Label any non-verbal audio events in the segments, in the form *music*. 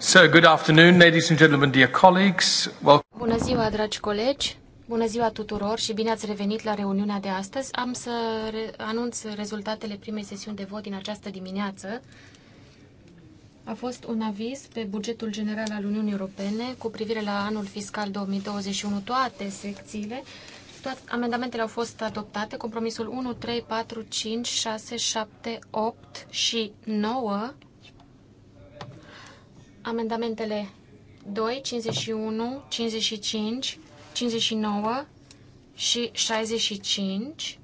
So, good afternoon, ladies and gentlemen, dear colleagues. Welcome. Bună ziua, dragi colegi! Bună ziua tuturor și bine ați revenit la reuniunea de astăzi. Am să re- anunț rezultatele primei sesiuni de vot din această dimineață. A fost un aviz pe bugetul general al Uniunii Europene cu privire la anul fiscal 2021, toate secțiile. Toate amendamentele au fost adoptate. Compromisul 1, 3, 4, 5, 6, 7, 8 și 9 Amendamentele 2, 51, 55, 59 și 65.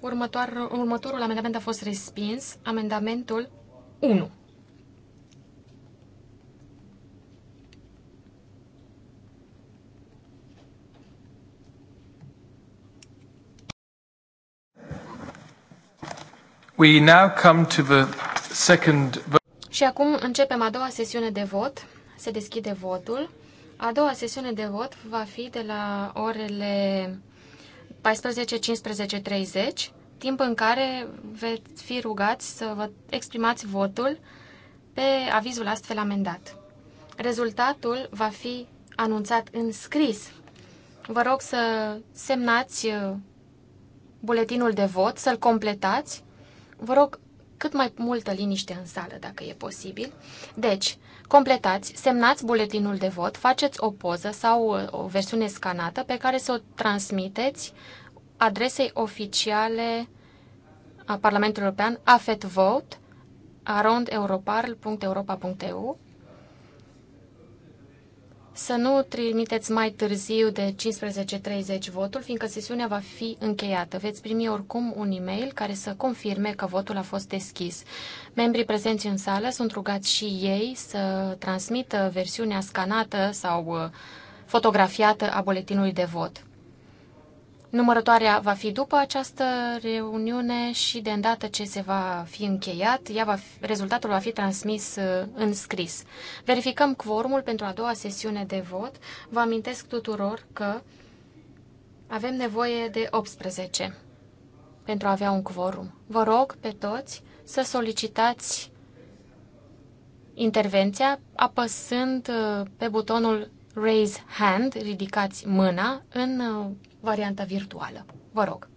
Următoar, următorul amendament a fost respins, amendamentul 1. We now come to the second și acum începem a doua sesiune de vot. Se deschide votul. A doua sesiune de vot va fi de la orele 14.15.30, timp în care veți fi rugați să vă exprimați votul pe avizul astfel amendat. Rezultatul va fi anunțat în scris. Vă rog să semnați uh, buletinul de vot, să-l completați. Vă rog cât mai multă liniște în sală, dacă e posibil. Deci, completați, semnați buletinul de vot, faceți o poză sau uh, o versiune scanată pe care să o transmiteți adresei oficiale a Parlamentului European afetvote.europarl.europa.eu să nu trimiteți mai târziu de 15.30 votul, fiindcă sesiunea va fi încheiată. Veți primi oricum un e-mail care să confirme că votul a fost deschis. Membrii prezenți în sală sunt rugați și ei să transmită versiunea scanată sau uh, fotografiată a boletinului de vot. Numărătoarea va fi după această reuniune și de îndată ce se va fi încheiat, ea va fi, rezultatul va fi transmis uh, în scris. Verificăm quorumul pentru a doua sesiune de vot. Vă amintesc tuturor că avem nevoie de 18 pentru a avea un quorum. Vă rog pe toți să solicitați intervenția apăsând uh, pe butonul Raise Hand, ridicați mâna, în uh, varianta virtuală. Vă rog!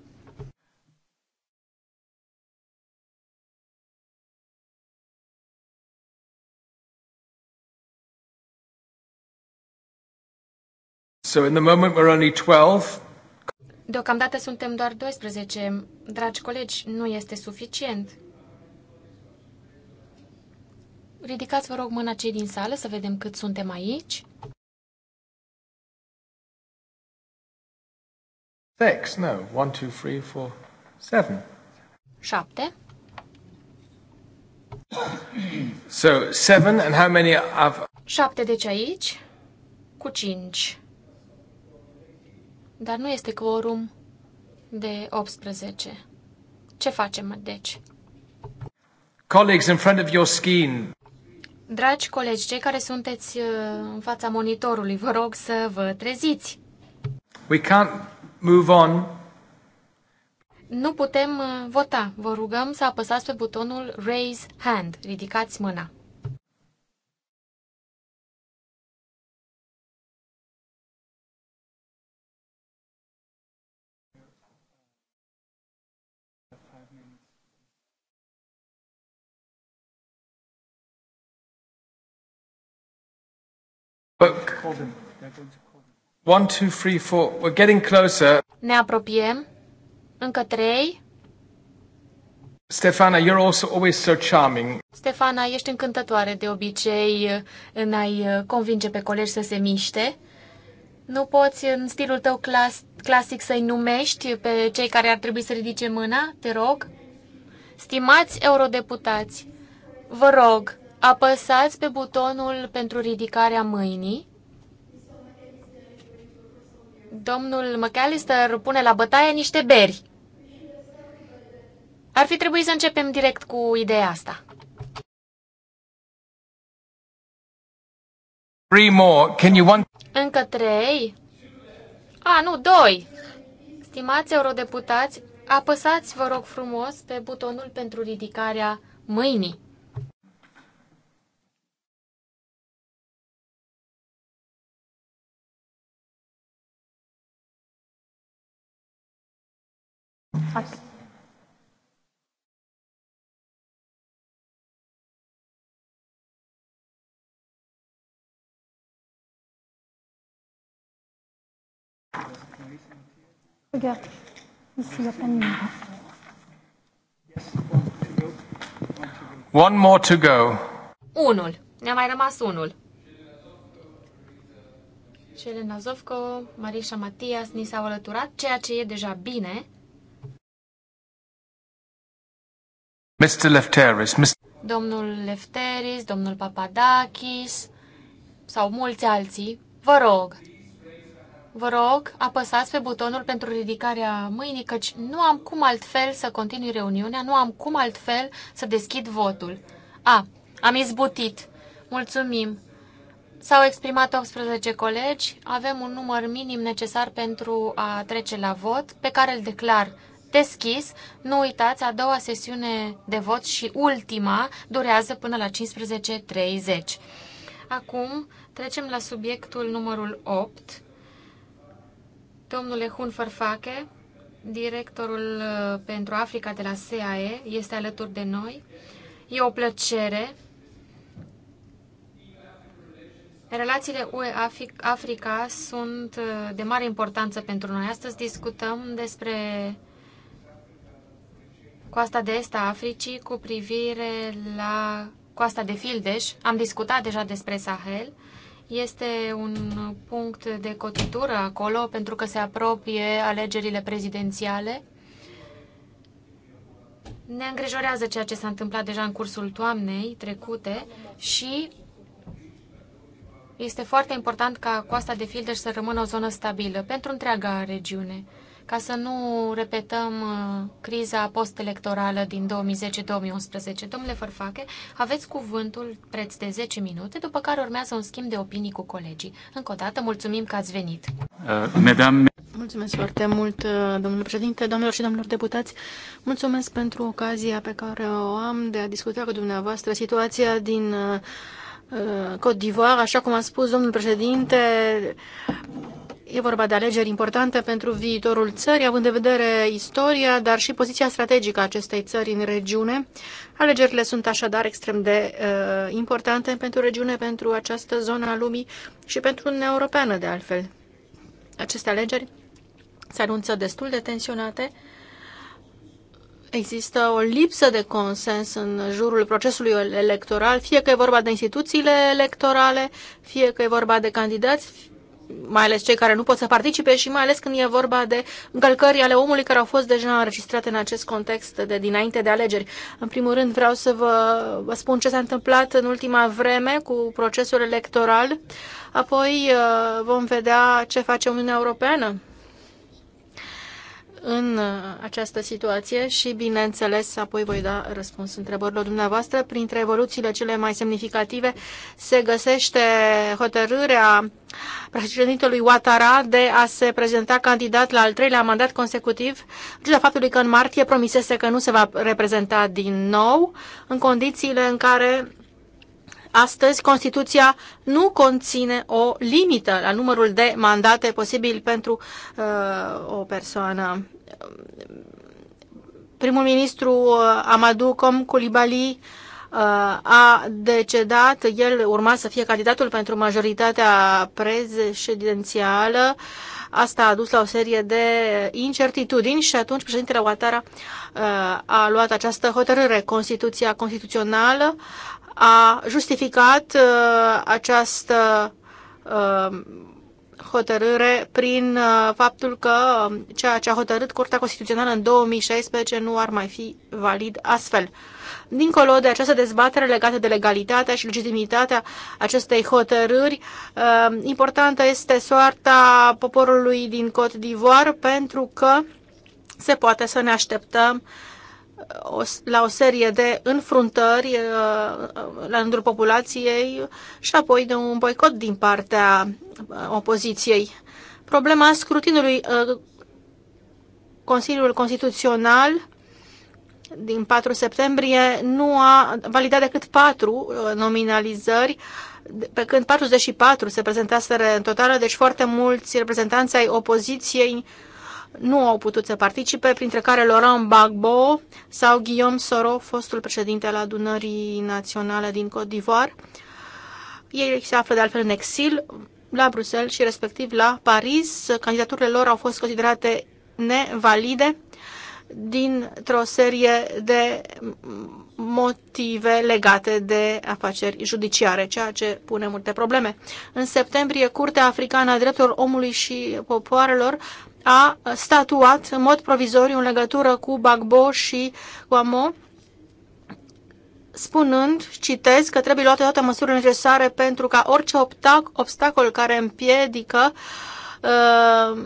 So in the moment we're only 12. Deocamdată suntem doar 12. Dragi colegi, nu este suficient. Ridicați, vă rog, mâna cei din sală să vedem cât suntem aici. Six, no. One, two, three, four, seven. Șapte. So, seven and how many have... Șapte deci aici, cu cinci. Dar nu este quorum de 18. Ce facem, deci? Colleagues in front of your screen. Dragi colegi, cei care sunteți uh, în fața monitorului, vă rog să vă treziți. We can't move on. Nu putem uh, vota. Vă rugăm să apăsați pe butonul Raise Hand. Ridicați mâna. But, One, two, three, four. We're getting closer. Ne apropiem. Încă trei. Stefana, you're also always so charming. Stefana, ești încântătoare de obicei în a-i uh, convinge pe colegi să se miște. Nu poți în stilul tău clas- clasic să-i numești pe cei care ar trebui să ridice mâna, te rog? Stimați eurodeputați, vă rog, apăsați pe butonul pentru ridicarea mâinii Domnul McAllister pune la bătaie niște beri. Ar fi trebuit să începem direct cu ideea asta. Three more. Can you want... Încă trei? A, nu, doi. Stimați eurodeputați, apăsați, vă rog frumos, pe butonul pentru ridicarea mâinii. face Regarde, ici il n'y a pas de numéro. One more to go. Unul. Ne-a mai rămas unul. Celena Zovco, Marisa Matias ni s-au alăturat, ceea ce e deja bine. Mr. Lefteris, Mr. Domnul Lefteris, domnul Papadakis sau mulți alții, vă rog, vă rog, apăsați pe butonul pentru ridicarea mâinii, căci nu am cum altfel să continui reuniunea, nu am cum altfel să deschid votul. A, am izbutit. Mulțumim. S-au exprimat 18 colegi, avem un număr minim necesar pentru a trece la vot, pe care îl declar deschis. Nu uitați, a doua sesiune de vot și ultima durează până la 15.30. Acum trecem la subiectul numărul 8. Domnule Hun Farfache, directorul uh, pentru Africa de la SAE, este alături de noi. E o plăcere Relațiile UE-Africa sunt uh, de mare importanță pentru noi. Astăzi discutăm despre coasta de est a Africii cu privire la coasta de Fildeș. Am discutat deja despre Sahel. Este un punct de cotitură acolo pentru că se apropie alegerile prezidențiale. Ne îngrijorează ceea ce s-a întâmplat deja în cursul toamnei trecute și este foarte important ca coasta de Fildeș să rămână o zonă stabilă pentru întreaga regiune ca să nu repetăm uh, criza postelectorală din 2010-2011. Domnule Fărfache, aveți cuvântul preț de 10 minute, după care urmează un schimb de opinii cu colegii. Încă o dată, mulțumim că ați venit. Uh, Mulțumesc foarte mult, uh, domnule președinte, domnilor și domnilor deputați. Mulțumesc pentru ocazia pe care o am de a discuta cu dumneavoastră situația din Côte d'Ivoire, așa cum a spus domnul președinte, E vorba de alegeri importante pentru viitorul țării, având în vedere istoria, dar și poziția strategică a acestei țări în regiune. Alegerile sunt așadar extrem de uh, importante pentru regiune, pentru această zonă a lumii și pentru Uniunea Europeană, de altfel. Aceste alegeri se anunță destul de tensionate. Există o lipsă de consens în jurul procesului electoral, fie că e vorba de instituțiile electorale, fie că e vorba de candidați, mai ales cei care nu pot să participe și mai ales când e vorba de încălcări ale omului care au fost deja înregistrate în acest context de dinainte de alegeri. În primul rând vreau să vă, vă spun ce s-a întâmplat în ultima vreme cu procesul electoral, apoi uh, vom vedea ce face Uniunea Europeană în această situație și, bineînțeles, apoi voi da răspuns întrebărilor dumneavoastră. Printre evoluțiile cele mai semnificative se găsește hotărârea președintelui Ouattara de a se prezenta candidat la al treilea mandat consecutiv, în ciuda faptului că în martie promisese că nu se va reprezenta din nou, în condițiile în care Astăzi, Constituția nu conține o limită la numărul de mandate posibil pentru uh, o persoană. Primul ministru uh, Amadou Com uh, a decedat, el urma să fie candidatul pentru majoritatea prezidențială. Asta a dus la o serie de incertitudini și atunci președintele Ouattara uh, a luat această hotărâre. Constituția constituțională a justificat uh, această uh, hotărâre prin uh, faptul că um, ceea ce a hotărât Curtea Constituțională în 2016 nu ar mai fi valid astfel. Dincolo de această dezbatere legată de legalitatea și legitimitatea acestei hotărâri, uh, importantă este soarta poporului din Cote d'Ivoire pentru că se poate să ne așteptăm uh, la o serie de înfruntări uh, la rândul populației și apoi de un boicot din partea uh, opoziției. Problema scrutinului uh, Consiliul Constituțional din 4 septembrie nu a validat decât patru nominalizări, pe când 44 se prezentaseră în totală, deci foarte mulți reprezentanți ai opoziției uh, nu au putut să participe, printre care Laurent Bagbo sau Guillaume Soro, fostul președinte al adunării naționale din Côte d'Ivoire. Ei se află de altfel în exil la Bruxelles și respectiv la Paris. Candidaturile lor au fost considerate nevalide dintr-o serie de motive legate de afaceri judiciare, ceea ce pune multe probleme. În septembrie, Curtea Africană a Drepturilor Omului și Popoarelor a statuat în mod provizoriu în legătură cu Bagbo și Guamo, spunând, citez, că trebuie luate toate măsurile necesare pentru ca orice obstacol care împiedică uh,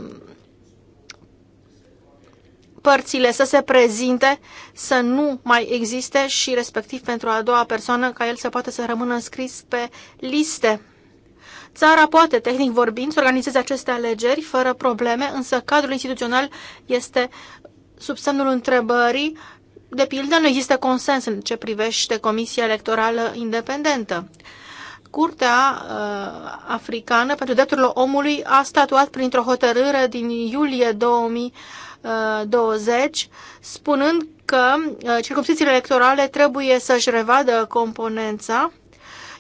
părțile să se prezinte, să nu mai existe și respectiv pentru a doua persoană ca el să poată să rămână înscris pe liste. Țara poate, tehnic vorbind, să organizeze aceste alegeri fără probleme, însă cadrul instituțional este sub semnul întrebării. De pildă, nu există consens în ce privește Comisia Electorală Independentă. Curtea uh, Africană pentru Drepturile Omului a statuat printr-o hotărâre din iulie 2020, uh, spunând că uh, circumscripțiile electorale trebuie să-și revadă componența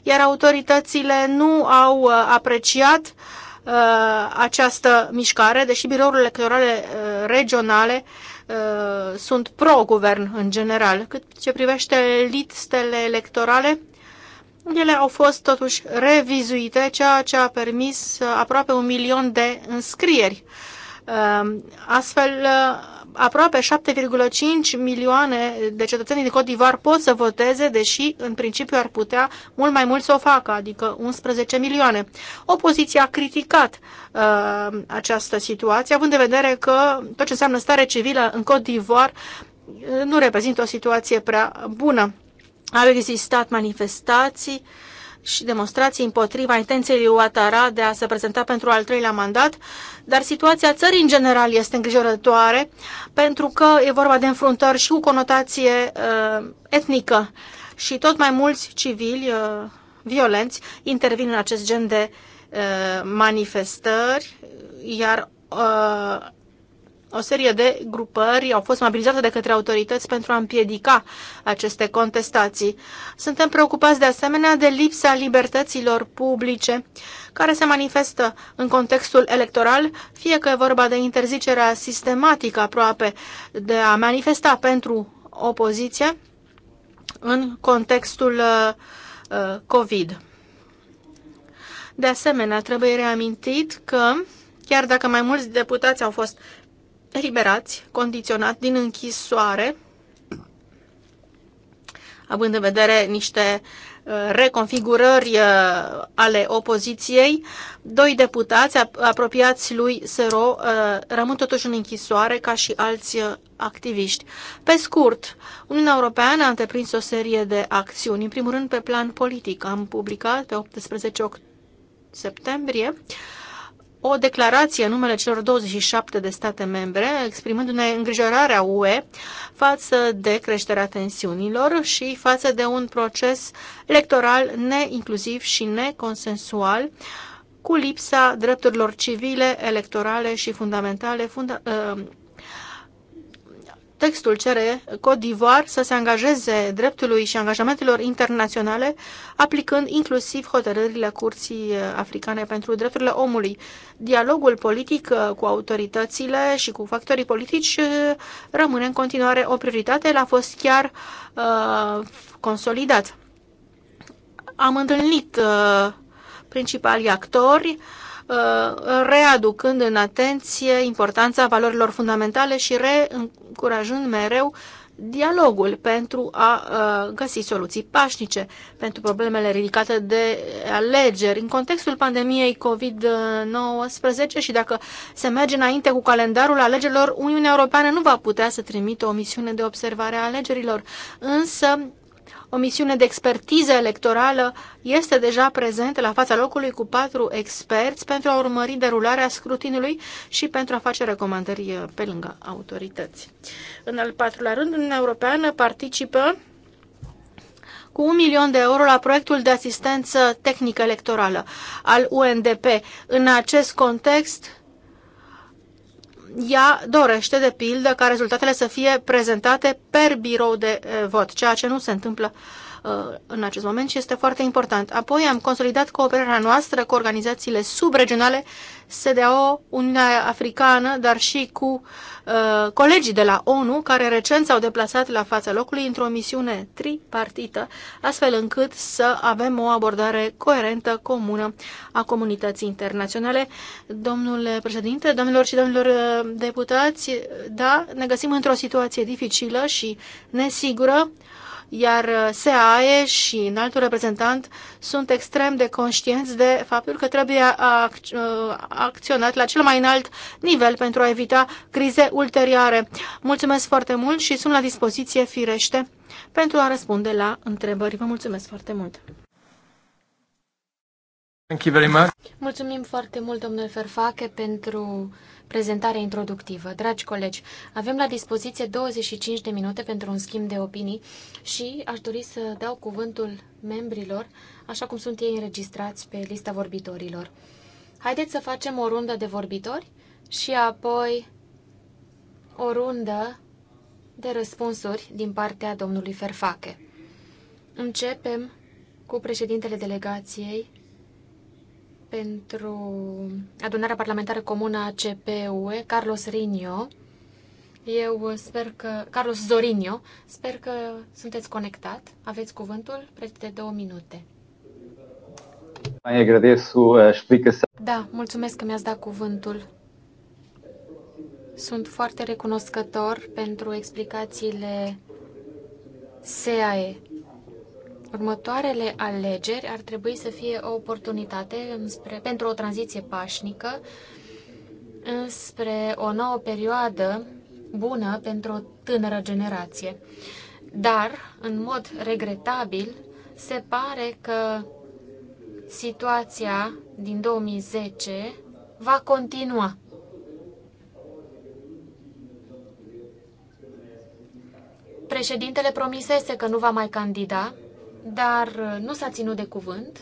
iar autoritățile nu au uh, apreciat uh, această mișcare, deși birourile electorale uh, regionale sunt pro-guvern în general. Cât ce privește listele electorale, ele au fost totuși revizuite, ceea ce a permis aproape un milion de înscrieri. Astfel, aproape 7,5 milioane de cetățeni din Cotivar pot să voteze, deși în principiu ar putea mult mai mult să o facă, adică 11 milioane. Opoziția a criticat uh, această situație, având în vedere că tot ce înseamnă stare civilă în Cotivar uh, nu reprezintă o situație prea bună. Au existat manifestații uh, și demonstrații împotriva intenției lui Ouattara de a se prezenta pentru al treilea mandat, dar situația țării în general este îngrijorătoare pentru că e vorba de înfruntări și cu conotație uh, etnică și tot mai mulți civili uh, violenți intervin în acest gen de uh, manifestări, iar uh, o serie de grupări au fost mobilizate de către autorități pentru a împiedica aceste contestații. Suntem preocupați de asemenea de lipsa libertăților publice care se manifestă în contextul electoral, fie că e vorba de interzicerea sistematică aproape de a manifesta pentru opoziție în contextul uh, uh, COVID. De asemenea, trebuie reamintit că chiar dacă mai mulți deputați au fost eliberați, condiționat din închisoare, având în vedere niște uh, reconfigurări uh, ale opoziției, doi deputați apropiați lui Sero uh, rămân totuși în închisoare ca și alți activiști. Pe scurt, Uniunea Europeană a întreprins o serie de acțiuni, în primul rând pe plan politic. Am publicat pe 18 septembrie o declarație în numele celor 27 de state membre, exprimându-ne îngrijorarea UE față de creșterea tensiunilor și față de un proces electoral neinclusiv și neconsensual, cu lipsa drepturilor civile, electorale și fundamentale funda- ă, Textul cere Côte d'Ivoire să se angajeze dreptului și angajamentelor internaționale, aplicând inclusiv hotărârile Curții Africane pentru Drepturile Omului. Dialogul politic uh, cu autoritățile și cu factorii politici uh, rămâne în continuare o prioritate, l-a fost chiar uh, consolidat. Am întâlnit uh, principalii actori, uh, Uh, readucând în atenție importanța valorilor fundamentale și reîncurajând mereu dialogul pentru a uh, găsi soluții pașnice pentru problemele ridicate de alegeri. În contextul pandemiei COVID-19 și dacă se merge înainte cu calendarul alegerilor, Uniunea Europeană nu va putea să trimită o misiune de observare a alegerilor, însă o misiune de expertiză electorală este deja prezentă la fața locului cu patru experți pentru a urmări derularea scrutinului și pentru a face recomandări eh, pe lângă autorități. În al patrulea rând, Uniunea Europeană participă cu un milion de euro la proiectul de asistență tehnică electorală al UNDP. În acest context, ea dorește, de pildă, ca rezultatele să fie prezentate per birou de eh, vot, ceea ce nu se întâmplă uh, Uh, în acest moment și este foarte important. Apoi am consolidat cooperarea noastră cu organizațiile subregionale SDAO, Uniunea Africană, dar și cu uh, colegii de la ONU, care recent s-au deplasat la fața locului într-o misiune tripartită, astfel încât să avem o abordare coerentă, comună a comunității internaționale. Domnule președinte, domnilor și domnilor uh, deputați, da, ne găsim într-o situație dificilă și nesigură. Uh, iar uh, SAE și înaltul reprezentant sunt extrem de conștienți de faptul că trebuie uh, acționat la cel mai înalt nivel pentru a evita crize ulterioare. Mulțumesc foarte mult și sunt la dispoziție firește pentru a răspunde la întrebări. Vă mulțumesc foarte mult! Thank you very much. Mulțumim foarte mult, domnule Ferfache, pentru prezentarea introductivă. Dragi colegi, avem la dispoziție 25 de minute pentru un schimb de opinii și aș dori să dau cuvântul membrilor, așa cum sunt ei înregistrați pe lista vorbitorilor. Haideți să facem o rundă de vorbitori și apoi o rundă de răspunsuri din partea domnului Ferfache. Începem cu președintele delegației pentru adunarea parlamentară comună a CPUE, Carlos Rinio. Eu sper că... Carlos Zorinio, sper că sunteți conectat. Aveți cuvântul preț două minute. Da, mulțumesc că mi-ați dat cuvântul. Sunt foarte recunoscător pentru explicațiile SEAE Următoarele alegeri ar trebui să fie o oportunitate înspre, pentru o tranziție pașnică înspre o nouă perioadă bună pentru o tânără generație. Dar, în mod regretabil, se pare că situația din 2010 va continua. Președintele promisese că nu va mai candida dar uh, nu s-a ținut de cuvânt,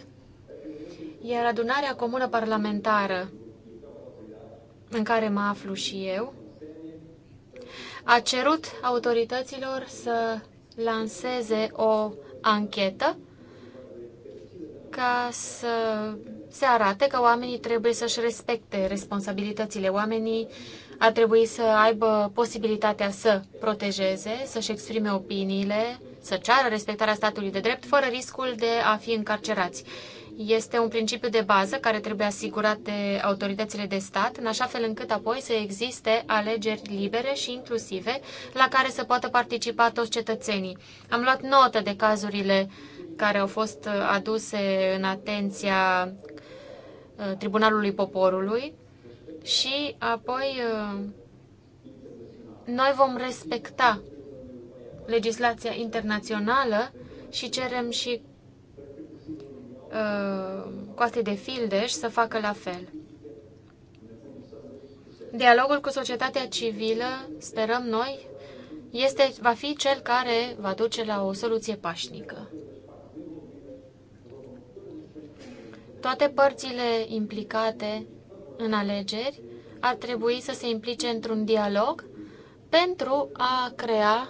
iar adunarea comună parlamentară în care mă aflu și eu a cerut autorităților să lanseze o anchetă ca să se arate că oamenii trebuie să-și respecte responsabilitățile. Oamenii ar trebui să aibă posibilitatea să protejeze, să-și exprime opiniile, să ceară respectarea statului de drept fără riscul de a fi încarcerați. Este un principiu de bază care trebuie asigurat de autoritățile de stat, în așa fel încât apoi să existe alegeri libere și inclusive la care să poată participa toți cetățenii. Am luat notă de cazurile care au fost uh, aduse în atenția uh, Tribunalului Poporului și apoi uh, noi vom respecta legislația internațională și cerem și uh, coate de fildeș să facă la fel. Dialogul cu societatea civilă, sperăm noi, este, va fi cel care va duce la o soluție pașnică. Toate părțile implicate în alegeri ar trebui să se implice într-un dialog pentru a crea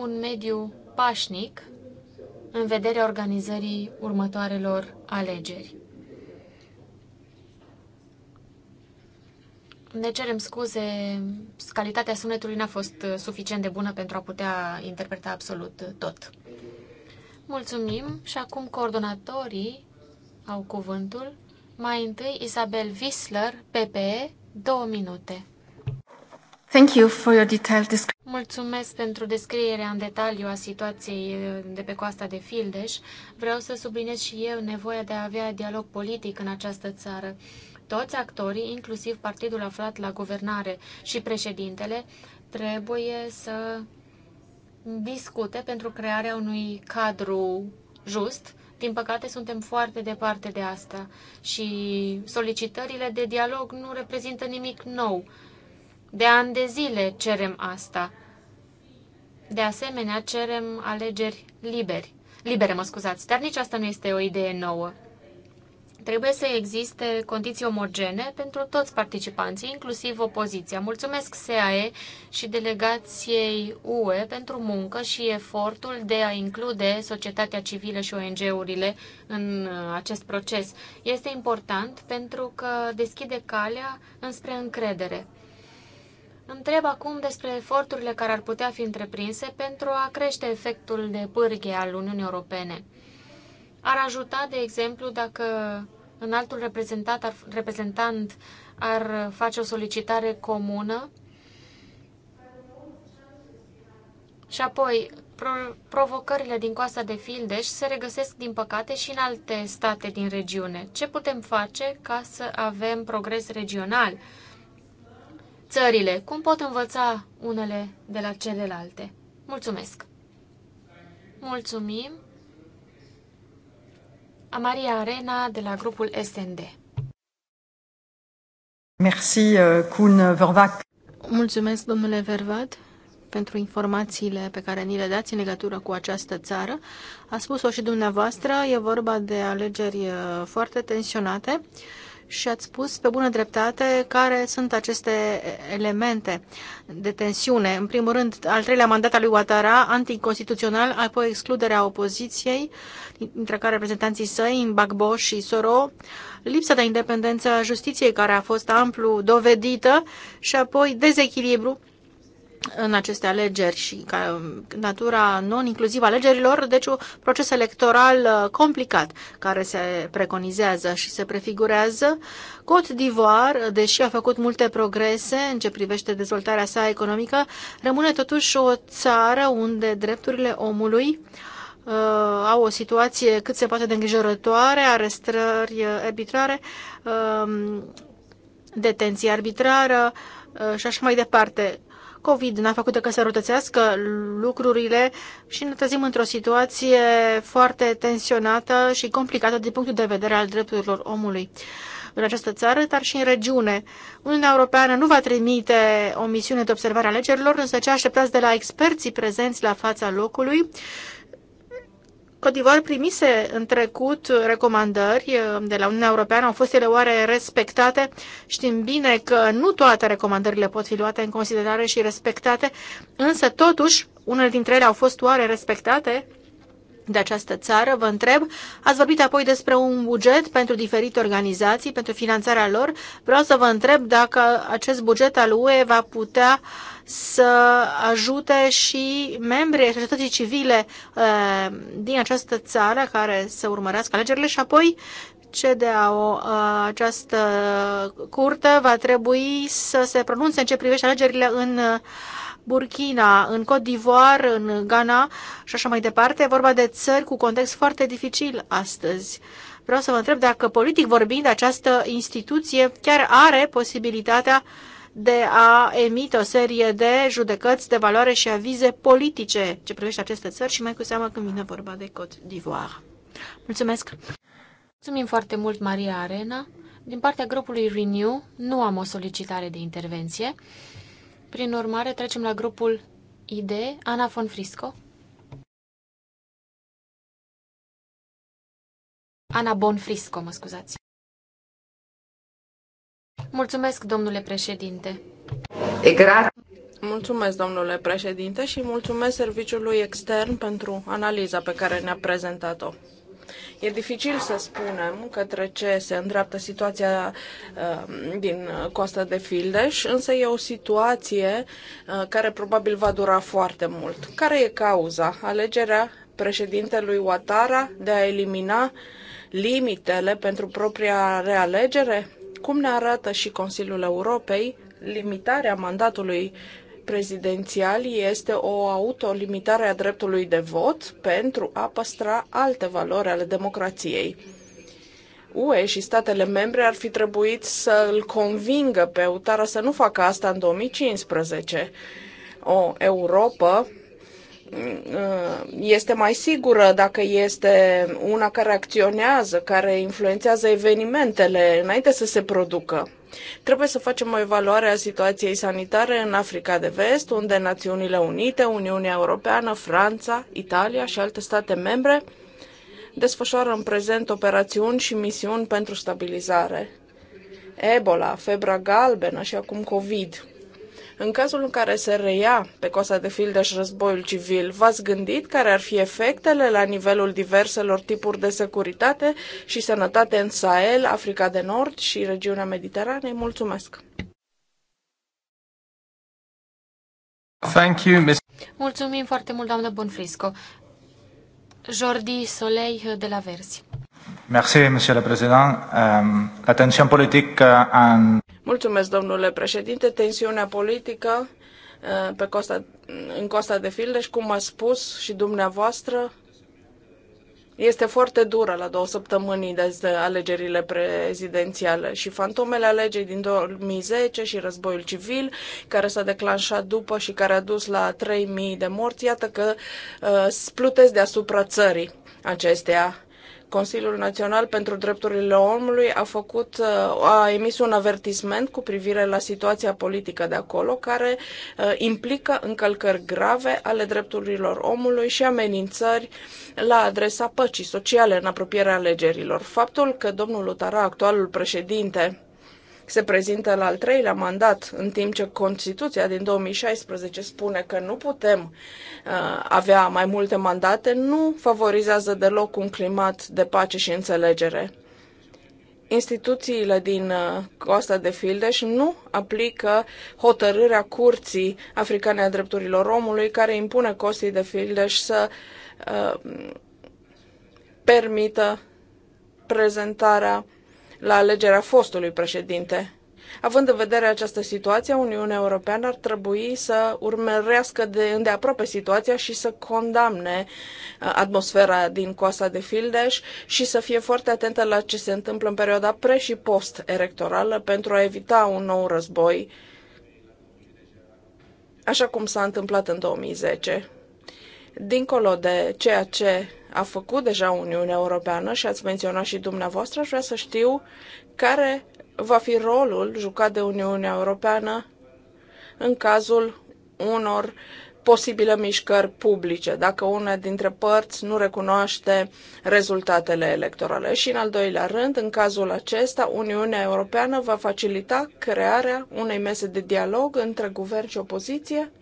un mediu pașnic în vederea organizării următoarelor alegeri. Ne cerem scuze, calitatea sunetului n-a fost suficient de bună pentru a putea interpreta absolut tot. Mulțumim și acum coordonatorii au cuvântul. Mai întâi Isabel Wissler, PPE, două minute. Thank you for your detailed description. Mulțumesc pentru descrierea în detaliu a situației de pe coasta de Fildeș. Vreau să subliniez și eu nevoia de a avea dialog politic în această țară. Toți actorii, inclusiv partidul aflat la guvernare și președintele, trebuie să discute pentru crearea unui cadru just. Din păcate, suntem foarte departe de asta și solicitările de dialog nu reprezintă nimic nou de ani de zile cerem asta. De asemenea, cerem alegeri liberi. Libere, mă scuzați, dar nici asta nu este o idee nouă. Trebuie să existe condiții omogene pentru toți participanții, inclusiv opoziția. Mulțumesc SAE și delegației UE pentru muncă și efortul de a include societatea civilă și ONG-urile în uh, acest proces. Este important pentru că deschide calea înspre încredere. Întreb acum despre eforturile care ar putea fi întreprinse pentru a crește efectul de pârghie al Uniunii Europene. Ar ajuta, de exemplu, dacă în altul reprezentat, ar, reprezentant ar face o solicitare comună și apoi provocările din coasta de Fildeș se regăsesc, din păcate, și în alte state din regiune. Ce putem face ca să avem progres regional? țările, cum pot învăța unele de la celelalte. Mulțumesc! Mulțumim! A Maria Arena de la grupul SND. Merci, uh, Kun Vervac. Mulțumesc, domnule Vervat, pentru informațiile pe care ni le dați în legătură cu această țară. A spus-o și dumneavoastră, e vorba de alegeri uh, foarte tensionate și ați spus pe bună dreptate care sunt aceste elemente de tensiune. În primul rând, al treilea mandat al lui Ouattara, anticonstituțional, apoi excluderea opoziției, dintre care reprezentanții săi, Bagbo și Soro, lipsa de independență a justiției, care a fost amplu dovedită, și apoi dezechilibru în aceste alegeri și ca natura non-inclusivă alegerilor, deci un proces electoral uh, complicat care se preconizează și se prefigurează. Côte d'Ivoire, deși a făcut multe progrese în ce privește dezvoltarea sa economică, rămâne totuși o țară unde drepturile omului uh, au o situație cât se poate de îngrijorătoare, arestări uh, arbitrare, uh, detenție arbitrară, uh, și așa mai departe. COVID n-a făcut decât să rătățească lucrurile și ne trezim într-o situație foarte tensionată și complicată din punctul de vedere al drepturilor omului în această țară, dar și în regiune. Uniunea Europeană nu va trimite o misiune de observare a alegerilor, însă ce așteptați de la experții prezenți la fața locului Cotivar primise în trecut recomandări uh, de la Uniunea Europeană, au fost ele oare respectate? Știm bine că nu toate recomandările pot fi luate în considerare și respectate, însă totuși unele dintre ele au fost oare respectate? de această țară, vă întreb, ați vorbit apoi despre un buget pentru diferite organizații, pentru finanțarea lor. Vreau să vă întreb dacă acest buget al UE va putea uh, să ajute și membrii societății civile eh, din această țară care să urmărească alegerile și apoi CDAO, eh, această curte, va trebui să se pronunțe în ce privește alegerile în eh, Burkina, în Côte d'Ivoire, în Ghana și așa mai departe. E vorba de țări cu context foarte dificil astăzi. Vreau să vă întreb dacă, politic vorbind, această instituție chiar are posibilitatea uh, de a emite o serie de judecăți de valoare și avize politice ce privește aceste țări și mai cu seamă când vine vorba de Côte d'Ivoire. Mulțumesc! Mulțumim foarte mult, Maria Arena. Din partea grupului Renew nu am o solicitare de intervenție. Prin urmare, trecem la grupul ID, Ana von Frisco. Ana Bonfrisco, mă scuzați. Mulțumesc, domnule președinte. E grație. Mulțumesc, domnule președinte, și mulțumesc serviciului extern pentru analiza pe care ne-a prezentat-o. E dificil să spunem către ce se îndreaptă situația uh, din Costa de Fildeș, însă e o situație uh, care probabil va dura foarte mult. Care e cauza? Alegerea președintelui Watara de a elimina limitele pentru propria realegere? Cum ne arată și Consiliul Europei, limitarea mandatului prezidențial este o autolimitare a dreptului de vot pentru a păstra alte valori ale democrației. UE și statele membre ar fi trebuit să îl convingă pe Utara să nu facă asta în 2015. O Europa Mm, este mai sigură dacă este una care acționează, care influențează evenimentele înainte să se producă. Trebuie să facem o evaluare a situației sanitare în Africa de Vest, unde Națiunile Unite, Uniunea Europeană, Franța, Italia și alte state membre desfășoară în prezent operațiuni și misiuni pentru stabilizare. Ebola, febra galbenă și acum COVID în cazul în care se reia pe coasa de Fildeș războiul civil, v-ați gândit care ar fi efectele la nivelul diverselor tipuri de securitate și sănătate în Sahel, Africa de Nord și regiunea Mediteranei? Mulțumesc! Thank you, Ms. Mulțumim foarte mult, doamnă Bonfrisco. Jordi Solei de la Verzi. Merci, Monsieur le Président. Um, la tension politique uh, en... Mulțumesc, domnule președinte. Tensiunea politică uh, pe costa, în Costa de Fildeș, cum a spus și dumneavoastră, este foarte dură la două săptămâni de alegerile prezidențiale și fantomele alegei din 2010 și războiul civil care s-a declanșat după și care a dus la 3.000 de morți, iată că uh, splutesc deasupra țării acestea Consiliul Național pentru Drepturile Omului a făcut, uh, a emis un avertisment cu privire la situația politică de acolo, care uh, implică încălcări grave ale drepturilor omului și amenințări la adresa păcii sociale în apropierea alegerilor. Faptul că domnul Lutara, actualul președinte, se prezintă la al treilea mandat, în timp ce Constituția din 2016 spune că nu putem uh, avea mai multe mandate, nu favorizează deloc un climat de pace și înțelegere instituțiile din uh, Costa de Fildeș nu aplică hotărârea Curții Africane a Drepturilor Omului care impune Costei de Fildeș să uh, permită prezentarea la alegerea fostului președinte. Având în vedere această situație, Uniunea Europeană ar trebui să urmărească de îndeaproape situația și să condamne uh, atmosfera din coasa de Fildeș și să fie foarte atentă la ce se întâmplă în perioada pre- și post-electorală pentru a evita un nou război, așa cum s-a întâmplat în 2010. Dincolo de ceea ce a făcut deja Uniunea Europeană și ați menționat și dumneavoastră, aș vrea să știu care va fi rolul jucat de Uniunea Europeană în cazul unor posibile mișcări publice, dacă una dintre părți nu recunoaște rezultatele electorale. Și, în al doilea rând, în cazul acesta, Uniunea Europeană va facilita crearea unei mese de dialog între guvern și opoziție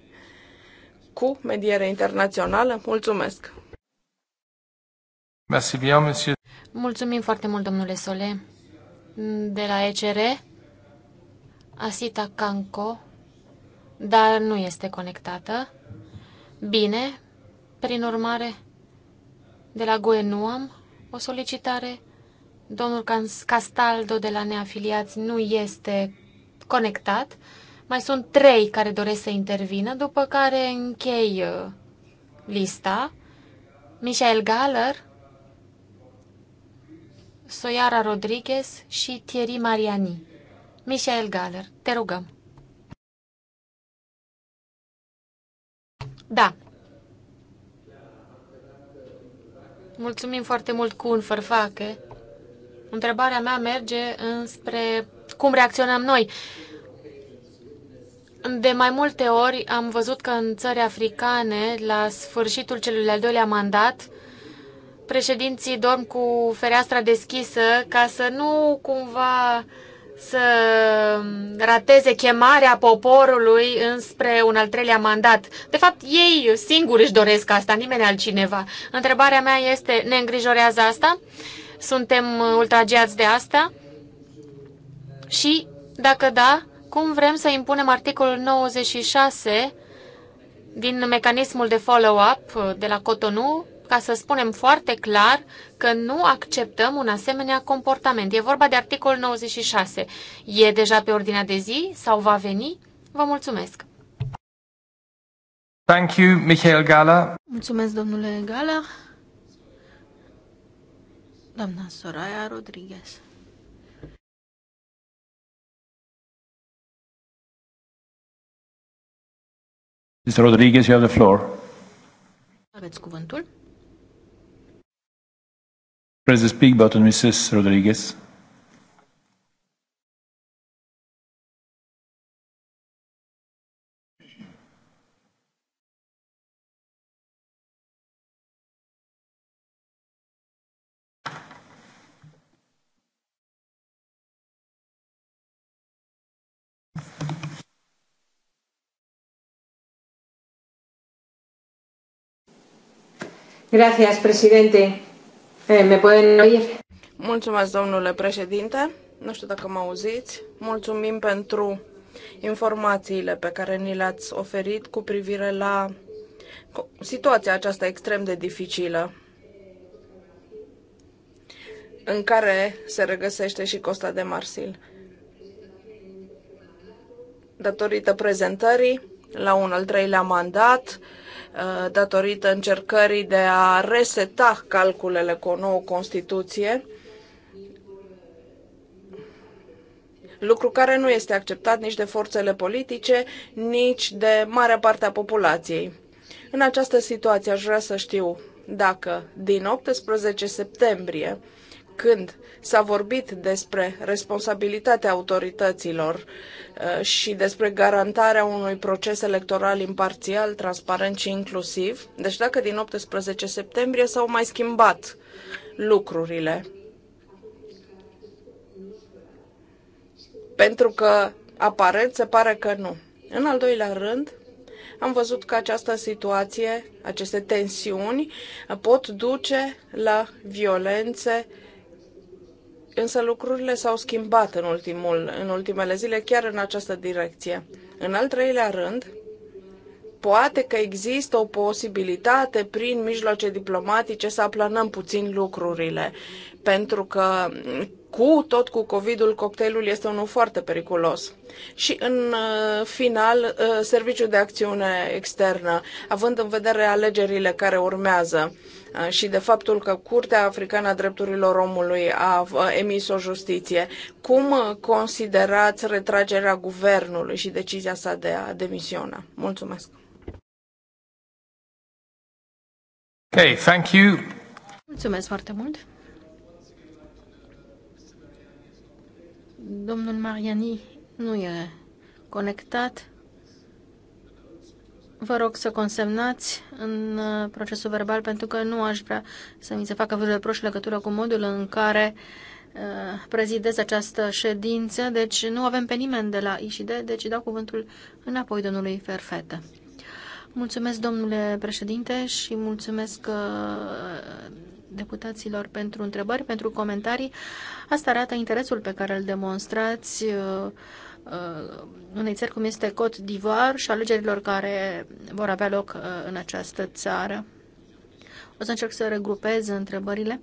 cu mediere internațională. Mulțumesc! Merci bien, monsieur. Mulțumim foarte mult, domnule Sole. De la ECR, Asita Canco, dar nu este conectată. Bine, prin urmare, de la Guenuam, o solicitare. Domnul Castaldo de la neafiliați nu este conectat. Mai sunt trei care doresc să intervină, după care închei uh, lista. Michael Galler, Soiara Rodriguez și Thierry Mariani. Michael Galler, te rugăm. Da. Mulțumim foarte mult cu un fărfache. Eh? Întrebarea mea merge înspre cum reacționăm noi. De mai multe ori am văzut că în țări africane, la sfârșitul celui de-al doilea mandat, președinții dorm cu fereastra deschisă ca să nu cumva să rateze chemarea poporului înspre un al treilea mandat. De fapt, ei singuri își doresc asta, nimeni altcineva. Întrebarea mea este, ne îngrijorează asta? Suntem ultrageați de asta? Și, dacă da, cum vrem să impunem articolul 96 din mecanismul de follow-up de la Cotonou ca să spunem foarte clar că nu acceptăm un asemenea comportament. E vorba de articolul 96. E deja pe ordinea de zi sau va veni? Vă mulțumesc! Thank you, Michael Gala. Mulțumesc, domnule Gala. Doamna Soraya Rodriguez. Mr. Rodriguez, you have the floor. Aveți cuvântul. Press the speak button, Mrs. Rodriguez. Gracias, presidente. Eh, Mulțumesc, domnule președinte. Nu știu dacă mă auziți. Mulțumim pentru informațiile pe care ni le-ați oferit cu privire la situația aceasta extrem de dificilă în care se regăsește și Costa de Marsil. Datorită prezentării la un al treilea mandat, Uh, datorită încercării de a reseta calculele cu o nouă Constituție, lucru care nu este acceptat nici de forțele politice, nici de marea parte a populației. În această situație aș vrea să știu dacă din 18 septembrie când s-a vorbit despre responsabilitatea autorităților uh, și despre garantarea unui proces electoral imparțial, transparent și inclusiv. Deci dacă din 18 septembrie s-au mai schimbat lucrurile. Pentru că aparent se pare că nu. În al doilea rând, am văzut că această situație, aceste tensiuni pot duce la violențe uh, Însă lucrurile s-au schimbat în, ultimul, în ultimele zile chiar în această direcție. În al treilea rând, poate că există o posibilitate prin mijloace diplomatice să aplanăm puțin lucrurile, pentru că cu tot cu COVID-ul, cocktailul este unul foarte periculos. Și în uh, final, uh, Serviciul de Acțiune Externă, având în vedere alegerile care urmează uh, și de faptul că Curtea Africană a Drepturilor Omului a emis o justiție, cum considerați retragerea guvernului și decizia sa de a demisiona? Mulțumesc! Okay, thank you. Mulțumesc foarte mult! Domnul Mariani nu e conectat. Vă rog să consemnați în uh, procesul verbal pentru că nu aș vrea să mi se facă vreo reproș legătură cu modul în care uh, prezidez această ședință. Deci nu avem pe nimeni de la ISID, deci dau cuvântul înapoi domnului Ferfetă. Mulțumesc, domnule președinte, și mulțumesc uh, deputaților pentru întrebări, pentru comentarii. Asta arată interesul pe care îl demonstrați uh, uh, unei țări cum este cot d'Ivoire și alegerilor care vor avea loc uh, în această țară. O să încerc să regrupez întrebările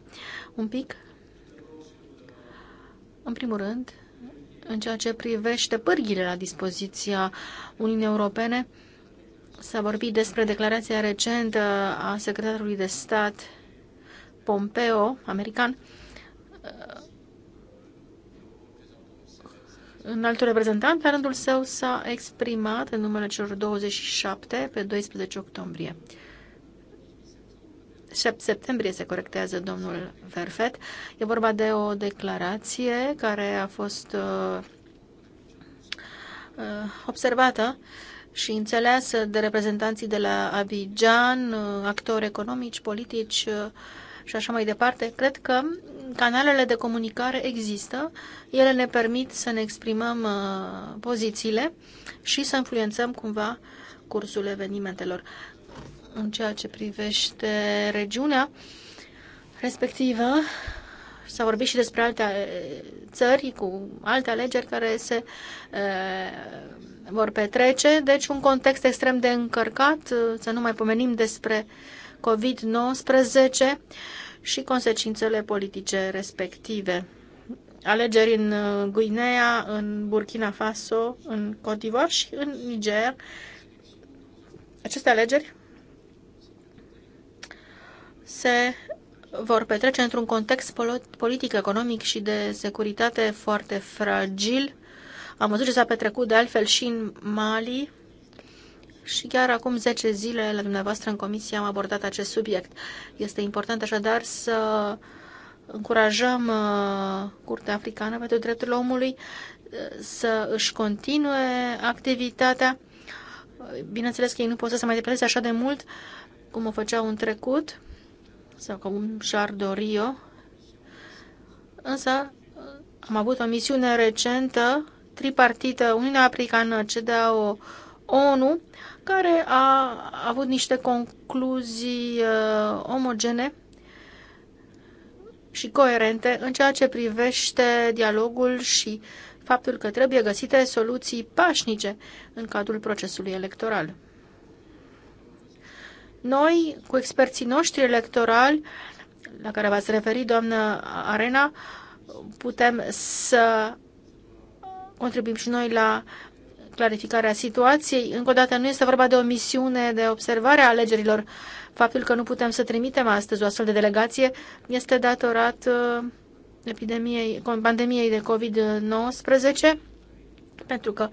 un pic. În primul rând, în ceea ce privește pârghile la dispoziția Uniunii Europene, s-a vorbit despre declarația recentă a secretarului de stat Pompeo, american, În altul reprezentant, pe rândul său, s-a exprimat în numele celor 27 pe 12 octombrie. 7 septembrie se corectează domnul Verfet. E vorba de o declarație care a fost uh, uh observată și înțeleasă de reprezentanții de la Abidjan, uh, actori economici, politici, uh, și așa mai departe. Cred că canalele de comunicare există, ele ne permit să ne exprimăm uh, pozițiile și să influențăm cumva cursul evenimentelor. În ceea ce privește regiunea respectivă, s-a vorbit și despre alte uh, țări cu alte alegeri care se uh, vor petrece, deci un context extrem de încărcat, uh, să nu mai pomenim despre uh, COVID-19 și consecințele politice respective. Alegeri în uh, Guinea, în Burkina Faso, în d'Ivoire și în Niger. Aceste alegeri se vor petrece într-un context politic, economic și de securitate foarte fragil. Am văzut ce s-a petrecut de altfel și în Mali, și chiar acum 10 zile la dumneavoastră în comisie am abordat acest subiect. Este important așadar să încurajăm uh, Curtea Africană pentru Drepturile Omului uh, să își continue activitatea. Bineînțeles că ei nu pot să se mai depreze așa de mult cum o făceau în trecut sau cum și-ar dori eu. Însă uh, am avut o misiune recentă, tripartită, Uniunea Africană, CDAO, ONU, care a avut niște concluzii uh, omogene și coerente în ceea ce privește dialogul și faptul că trebuie găsite soluții pașnice în cadrul procesului electoral. Noi, cu experții noștri electorali, la care v-ați referit, doamnă Arena, putem să contribuim și noi la clarificarea situației. Încă o dată, nu este vorba de o misiune de observare a alegerilor. Faptul că nu putem să trimitem astăzi o astfel de delegație este datorat uh, epidemiei, pandemiei de COVID-19, pentru că,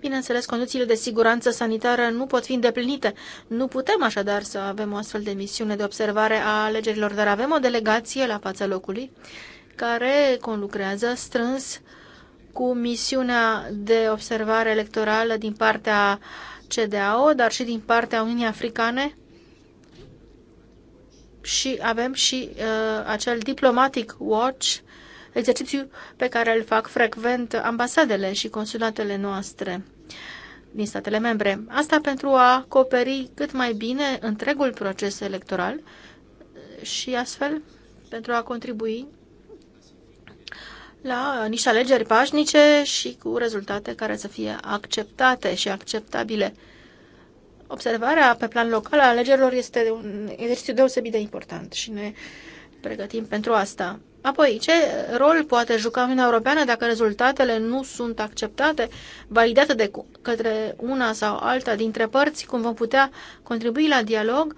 bineînțeles, condițiile de siguranță sanitară nu pot fi îndeplinite. Nu putem așadar să avem o astfel de misiune de observare a alegerilor, dar avem o delegație la fața locului care conlucrează strâns uh, cu misiunea de observare electorală din partea CDAO, dar și din partea Uniunii Africane și avem și uh, acel diplomatic watch, exercițiu pe care îl fac frecvent ambasadele și consulatele noastre din statele membre. Asta pentru a acoperi cât mai bine întregul proces electoral și astfel pentru a contribui la niște alegeri pașnice și cu rezultate care să fie acceptate și acceptabile. Observarea pe plan local a alegerilor este un exercițiu deosebit de important și ne pregătim pentru asta. Apoi, ce rol poate juca Uniunea Europeană dacă rezultatele nu sunt acceptate, validate de către una sau alta dintre părți, cum vom putea contribui la dialog?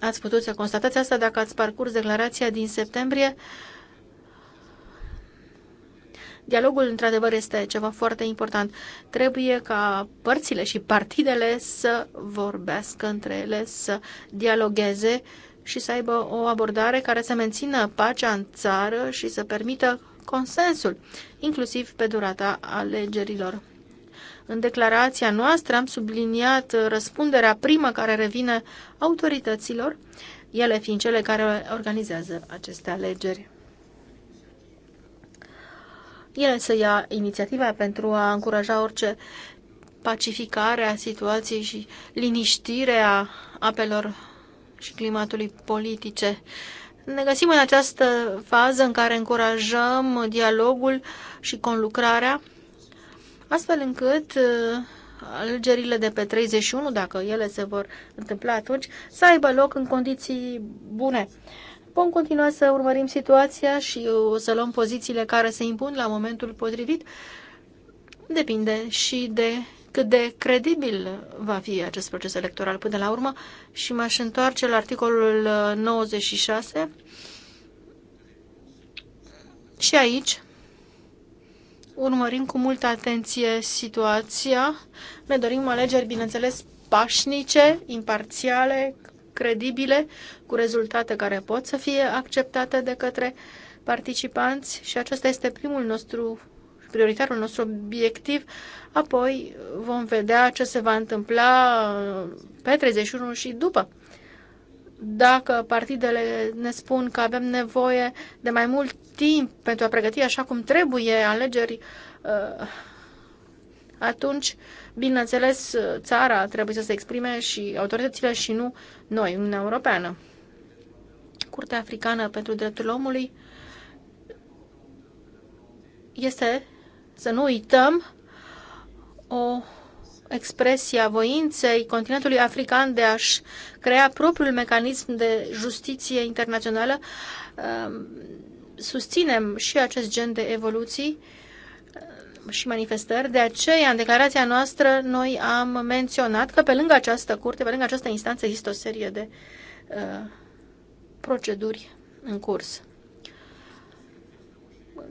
Ați putut să constatați asta dacă ați parcurs declarația din septembrie Dialogul, într-adevăr, este ceva foarte important. Trebuie ca părțile și partidele să vorbească între ele, să dialogueze și să aibă o abordare care să mențină pacea în țară și să permită consensul, inclusiv pe durata alegerilor. În declarația noastră am subliniat răspunderea primă care revine autorităților, ele fiind cele care organizează aceste alegeri el să ia inițiativa pentru a încuraja orice pacificare a situației și liniștirea apelor și climatului politice. Ne găsim în această fază în care încurajăm dialogul și conlucrarea, astfel încât uh, alegerile de pe 31, dacă ele se vor întâmpla atunci, să aibă loc în condiții bune. Vom continua să urmărim situația și o să luăm pozițiile care se impun la momentul potrivit. Depinde și de cât de credibil va fi acest proces electoral până la urmă și m-aș întoarce la articolul 96 și aici urmărim cu multă atenție situația. Ne dorim alegeri, bineînțeles, pașnice, imparțiale, credibile, cu rezultate care pot să fie acceptate de către participanți și acesta este primul nostru, prioritarul nostru obiectiv. Apoi vom vedea ce se va întâmpla pe 31 și după dacă partidele ne spun că avem nevoie de mai mult timp pentru a pregăti așa cum trebuie alegeri, uh, atunci, bineînțeles, țara trebuie să se exprime și autoritățile și nu noi, Uniunea Europeană. Curtea Africană pentru Drepturile Omului este, să nu uităm, o expresie a voinței continentului african de a-și crea propriul mecanism de justiție internațională, ehm, susținem și acest gen de evoluții și manifestări. De aceea, în declarația noastră, noi am menționat că pe lângă această curte, pe lângă această instanță, există o serie de uh, proceduri în curs.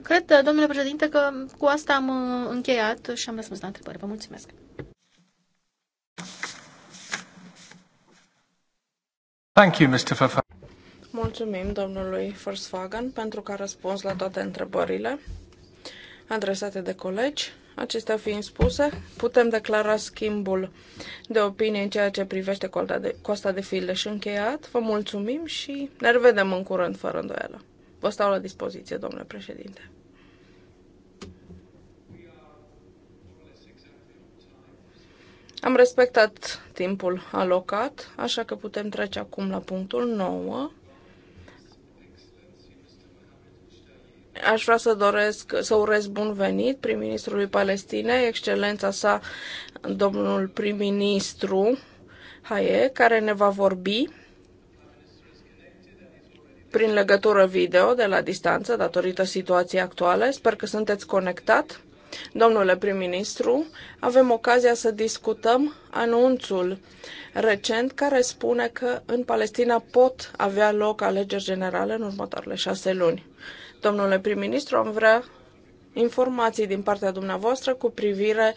Cred, domnule președinte, că cu asta am uh, încheiat și am răspuns la întrebări. Vă mulțumesc! Thank you, Mr. Verfahren. Mulțumim domnului Volkswagen pentru că a răspuns la toate întrebările adresate de colegi. Acestea fiind spuse, putem declara schimbul de opinie în ceea ce privește Costa de, Costa și încheiat. Vă mulțumim și ne revedem în curând, fără îndoială. Vă stau la dispoziție, domnule președinte. Am respectat timpul alocat, așa că putem trece acum la punctul 9. Aș vrea să doresc să urez bun venit prim-ministrului Palestinei, excelența sa, domnul prim-ministru Haie, care ne va vorbi prin legătură video de la distanță datorită situației actuale. Sper că sunteți conectat. Domnule prim-ministru, avem ocazia să discutăm anunțul recent care spune că în Palestina pot avea loc alegeri generale în următoarele șase luni. Domnule prim-ministru, am vrea informații din partea dumneavoastră cu privire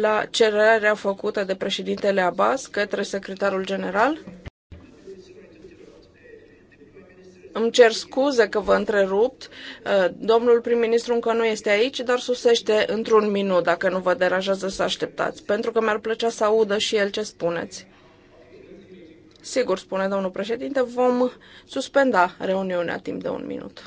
la cererea făcută de președintele Abbas către secretarul general. Îmi cer scuze că vă întrerupt. Uh, domnul prim-ministru încă nu este aici, dar susește într-un minut, dacă nu vă deranjează să așteptați, pentru că mi-ar plăcea să audă și el ce spuneți. Sigur, spune domnul președinte, vom suspenda reuniunea timp de un minut.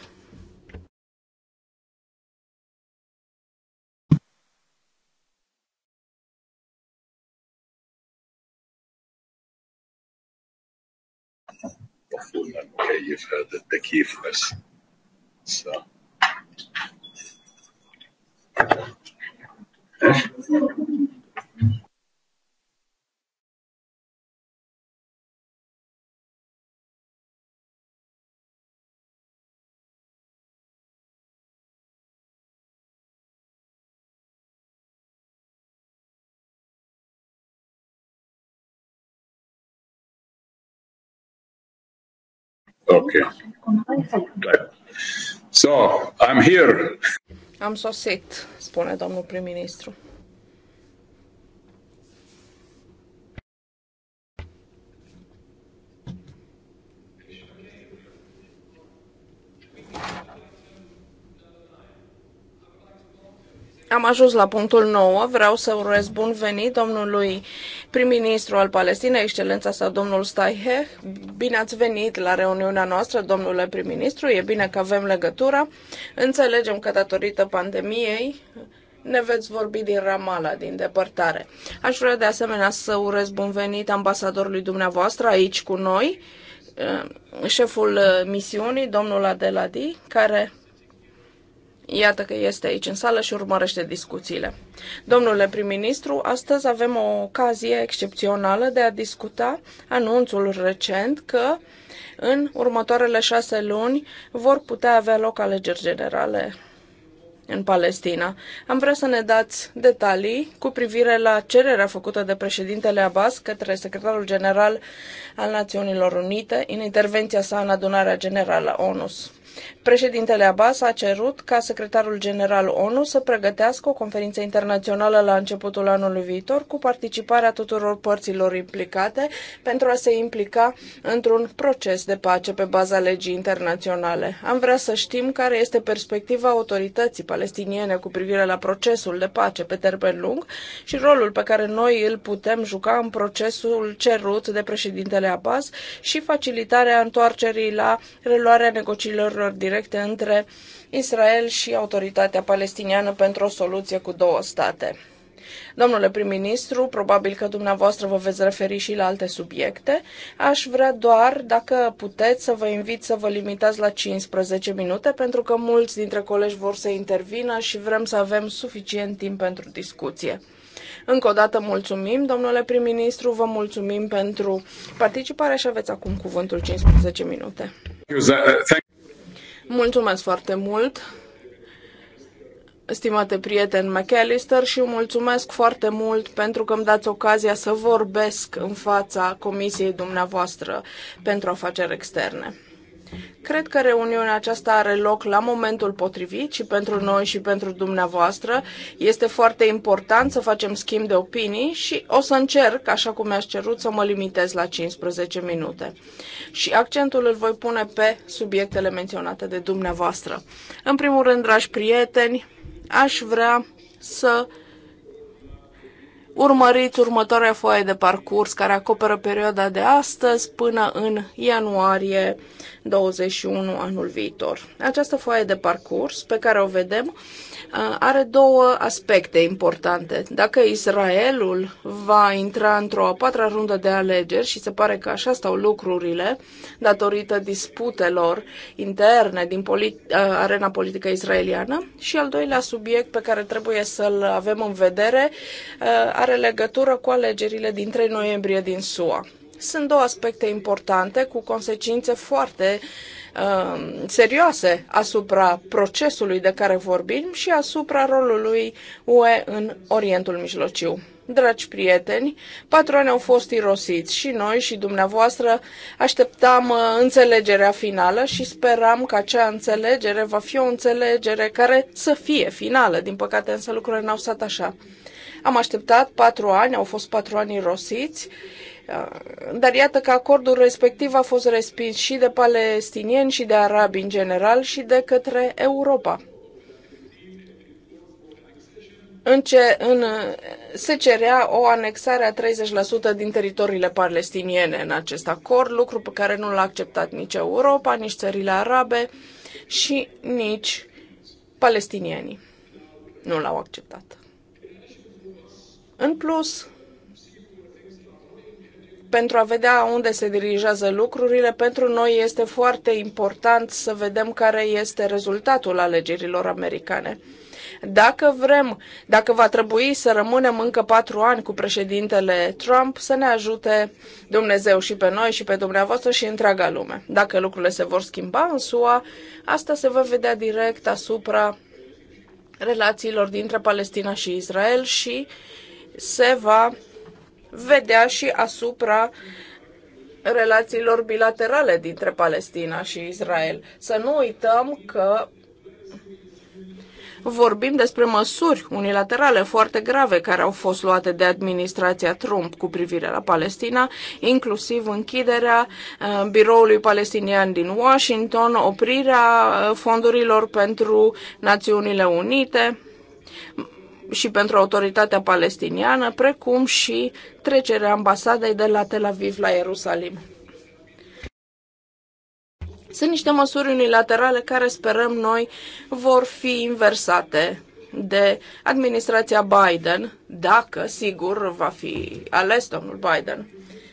proportionen är ju för att det Okay. So, I'm here. Am sosit, spune domnul prim-ministru. Am ajuns la punctul 9. Vreau să urez bun venit domnului prim-ministru al Palestinei, excelența sa, domnul Staiheh. Bine ați venit la reuniunea noastră, domnule prim-ministru. E bine că avem legătura. Înțelegem că datorită pandemiei ne veți vorbi din Ramala, din depărtare. Aș vrea de asemenea să urez bun venit ambasadorului dumneavoastră aici cu noi, șeful misiunii, domnul Adeladi, care Iată că este aici în sală și urmărește discuțiile. Domnule prim-ministru, astăzi avem o ocazie excepțională de a discuta anunțul recent că în următoarele șase luni vor putea avea loc alegeri generale în Palestina. Am vrea să ne dați detalii cu privire la cererea făcută de președintele Abbas către secretarul general al Națiunilor Unite în intervenția sa în adunarea generală ONUS. Președintele Abbas a cerut ca secretarul general ONU să pregătească o conferință internațională la începutul anului viitor cu participarea tuturor părților implicate pentru a se implica într-un proces de pace pe baza legii internaționale. Am vrea să știm care este perspectiva autorității palestiniene cu privire la procesul de pace pe termen lung și rolul pe care noi îl putem juca în procesul cerut de președintele Abbas și facilitarea întoarcerii la reluarea negocierilor directe directe între Israel și autoritatea palestiniană pentru o soluție cu două state. Domnule prim-ministru, probabil că dumneavoastră vă veți referi și la alte subiecte. Aș vrea doar, dacă puteți, să vă invit să vă limitați la 15 minute, pentru că mulți dintre colegi vor să intervină și vrem să avem suficient timp pentru discuție. Încă o dată mulțumim, domnule prim-ministru, vă mulțumim pentru participare și aveți acum cuvântul 15 minute. Mulțumesc foarte mult, stimate prieten McAllister, și mulțumesc foarte mult pentru că îmi dați ocazia să vorbesc în fața comisiei dumneavoastră pentru afaceri externe. Cred că reuniunea aceasta are loc la momentul potrivit și pentru noi și pentru dumneavoastră. Este foarte important să facem schimb de opinii și o să încerc, așa cum mi-aș cerut, să mă limitez la 15 minute. Și accentul îl voi pune pe subiectele menționate de dumneavoastră. În primul rând, dragi prieteni, aș vrea să Urmăriți următoarea foaie de parcurs care acoperă perioada de astăzi până în ianuarie 21 anul viitor. Această foaie de parcurs pe care o vedem Uh, are două aspecte importante. Dacă Israelul va intra într-o a patra rundă de alegeri și se pare că așa stau lucrurile, datorită disputelor interne din polit- uh, arena politică israeliană, și al doilea subiect pe care trebuie să-l avem în vedere uh, are legătură cu alegerile din 3 noiembrie din SUA. Sunt două aspecte importante cu consecințe foarte uh, Um, serioase asupra procesului de care vorbim și asupra rolului UE în Orientul Mijlociu. Dragi prieteni, patru ani au fost irosiți și noi și dumneavoastră așteptam uh, înțelegerea finală și speram că acea înțelegere va fi o înțelegere care să fie finală. Din păcate însă lucrurile n-au stat așa. Am așteptat patru ani, au fost patru ani irosiți Ah, dar iată că acordul respectiv a fost respins și de palestinieni și de arabi în general și de către Europa. În ce, în, se cerea o anexare a 30% din teritoriile palestiniene în acest acord, lucru pe care nu l-a acceptat nici Europa, nici țările arabe și nici palestinienii. Nu l-au acceptat. În plus, pentru a vedea unde se dirigează lucrurile. Pentru noi este foarte important să vedem care este rezultatul alegerilor americane. Dacă vrem, dacă va trebui să rămânem încă patru ani cu președintele Trump, să ne ajute Dumnezeu și pe noi și pe dumneavoastră și întreaga lume. Dacă lucrurile se vor schimba în SUA, asta se va vedea direct asupra relațiilor dintre Palestina și Israel și se va vedea și asupra relațiilor bilaterale dintre Palestina și Israel. Să nu uităm că vorbim despre măsuri unilaterale foarte grave care au fost luate de administrația Trump cu privire la Palestina, inclusiv închiderea uh, biroului palestinian din Washington, oprirea uh, fondurilor pentru Națiunile Unite, și pentru autoritatea palestiniană, precum și trecerea ambasadei de la Tel Aviv la Ierusalim. Sunt niște măsuri unilaterale care sperăm noi vor fi inversate de administrația Biden, dacă, sigur, va fi ales domnul Biden.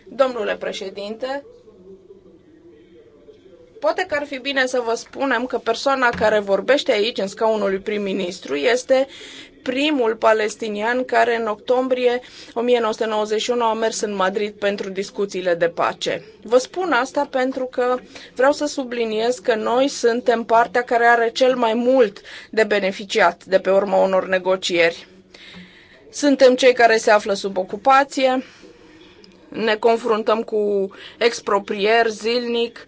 Domnule președinte, poate că ar fi bine să vă spunem că persoana care vorbește aici, în scaunul lui prim-ministru, este primul palestinian care în octombrie 1991 a mers în Madrid pentru discuțiile de pace. Vă spun asta pentru că vreau să subliniez că noi suntem partea care are cel mai mult de beneficiat de pe urma unor negocieri. Suntem cei care se află sub ocupație, ne confruntăm cu exproprieri zilnic,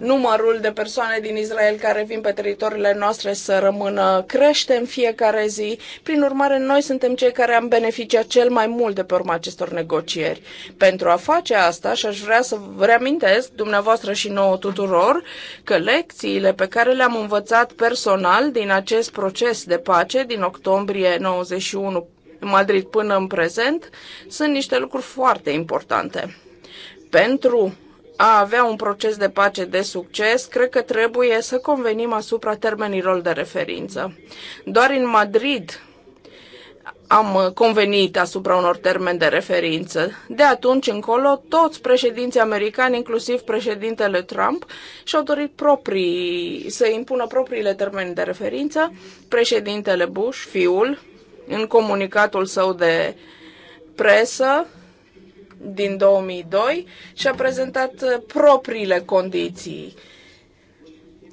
numărul de persoane din Israel care vin pe teritoriile noastre să rămână crește în fiecare zi. Prin urmare, noi suntem cei care am beneficiat cel mai mult de pe urma acestor negocieri. Pentru a face asta, și aș vrea să vă reamintesc dumneavoastră și nouă tuturor că lecțiile pe care le-am învățat personal din acest proces de pace din octombrie 91 Madrid până în prezent sunt niște lucruri foarte importante. Pentru a avea un proces de pace de succes, cred că trebuie să convenim asupra termenilor de referință. Doar în Madrid am convenit asupra unor termeni de referință. De atunci încolo, toți președinții americani, inclusiv președintele Trump, și-au dorit proprii, să impună propriile termeni de referință. Președintele Bush, fiul, în comunicatul său de presă, din 2002 și a prezentat uh, propriile condiții.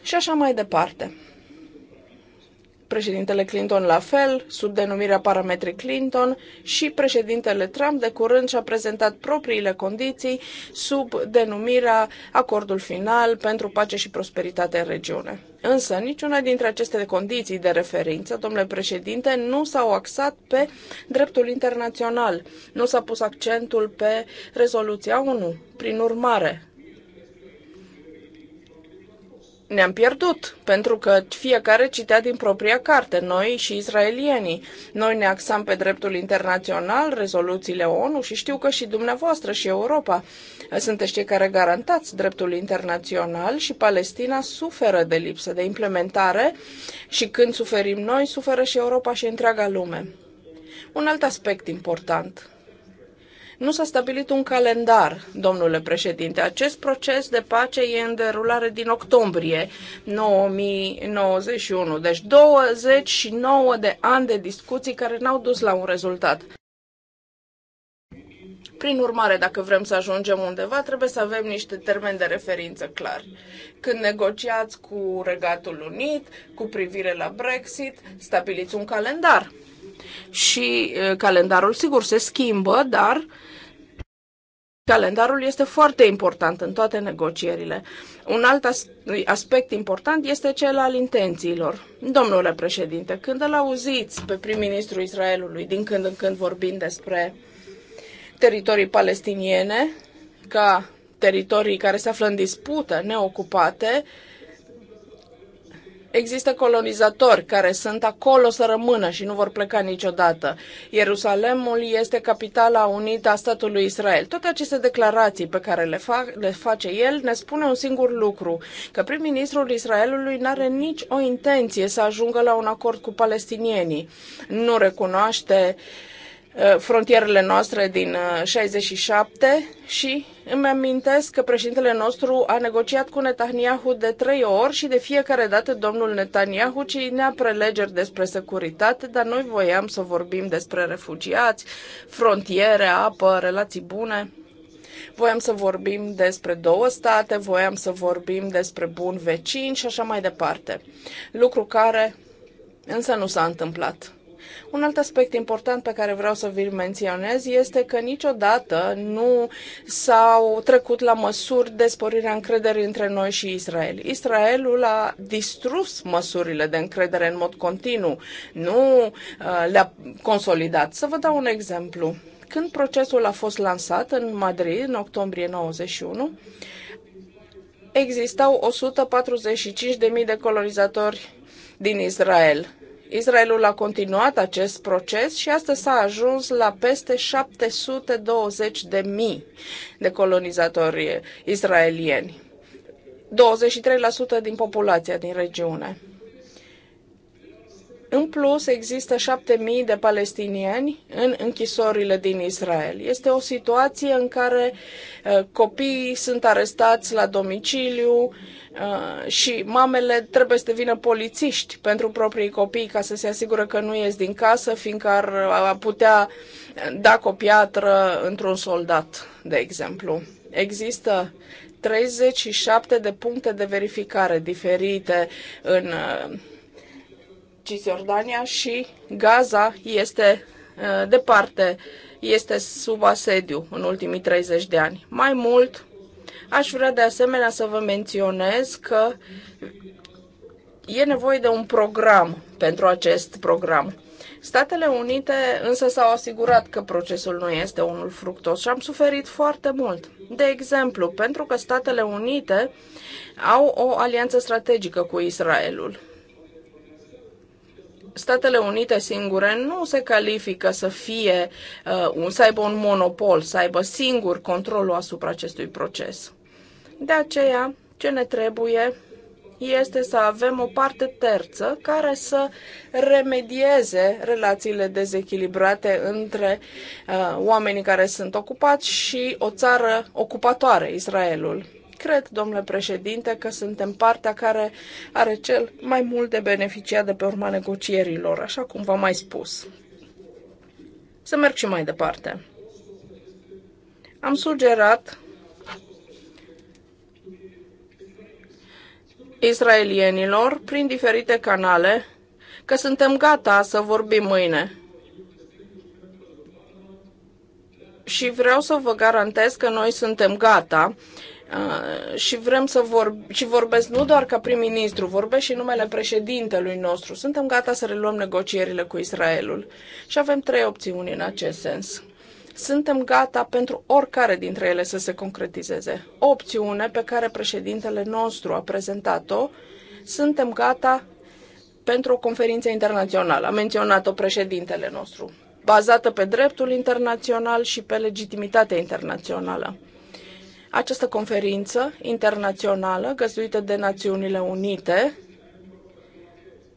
Și așa mai departe președintele Clinton la fel, sub denumirea parametri Clinton, și președintele Trump de curând și-a prezentat propriile condiții sub denumirea acordul final pentru pace și prosperitate în regiune. Însă, niciuna dintre aceste condiții de referință, domnule președinte, nu s-au axat pe dreptul internațional, nu s-a pus accentul pe rezoluția 1. Prin urmare, ne-am pierdut, pentru că fiecare citea din propria carte, noi și israelienii. Noi ne axam pe dreptul internațional, rezoluțiile ONU și știu că și dumneavoastră și Europa sunteți cei care garantați dreptul internațional și Palestina suferă de lipsă de implementare și când suferim noi, suferă și Europa și întreaga lume. Un alt aspect important nu s-a stabilit un calendar, domnule președinte. Acest proces de pace e în derulare din octombrie 2091, deci 29 de ani de discuții care n-au dus la un rezultat. Prin urmare, dacă vrem să ajungem undeva, trebuie să avem niște termeni de referință clar. Când negociați cu Regatul Unit, cu privire la Brexit, stabiliți un calendar. Și calendarul, sigur, se schimbă, dar calendarul este foarte important în toate negocierile. Un alt aspect important este cel al intențiilor. Domnule președinte, când îl auziți pe prim-ministru Israelului din când în când vorbind despre teritorii palestiniene ca teritorii care se află în dispută, neocupate, uh, Există colonizatori care sunt acolo să rămână și nu vor pleca niciodată. Ierusalemul este capitala unită a statului Israel. Toate aceste declarații pe care le, fac, le face el ne spune un singur lucru, că prim-ministrul Israelului nu are nici o intenție să ajungă la un acord cu palestinienii. Nu recunoaște uh, Uh, frontierele noastre din 67 uh, și îmi amintesc că președintele nostru a negociat cu Netanyahu de trei ori și de fiecare dată domnul Netanyahu a prelegeri despre securitate, dar noi voiam să vorbim despre refugiați, frontiere, apă, relații bune. Voiam să vorbim despre două state, voiam să vorbim despre bun vecin și așa mai departe. Lucru care însă nu s-a întâmplat. Un alt aspect important pe care vreau să vi-l menționez este că niciodată nu s-au trecut la măsuri de sporire a încrederii între noi și Israel. Israelul a distrus măsurile de încredere în mod continuu, nu uh, le-a consolidat. Să vă dau un exemplu. Când procesul a fost lansat în Madrid, în octombrie 91, existau 145.000 de colonizatori din Israel Israelul a continuat acest proces și astăzi s-a ajuns la peste 720 de mii de colonizatori israelieni, 23% din populația din regiune. În plus, există 7.000 de palestinieni în închisorile din Israel. Este o situație în care uh, copiii sunt arestați la domiciliu uh, și mamele trebuie să devină polițiști pentru proprii copii ca să se asigură că nu ies din casă, fiindcă ar uh, putea da copiatră într-un soldat, de exemplu. Există 37 de puncte de verificare diferite în uh, Cisjordania și Gaza este uh, departe, este sub asediu în ultimii 30 de ani. Mai mult, aș vrea de asemenea să vă menționez că e nevoie de un program pentru acest program. Statele Unite însă s-au asigurat că procesul nu este unul fructos și am suferit foarte mult. De exemplu, pentru că Statele Unite au o alianță strategică cu Israelul. Statele Unite singure nu se califică să fie, uh, să aibă un monopol, să aibă singur controlul asupra acestui proces. De aceea, ce ne trebuie este să avem o parte terță care să remedieze relațiile dezechilibrate între uh, oamenii care sunt ocupați și o țară ocupatoare, Israelul. Cred, domnule președinte, că suntem partea care are cel mai mult de beneficiat de pe urma negocierilor, așa cum v-am mai spus. Să merg și mai departe. Am sugerat israelienilor prin diferite canale că suntem gata să vorbim mâine. Și vreau să vă garantez că noi suntem gata Ah, și vrem să vorb, și vorbesc nu doar ca prim-ministru, vorbesc și numele președintelui nostru. Suntem gata să reluăm negocierile cu Israelul și avem trei opțiuni în acest sens. Suntem gata pentru oricare dintre ele să se concretizeze. O opțiune pe care președintele nostru a prezentat-o, suntem gata pentru o conferință internațională. A menționat-o președintele nostru, bazată pe dreptul internațional și pe legitimitatea internațională. Această conferință internațională găzduită de Națiunile Unite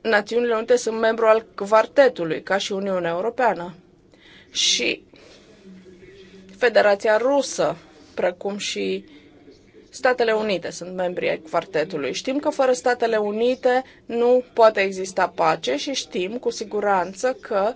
Națiunile Unite sunt membru al Quartetului, ca și Uniunea Europeană. Și Federația Rusă, precum și Statele Unite sunt membri ai quartetului. Știm că fără Statele Unite nu poate exista pace și știm cu siguranță că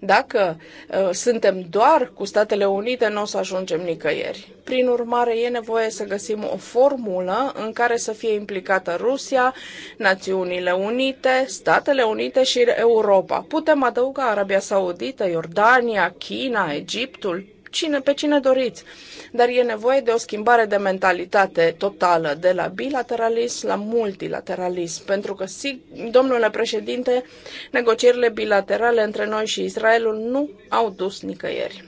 dacă uh, suntem doar cu Statele Unite, nu o să ajungem nicăieri. Prin urmare, e nevoie să găsim o formulă în care să fie implicată Rusia, Națiunile Unite, Statele Unite și Europa. Putem adăuga Arabia Saudită, Iordania, China, Egiptul, cine, pe cine doriți. Dar e nevoie de o schimbare de mentalitate totală, de la bilateralism la multilateralism, pentru că, domnule președinte, negocierile bilaterale între noi și Israelul nu au dus nicăieri.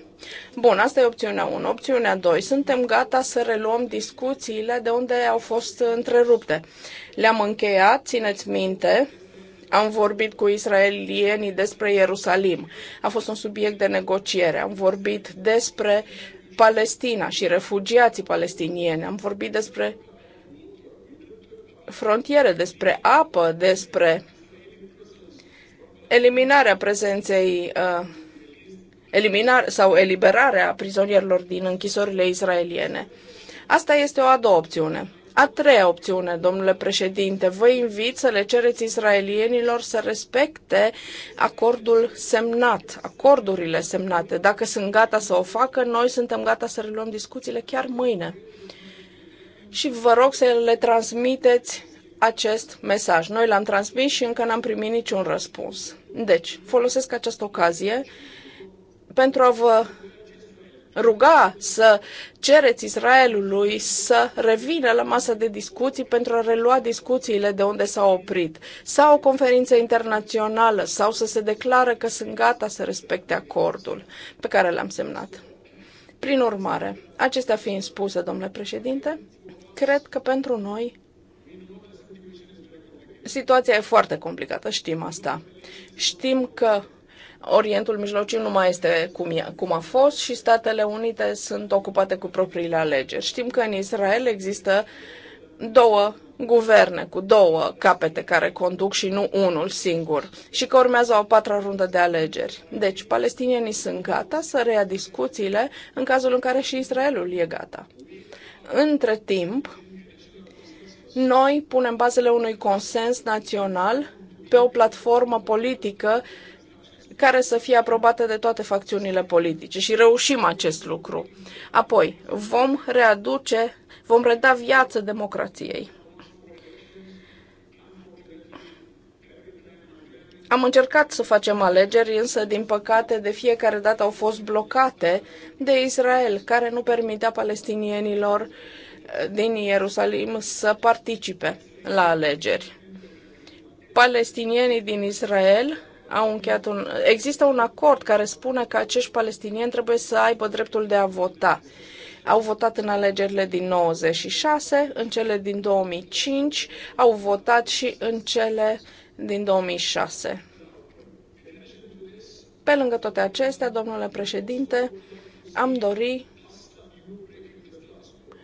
Bun, asta e opțiunea 1. Opțiunea 2. Suntem gata să reluăm discuțiile de unde au fost întrerupte. Le-am încheiat, țineți minte, am vorbit cu israelienii despre Ierusalim. A fost un subiect de negociere. Am vorbit despre Palestina și refugiații palestinieni. Am vorbit despre frontiere, despre apă, despre eliminarea prezenței uh, eliminar, sau eliberarea prizonierilor din închisorile israeliene. Asta este o a doua opțiune. A treia opțiune, domnule președinte, vă invit să le cereți israelienilor să respecte acordul semnat, acordurile semnate. Dacă sunt gata să o facă, noi suntem gata să reluăm discuțiile chiar mâine. Și vă rog să le transmiteți acest mesaj. Noi l-am transmis și încă n-am primit niciun răspuns. Deci, folosesc această ocazie pentru a vă ruga să cereți Israelului să revină la masa de discuții pentru a relua discuțiile de unde s-au oprit, sau o conferință internațională, sau să se declară că sunt gata să respecte acordul pe care l-am semnat. Prin urmare, acestea fiind spuse, domnule președinte, cred că pentru noi situația e foarte complicată, știm asta. Știm că Orientul Mijlociu nu mai este cum, e, cum a fost și Statele Unite sunt ocupate cu propriile alegeri. Știm că în Israel există două guverne cu două capete care conduc și nu unul singur și că urmează o patra rundă de alegeri. Deci, palestinienii sunt gata să reia discuțiile în cazul în care și Israelul e gata. Între timp, noi punem bazele unui consens național pe o platformă politică uh, care să fie aprobată de toate facțiunile politice și reușim acest lucru. Apoi, vom readuce, vom reda viață democrației. Am încercat să facem alegeri, însă, din păcate, de fiecare dată au fost blocate de Israel, care nu permitea palestinienilor eh, din Ierusalim să participe la alegeri. Palestinienii din Israel au încheiat un... Există un acord care spune că acești palestinieni trebuie să aibă dreptul de a vota. Au votat în alegerile din 96, în cele din 2005, au votat și în cele din 2006. Pe lângă toate acestea, domnule președinte, am dori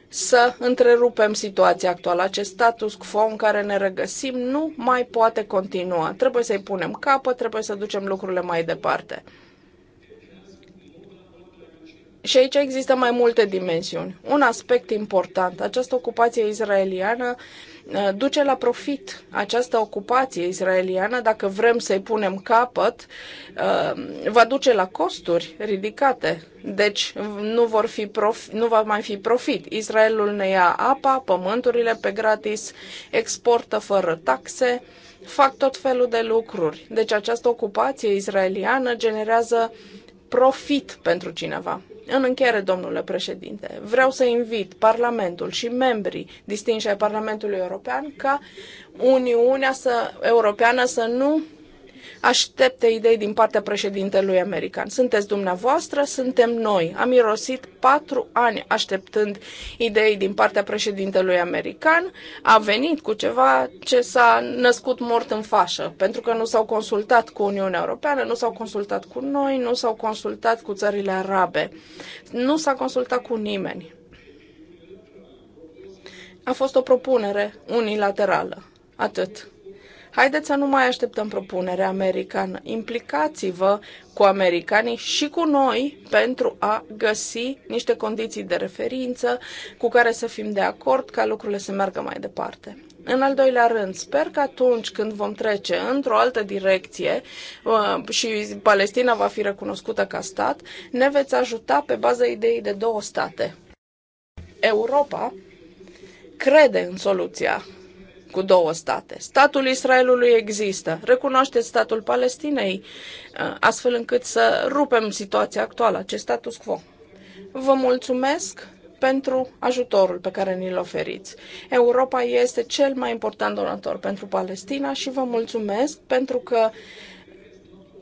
să întrerupem situația actuală. Acest status quo în care ne regăsim nu mai poate continua. Trebuie să-i punem capăt, trebuie să ducem lucrurile mai departe. Și aici există mai multe dimensiuni. Un aspect important, această ocupație israeliană Uh, duce la profit această ocupație israeliană, dacă vrem să-i punem capăt, uh, va duce la costuri ridicate. Deci nu, vor fi profi, nu va mai fi profit. Israelul ne ia apa, pământurile pe gratis, exportă fără taxe, fac tot felul de lucruri. Deci această ocupație israeliană generează profit pentru cineva. În încheiere, domnule președinte, vreau să invit Parlamentul și membrii distinși ai Parlamentului European ca Uniunea să, Europeană să nu aștepte idei din partea președintelui american. Sunteți dumneavoastră, suntem noi. Am irosit patru ani așteptând idei din partea președintelui american. A venit cu ceva ce s-a născut mort în fașă, pentru că nu s-au consultat cu Uniunea Europeană, nu s-au consultat cu noi, nu s-au consultat cu țările arabe. Nu s-a consultat cu nimeni. A fost o propunere unilaterală. Atât. Haideți să nu mai așteptăm propunerea americană. Implicați-vă cu americanii și cu noi pentru a găsi niște condiții de referință cu care să fim de acord ca lucrurile să meargă mai departe. În al doilea rând, sper că atunci când vom trece într-o altă direcție uh, și Palestina va fi recunoscută ca stat, ne veți ajuta pe baza ideii de două state. Europa crede în soluția cu două state. Statul Israelului există. Recunoașteți statul Palestinei, uh, astfel încât să rupem situația actuală, acest status quo. Vă mulțumesc pentru ajutorul pe care ni-l oferiți. Europa este cel mai important donator pentru Palestina și vă mulțumesc pentru că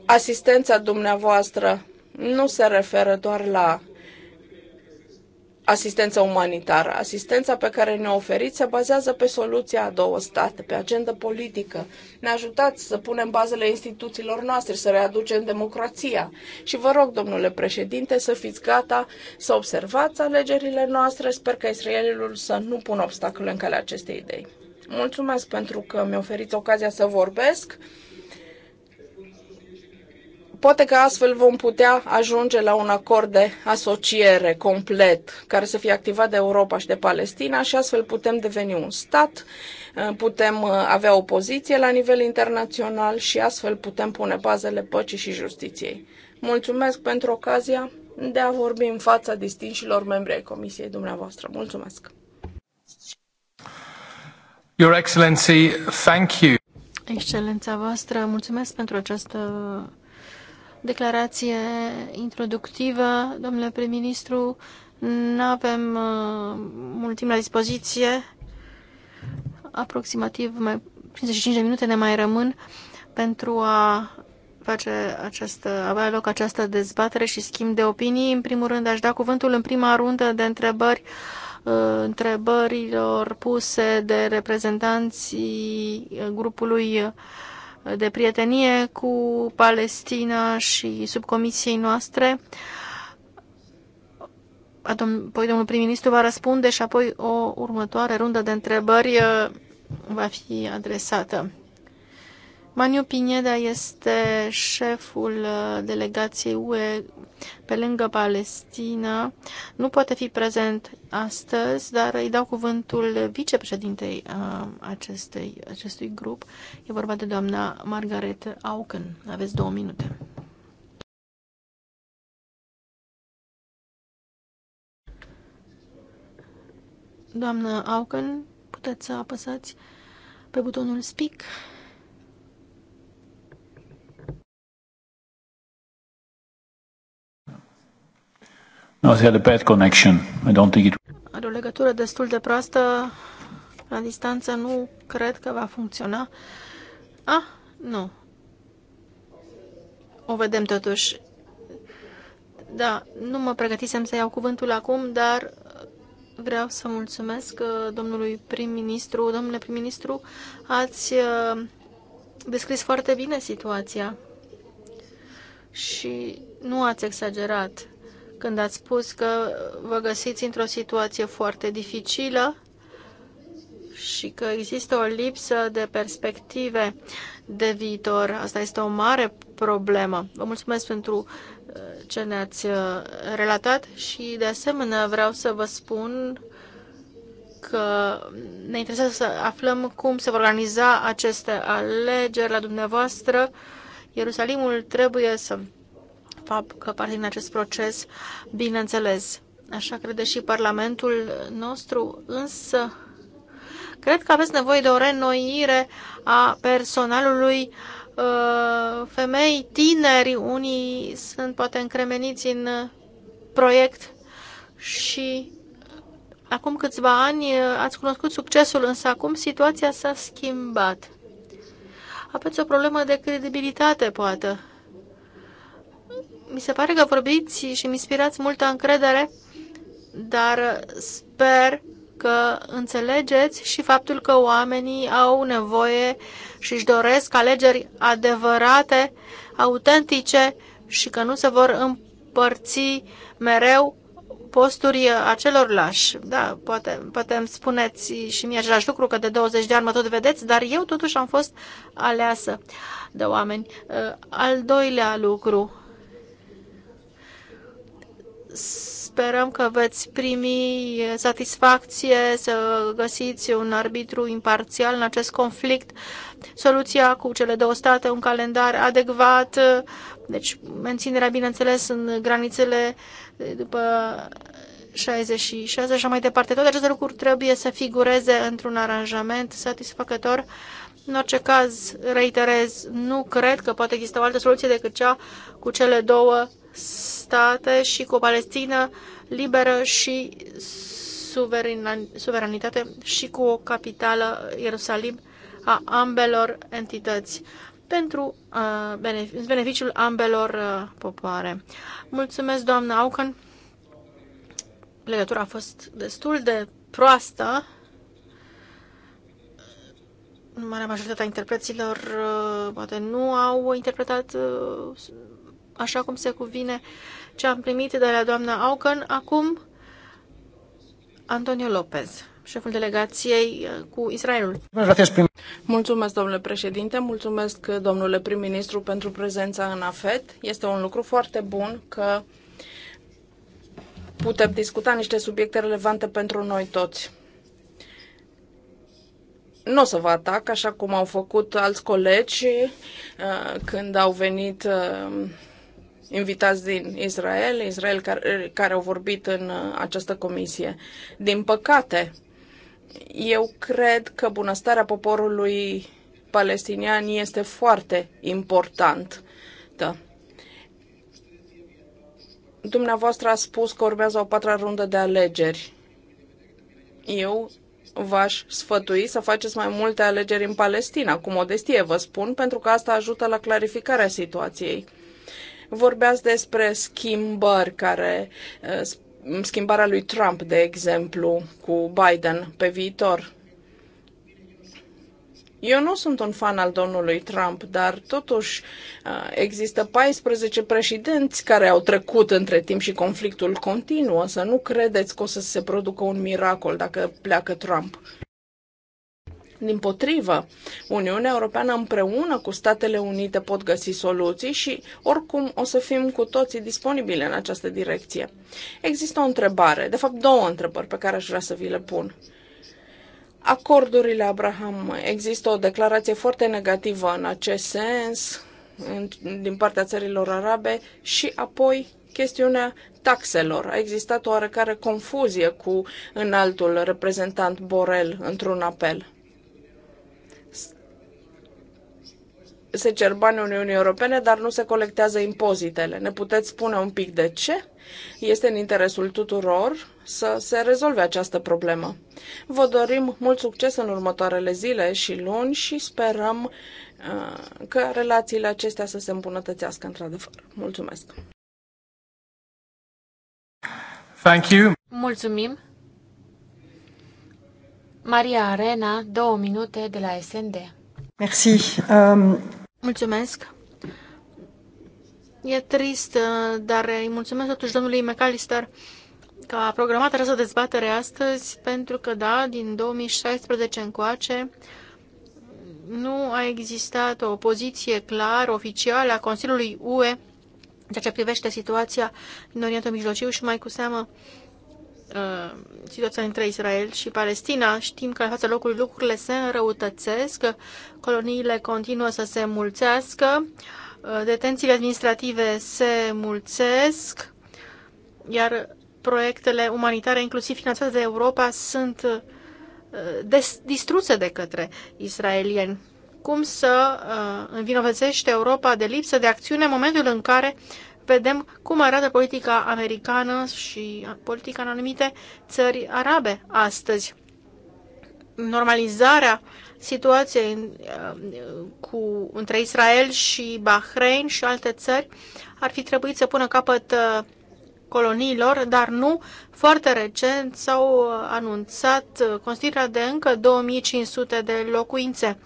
asistența dumneavoastră nu se referă doar la asistență umanitară. Asistența pe care ne-o oferiți se bazează pe soluția a două state, pe agenda politică. Ne ajutați să punem bazele instituțiilor noastre, să readucem democrația. Și vă rog, domnule președinte, să fiți gata să observați alegerile noastre. Sper că israelilor să nu pună obstacole în calea acestei idei. Mulțumesc pentru că mi-oferiți ocazia să vorbesc. Poate că astfel vom putea ajunge la un acord de asociere complet care să fie activat de Europa și de Palestina și astfel putem deveni un stat, eh, putem eh, avea o poziție la nivel internațional și astfel putem pune bazele păcii și justiției. Mulțumesc pentru ocazia de a vorbi în fața distinșilor membri ai Comisiei dumneavoastră. Mulțumesc! Your Excellency, thank you. Excelența voastră, mulțumesc pentru această declarație introductivă. Domnule prim-ministru, nu avem uh, mult timp la dispoziție. Aproximativ mai 55 de minute ne mai rămân pentru a face această, avea loc această dezbatere și schimb de opinii. În primul rând, aș da cuvântul în prima rundă de întrebări uh, întrebărilor puse de reprezentanții uh, grupului uh, de prietenie cu Palestina și subcomisiei noastre. Apoi domnul prim-ministru va răspunde și apoi o următoare rundă de întrebări uh, va fi adresată. Maniu Pineda este șeful uh, delegației UE pe lângă Palestina. Nu poate fi prezent astăzi, dar îi dau cuvântul vicepreședintei uh, acestei, acestui grup. E vorba de doamna Margaret Auken. Aveți două minute. Doamna Auken, puteți să apăsați pe butonul speak. had a bad connection. I don't think it... Are o legătură destul de proastă la distanță. Nu cred că va funcționa. Ah, nu. O vedem totuși. Da, nu mă pregătisem să iau cuvântul acum, dar vreau să mulțumesc uh, domnului prim-ministru. Domnule prim-ministru, ați uh, descris foarte bine situația și nu ați exagerat când ați spus că vă găsiți într-o situație foarte dificilă și că există o lipsă de perspective de viitor. Asta este o mare problemă. Vă mulțumesc pentru uh, ce ne-ați uh, relatat și de asemenea vreau să vă spun că ne interesează să aflăm cum se vor organiza aceste alegeri la dumneavoastră. Ierusalimul trebuie să fapt că parte din acest proces, bineînțeles. Așa crede și Parlamentul nostru, însă cred că aveți nevoie de o renoire a personalului uh, femei, tineri, unii sunt poate încremeniți în proiect și acum câțiva ani ați cunoscut succesul, însă acum situația s-a schimbat. Aveți o problemă de credibilitate, poate, mi se pare că vorbiți și mi inspirați multă încredere, dar sper că înțelegeți și faptul că oamenii au nevoie și își doresc alegeri adevărate, autentice și că nu se vor împărți mereu posturi lași. Da, poate, poate îmi spuneți și mie același lucru, că de 20 de ani mă tot vedeți, dar eu totuși am fost aleasă de oameni. Al doilea lucru, Sperăm că veți primi satisfacție să găsiți un arbitru imparțial în acest conflict, soluția cu cele două state, un calendar adecvat, deci menținerea, bineînțeles, în granițele după 66 și așa mai departe. Toate aceste lucruri trebuie să figureze într-un aranjament satisfăcător. În orice caz, reiterez, nu cred că poate exista o altă soluție decât cea cu cele două state și cu o Palestină liberă și suveranitate și cu o capitală, Ierusalim, a ambelor entități pentru uh, beneficiul ambelor uh, popoare. Mulțumesc, doamna Aucan. Legătura a fost destul de proastă. Marea majoritatea interpreților uh, poate nu au interpretat uh, așa cum se cuvine, ce am primit de la doamna Auken. Acum, Antonio Lopez, șeful delegației uh, cu Israelul. Mulțumesc, domnule președinte, mulțumesc, domnule prim-ministru, pentru prezența în AFET. Este un lucru foarte bun că putem discuta niște subiecte relevante pentru noi toți. Nu o să vă atac, așa cum au făcut alți colegi uh, când au venit uh, invitați din Israel, Israel care, care au vorbit în uh, această comisie. Din păcate, eu cred că bunăstarea poporului palestinian este foarte importantă. Dumneavoastră a spus că urmează o patra rundă de alegeri. Eu v-aș sfătui să faceți mai multe alegeri în Palestina, cu modestie vă spun, pentru că asta ajută la clarificarea situației. Vorbeați despre schimbări care eh, schimbarea lui Trump, de exemplu, cu Biden pe viitor. Eu nu sunt un fan al domnului Trump, dar totuși eh, există 14 președinți care au trecut între timp și conflictul continuă. Să nu credeți că o să se producă un miracol dacă pleacă Trump. Din potrivă, Uniunea Europeană împreună cu Statele Unite pot găsi soluții și oricum o să fim cu toții disponibili în această direcție. Există o întrebare, de fapt două întrebări pe care aș vrea să vi le pun acordurile Abraham. Există o declarație foarte negativă în acest sens în, din partea țărilor arabe și apoi chestiunea taxelor. A existat oarecare confuzie cu înaltul reprezentant Borel într-un apel. se cer bani Uniunii Europene, dar nu se colectează impozitele. Ne puteți spune un pic de ce? Este în interesul tuturor să se rezolve această problemă. Vă dorim mult succes în următoarele zile și luni și sperăm uh, că relațiile acestea să se îmbunătățească într-adevăr. Mulțumesc! Thank you. Mulțumim! Maria Arena, două minute de la SND. Merci. Um... Mulțumesc. E trist, uh, dar îi mulțumesc totuși domnului McAllister că a programat această dezbatere astăzi, pentru că, da, din 2016 încoace, nu a existat o poziție clară, oficială a Consiliului UE în ceea ce privește situația din Orientul Mijlociu și mai cu seamă uh, Uh, situația între Israel și Palestina. Știm că în fața locului lucrurile se înrăutățesc, coloniile continuă să se mulțească, uh, detențiile administrative se mulțesc, iar proiectele umanitare, inclusiv finanțate de Europa, sunt uh, distruse de către israelieni. Cum să învinovățește Europa de lipsă de acțiune în momentul în care vedem cum arată politica americană și politica în anumite țări arabe astăzi. Normalizarea situației uh, cu, între Israel și Bahrain și alte țări ar fi trebuit să pună capăt uh, coloniilor, dar nu. Foarte recent s-au uh, anunțat constituirea de încă 2500 de locuințe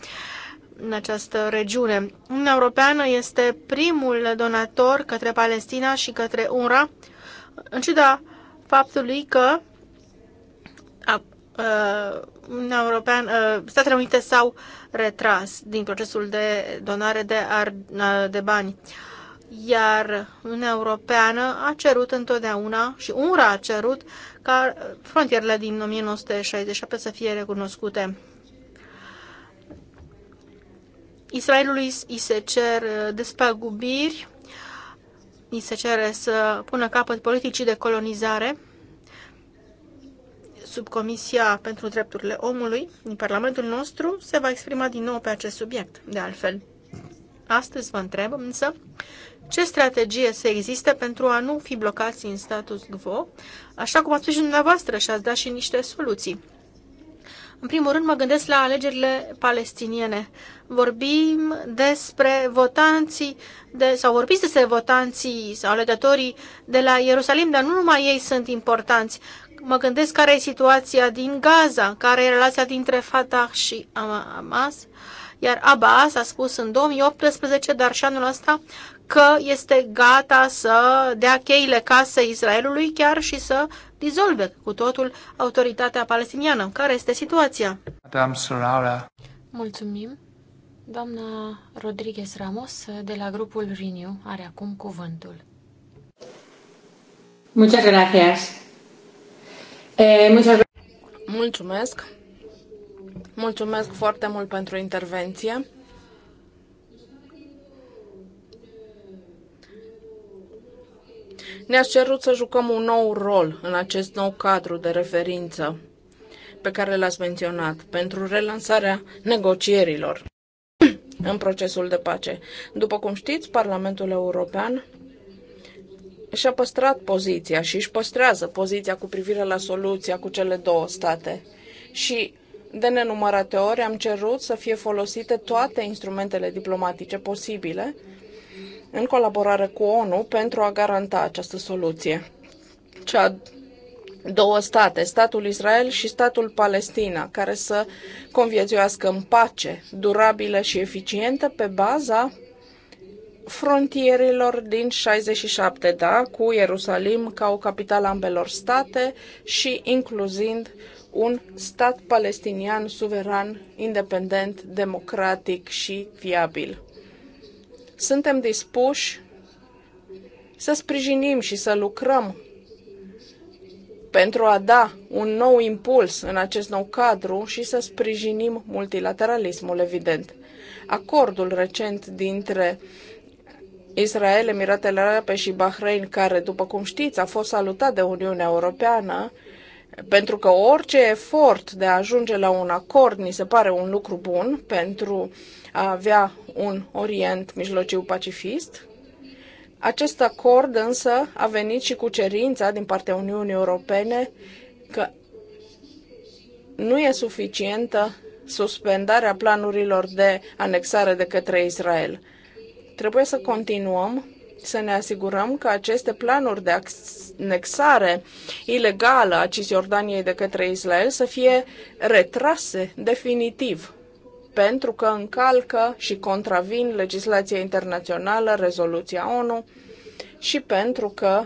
în această regiune. Uniunea Europeană este primul donator către Palestina și către UNRWA, în ciuda faptului că a, a, Uniunea Europeană, a, Statele Unite s-au retras din procesul de donare de, ar, de bani. Iar Uniunea Europeană a cerut întotdeauna și UNRWA a cerut ca frontierele din 1967 să fie recunoscute Israelului îi se cer uh, despăgubiri, îi se cere să pună capăt politicii de colonizare sub Comisia pentru Drepturile Omului din Parlamentul nostru se va exprima din nou pe acest subiect, de altfel. Astăzi vă întreb însă ce strategie să existe pentru a nu fi blocați în status quo, așa cum ați spus și dumneavoastră și ați dat și niște soluții. În primul rând mă gândesc la alegerile palestiniene. Vorbim despre votanții de, sau vorbiți despre votanții sau alegătorii de la Ierusalim, dar nu numai ei sunt importanți. Mă gândesc care e situația din Gaza, care e relația dintre Fatah și Hamas. Iar Abbas a spus în 2018, dar și anul ăsta, că este gata să dea cheile casei Israelului chiar și să dizolve cu totul autoritatea palestiniană. Care este situația? Madame Sorara. Mulțumim. Doamna Rodriguez Ramos de la grupul Renew are acum cuvântul. Muchas gracias. Eh, muchas... Mulțumesc. Mulțumesc foarte mult pentru intervenție. ne a cerut să jucăm un nou rol în acest nou cadru de referință pe care l-ați menționat pentru relansarea negocierilor *clears throat* în procesul de pace. După cum știți, Parlamentul European și-a păstrat poziția și își păstrează poziția cu privire la soluția cu cele două state. Și de nenumărate ori am cerut să fie folosite toate instrumentele diplomatice posibile în colaborare cu ONU pentru a garanta această soluție. Cea două state, statul Israel și statul Palestina, care să conviețuiască în pace, durabilă și eficientă pe baza frontierilor din 67, da, cu Ierusalim ca o capitală ambelor state și incluzind un stat palestinian suveran, independent, democratic și viabil suntem dispuși să sprijinim și să lucrăm pentru a da un nou impuls în acest nou cadru și să sprijinim multilateralismul, evident. Acordul recent dintre Israel, Emiratele Arabe și Bahrain, care, după cum știți, a fost salutat de Uniunea Europeană, pentru că orice efort de a ajunge la un acord ni se pare un lucru bun pentru uh, a avea un Orient mijlociu pacifist. Acest acord însă a venit și cu cerința din partea Uniunii Europene că nu e suficientă suspendarea planurilor de anexare de către Israel. Trebuie să continuăm să ne asigurăm că aceste planuri de anexare ilegală a Cisjordaniei de către Israel să fie retrase definitiv pentru că încalcă și contravin legislația internațională, rezoluția ONU și pentru că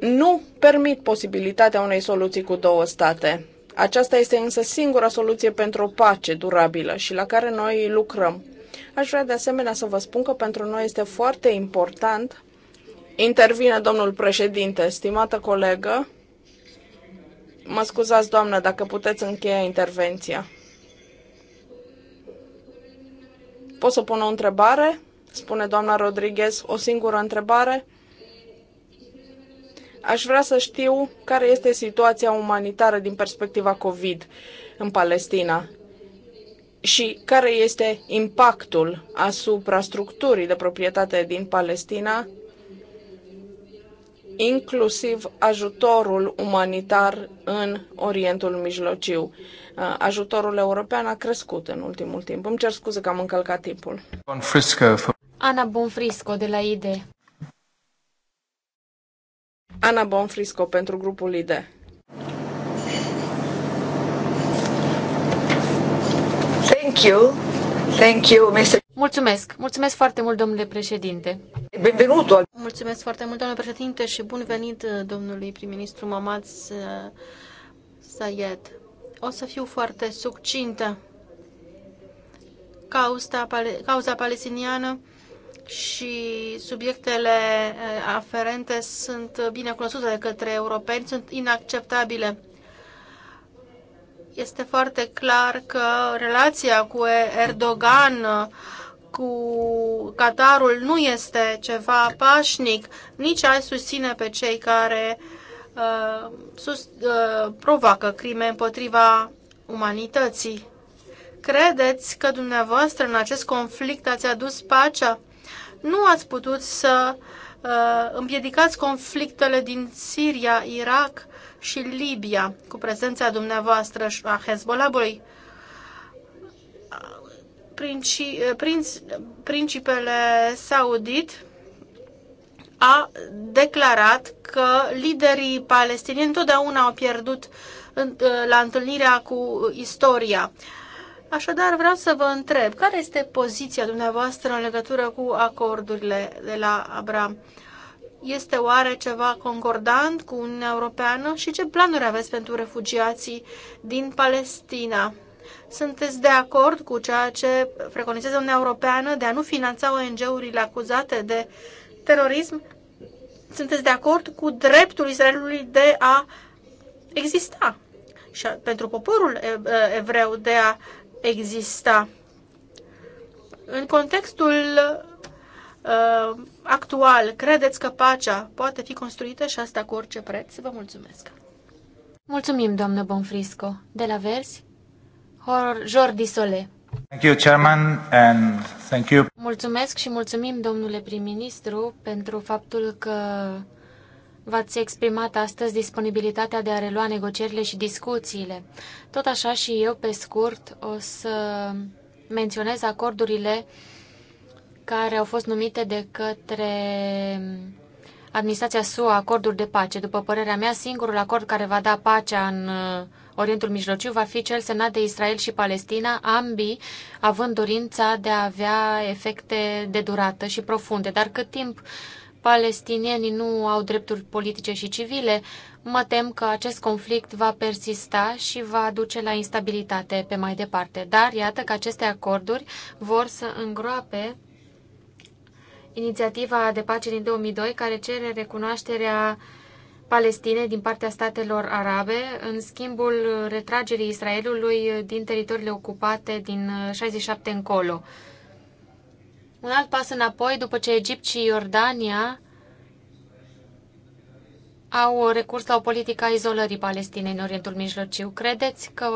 nu permit posibilitatea unei soluții cu două state. Aceasta este însă singura soluție pentru o pace durabilă și la care noi lucrăm. Aș vrea de asemenea să vă spun că pentru noi este foarte important, intervine domnul președinte, stimată colegă, Mă scuzați, doamnă, dacă puteți încheia intervenția. Pot să pun o întrebare? Spune doamna Rodriguez, o singură întrebare. Aș vrea să știu care este situația umanitară din perspectiva COVID în Palestina și care este impactul asupra structurii de proprietate din Palestina inclusiv ajutorul umanitar în Orientul Mijlociu. Uh, ajutorul european a crescut în ultimul timp. Îmi cer scuze că am încălcat timpul. Ana Bonfrisco de la IDE. Ana Bonfrisco pentru grupul IDE. Thank you. Thank you, Mr. Mulțumesc. Mulțumesc foarte mult, domnule președinte. Benvenuto. Mulțumesc foarte mult, domnule președinte, și bun venit uh, domnului prim-ministru Mamad Sayed. O să fiu foarte succintă. Cauza, cauza palestiniană și subiectele uh, aferente sunt bine cunoscute de către europeni, sunt inacceptabile este foarte clar că relația cu Erdogan, cu Qatarul, nu este ceva pașnic, nici a susține pe cei care uh, sus, uh, provoacă crime împotriva umanității. Credeți că dumneavoastră în acest conflict ați adus pacea? Nu ați putut să uh, împiedicați conflictele din Siria, Irak, și Libia, cu prezența dumneavoastră și a Hezbollahului. principele saudit a declarat că liderii palestinieni întotdeauna au pierdut la întâlnirea cu istoria. Așadar, vreau să vă întreb, care este poziția dumneavoastră în legătură cu acordurile de la Abraham? Este oare ceva concordant cu Uniunea Europeană și ce planuri aveți pentru refugiații din Palestina? Sunteți de acord cu ceea ce preconizează Uniunea Europeană de a nu finanța ONG-urile acuzate de terorism? Sunteți de acord cu dreptul Israelului de a exista și pentru poporul evreu de a exista? În contextul uh, actual, credeți că pacea poate fi construită și asta cu orice preț? Vă mulțumesc! Mulțumim, doamnă Bonfrisco. De la Verzi, Jordi Sole. Thank you, Chairman, and thank you. Mulțumesc și mulțumim, domnule prim-ministru, pentru faptul că V-ați exprimat astăzi disponibilitatea de a relua negocierile și discuțiile. Tot așa și eu, pe scurt, o să menționez acordurile care au fost numite de către administrația SUA acorduri de pace. După părerea mea, singurul acord care va da pacea în uh, Orientul Mijlociu va fi cel semnat de Israel și Palestina, ambii având dorința de a avea efecte de durată și profunde. Dar cât timp palestinienii nu au drepturi politice și civile, mă tem că acest conflict va persista și va duce la instabilitate pe mai departe. Dar iată că aceste acorduri vor să îngroape inițiativa de pace din 2002 care cere recunoașterea Palestinei din partea statelor arabe în schimbul retragerii Israelului din teritoriile ocupate din 67 încolo. Un alt pas înapoi după ce Egipt și Iordania au recurs la o politică a izolării Palestinei în Orientul Mijlociu. Credeți că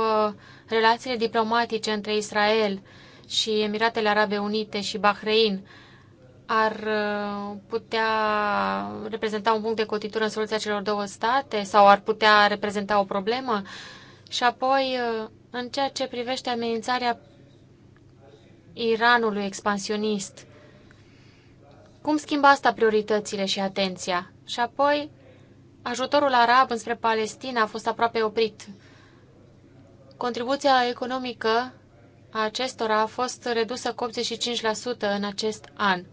relațiile diplomatice între Israel și Emiratele Arabe Unite și Bahrein ar uh, putea reprezenta un punct de cotitură în soluția celor două state sau ar putea reprezenta o problemă? Și apoi, uh, în ceea ce privește amenințarea Iranului expansionist, cum schimba asta prioritățile și atenția? Și apoi, ajutorul arab înspre Palestina a fost aproape oprit. Contribuția economică a acestora a fost redusă cu 85% în acest an.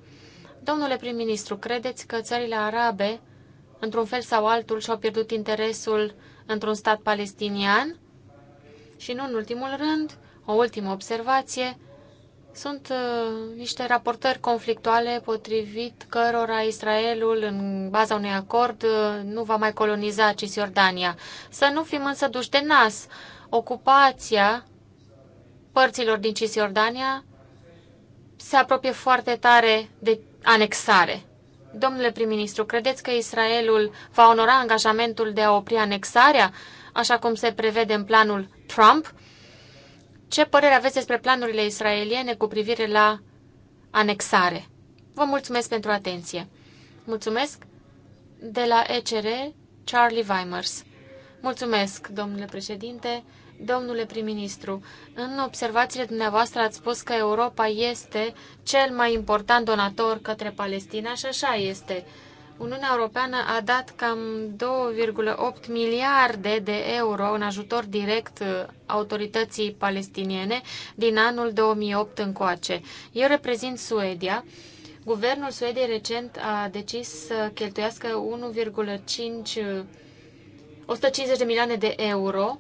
Domnule prim-ministru, credeți că țările arabe, într-un fel sau altul, și-au pierdut interesul într-un stat palestinian? Și nu în ultimul rând, o ultimă observație, sunt uh, niște raportări conflictuale potrivit cărora Israelul, în baza unui acord, uh, nu va mai coloniza Cisjordania. Să nu fim însă duși de nas. Ocupația părților din Cisjordania se apropie foarte tare de anexare. Domnule prim-ministru, credeți că Israelul va onora angajamentul de a opri anexarea, așa cum se prevede în planul Trump? Ce părere aveți despre planurile israeliene cu privire la anexare? Vă mulțumesc pentru atenție. Mulțumesc de la ECR, Charlie Weimers. Mulțumesc, domnule președinte. Domnule prim-ministru, în observațiile dumneavoastră ați spus că Europa este cel mai important donator către Palestina și așa este. Uniunea Europeană a dat cam 2,8 miliarde de euro în ajutor direct uh, autorității palestiniene din anul 2008 încoace. Eu reprezint Suedia. Guvernul Suediei recent a decis să cheltuiască 1,5 150 uh, de milioane de euro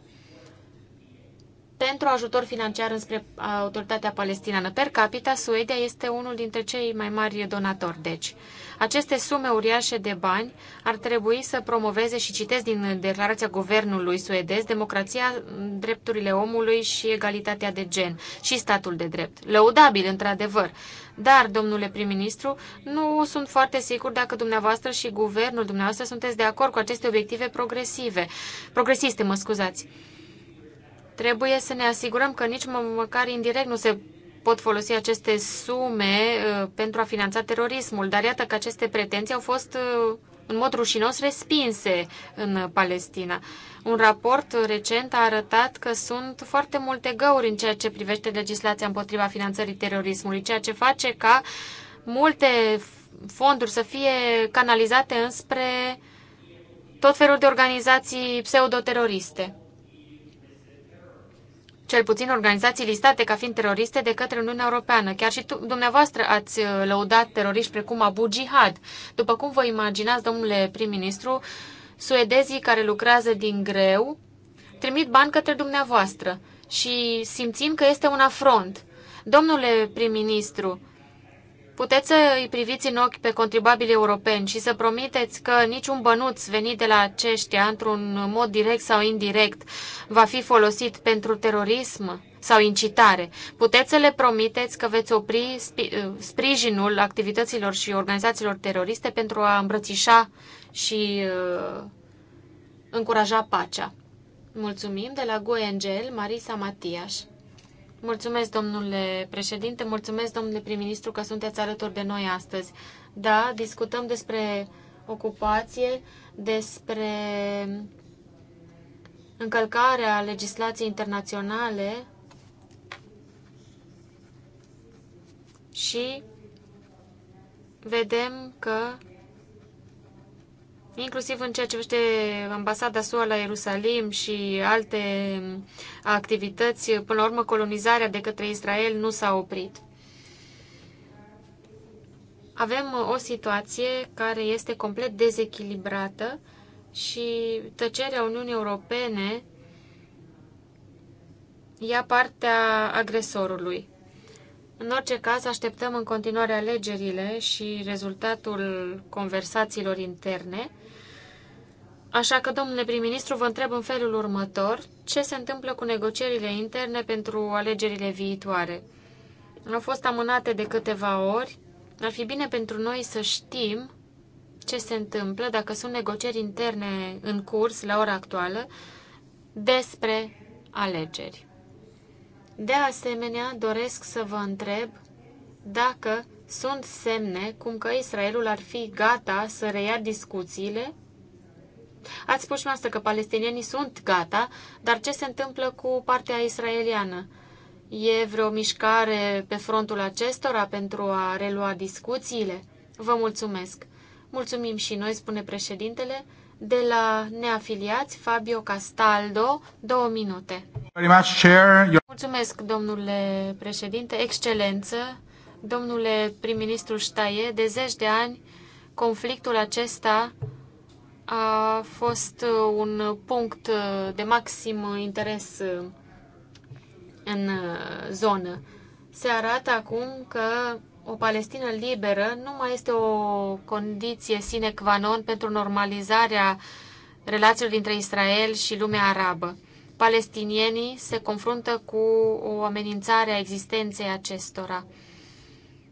pentru ajutor financiar înspre autoritatea palestiniană. Per capita, Suedia este unul dintre cei mai mari donatori. Deci, aceste sume uriașe de bani ar trebui să promoveze și citesc din declarația guvernului suedez democrația, drepturile omului și egalitatea de gen și statul de drept. Lăudabil, într-adevăr. Dar, domnule prim-ministru, nu sunt foarte sigur dacă dumneavoastră și guvernul dumneavoastră sunteți de acord cu aceste obiective progresive, progresiste, mă scuzați. Trebuie să ne asigurăm că nici măcar indirect nu se pot folosi aceste sume uh, pentru a finanța terorismul, dar iată că aceste pretenții au fost uh, în mod rușinos respinse în Palestina. Un raport recent a arătat că sunt foarte multe găuri în ceea ce privește legislația împotriva finanțării terorismului, ceea ce face ca multe fonduri să fie canalizate înspre tot felul de organizații pseudoteroriste cel puțin organizații listate ca fiind teroriste de către Uniunea Europeană. Chiar și tu, dumneavoastră ați uh, lăudat teroriști precum Abu Jihad. După cum vă imaginați, domnule prim-ministru, suedezii care lucrează din greu trimit bani către dumneavoastră și simțim că este un afront. Domnule prim-ministru, Puteți să îi priviți în ochi pe contribuabilii europeni și să promiteți că niciun bănuț venit de la aceștia, într-un mod direct sau indirect, va fi folosit pentru terorism sau incitare. Puteți să le promiteți că veți opri uh, sprijinul activităților și organizațiilor teroriste pentru a îmbrățișa și uh, încuraja pacea. Mulțumim de la GoNGL, Marisa Matias. Mulțumesc, domnule președinte, mulțumesc, domnule prim-ministru, că sunteți alături de noi astăzi. Da, discutăm despre ocupație, despre încălcarea legislației internaționale și vedem că inclusiv în ceea ce privește ambasada SUA la Ierusalim și alte activități. Până la urmă, colonizarea de către Israel nu s-a oprit. Avem o situație care este complet dezechilibrată și tăcerea Uniunii Europene ia partea agresorului. În orice caz, așteptăm în continuare alegerile și rezultatul conversațiilor interne. Așa că, domnule prim-ministru, vă întreb în felul următor ce se întâmplă cu negocierile interne pentru alegerile viitoare. Au fost amânate de câteva ori. Ar fi bine pentru noi să știm ce se întâmplă, dacă sunt negocieri interne în curs la ora actuală, despre alegeri. De asemenea, doresc să vă întreb dacă sunt semne cum că Israelul ar fi gata să reia discuțiile? Ați spus noastră că palestinienii sunt gata, dar ce se întâmplă cu partea israeliană? E vreo mișcare pe frontul acestora pentru a relua discuțiile? Vă mulțumesc! Mulțumim și noi, spune președintele, de la neafiliați, Fabio Castaldo, două minute. Mulțumesc, domnule președinte, excelență, domnule prim-ministru Ștaie, de zeci de ani conflictul acesta a fost un punct de maxim interes în zonă. Se arată acum că o Palestină liberă nu mai este o condiție sine qua non pentru normalizarea relațiilor dintre Israel și lumea arabă. Palestinienii se confruntă cu o amenințare a existenței acestora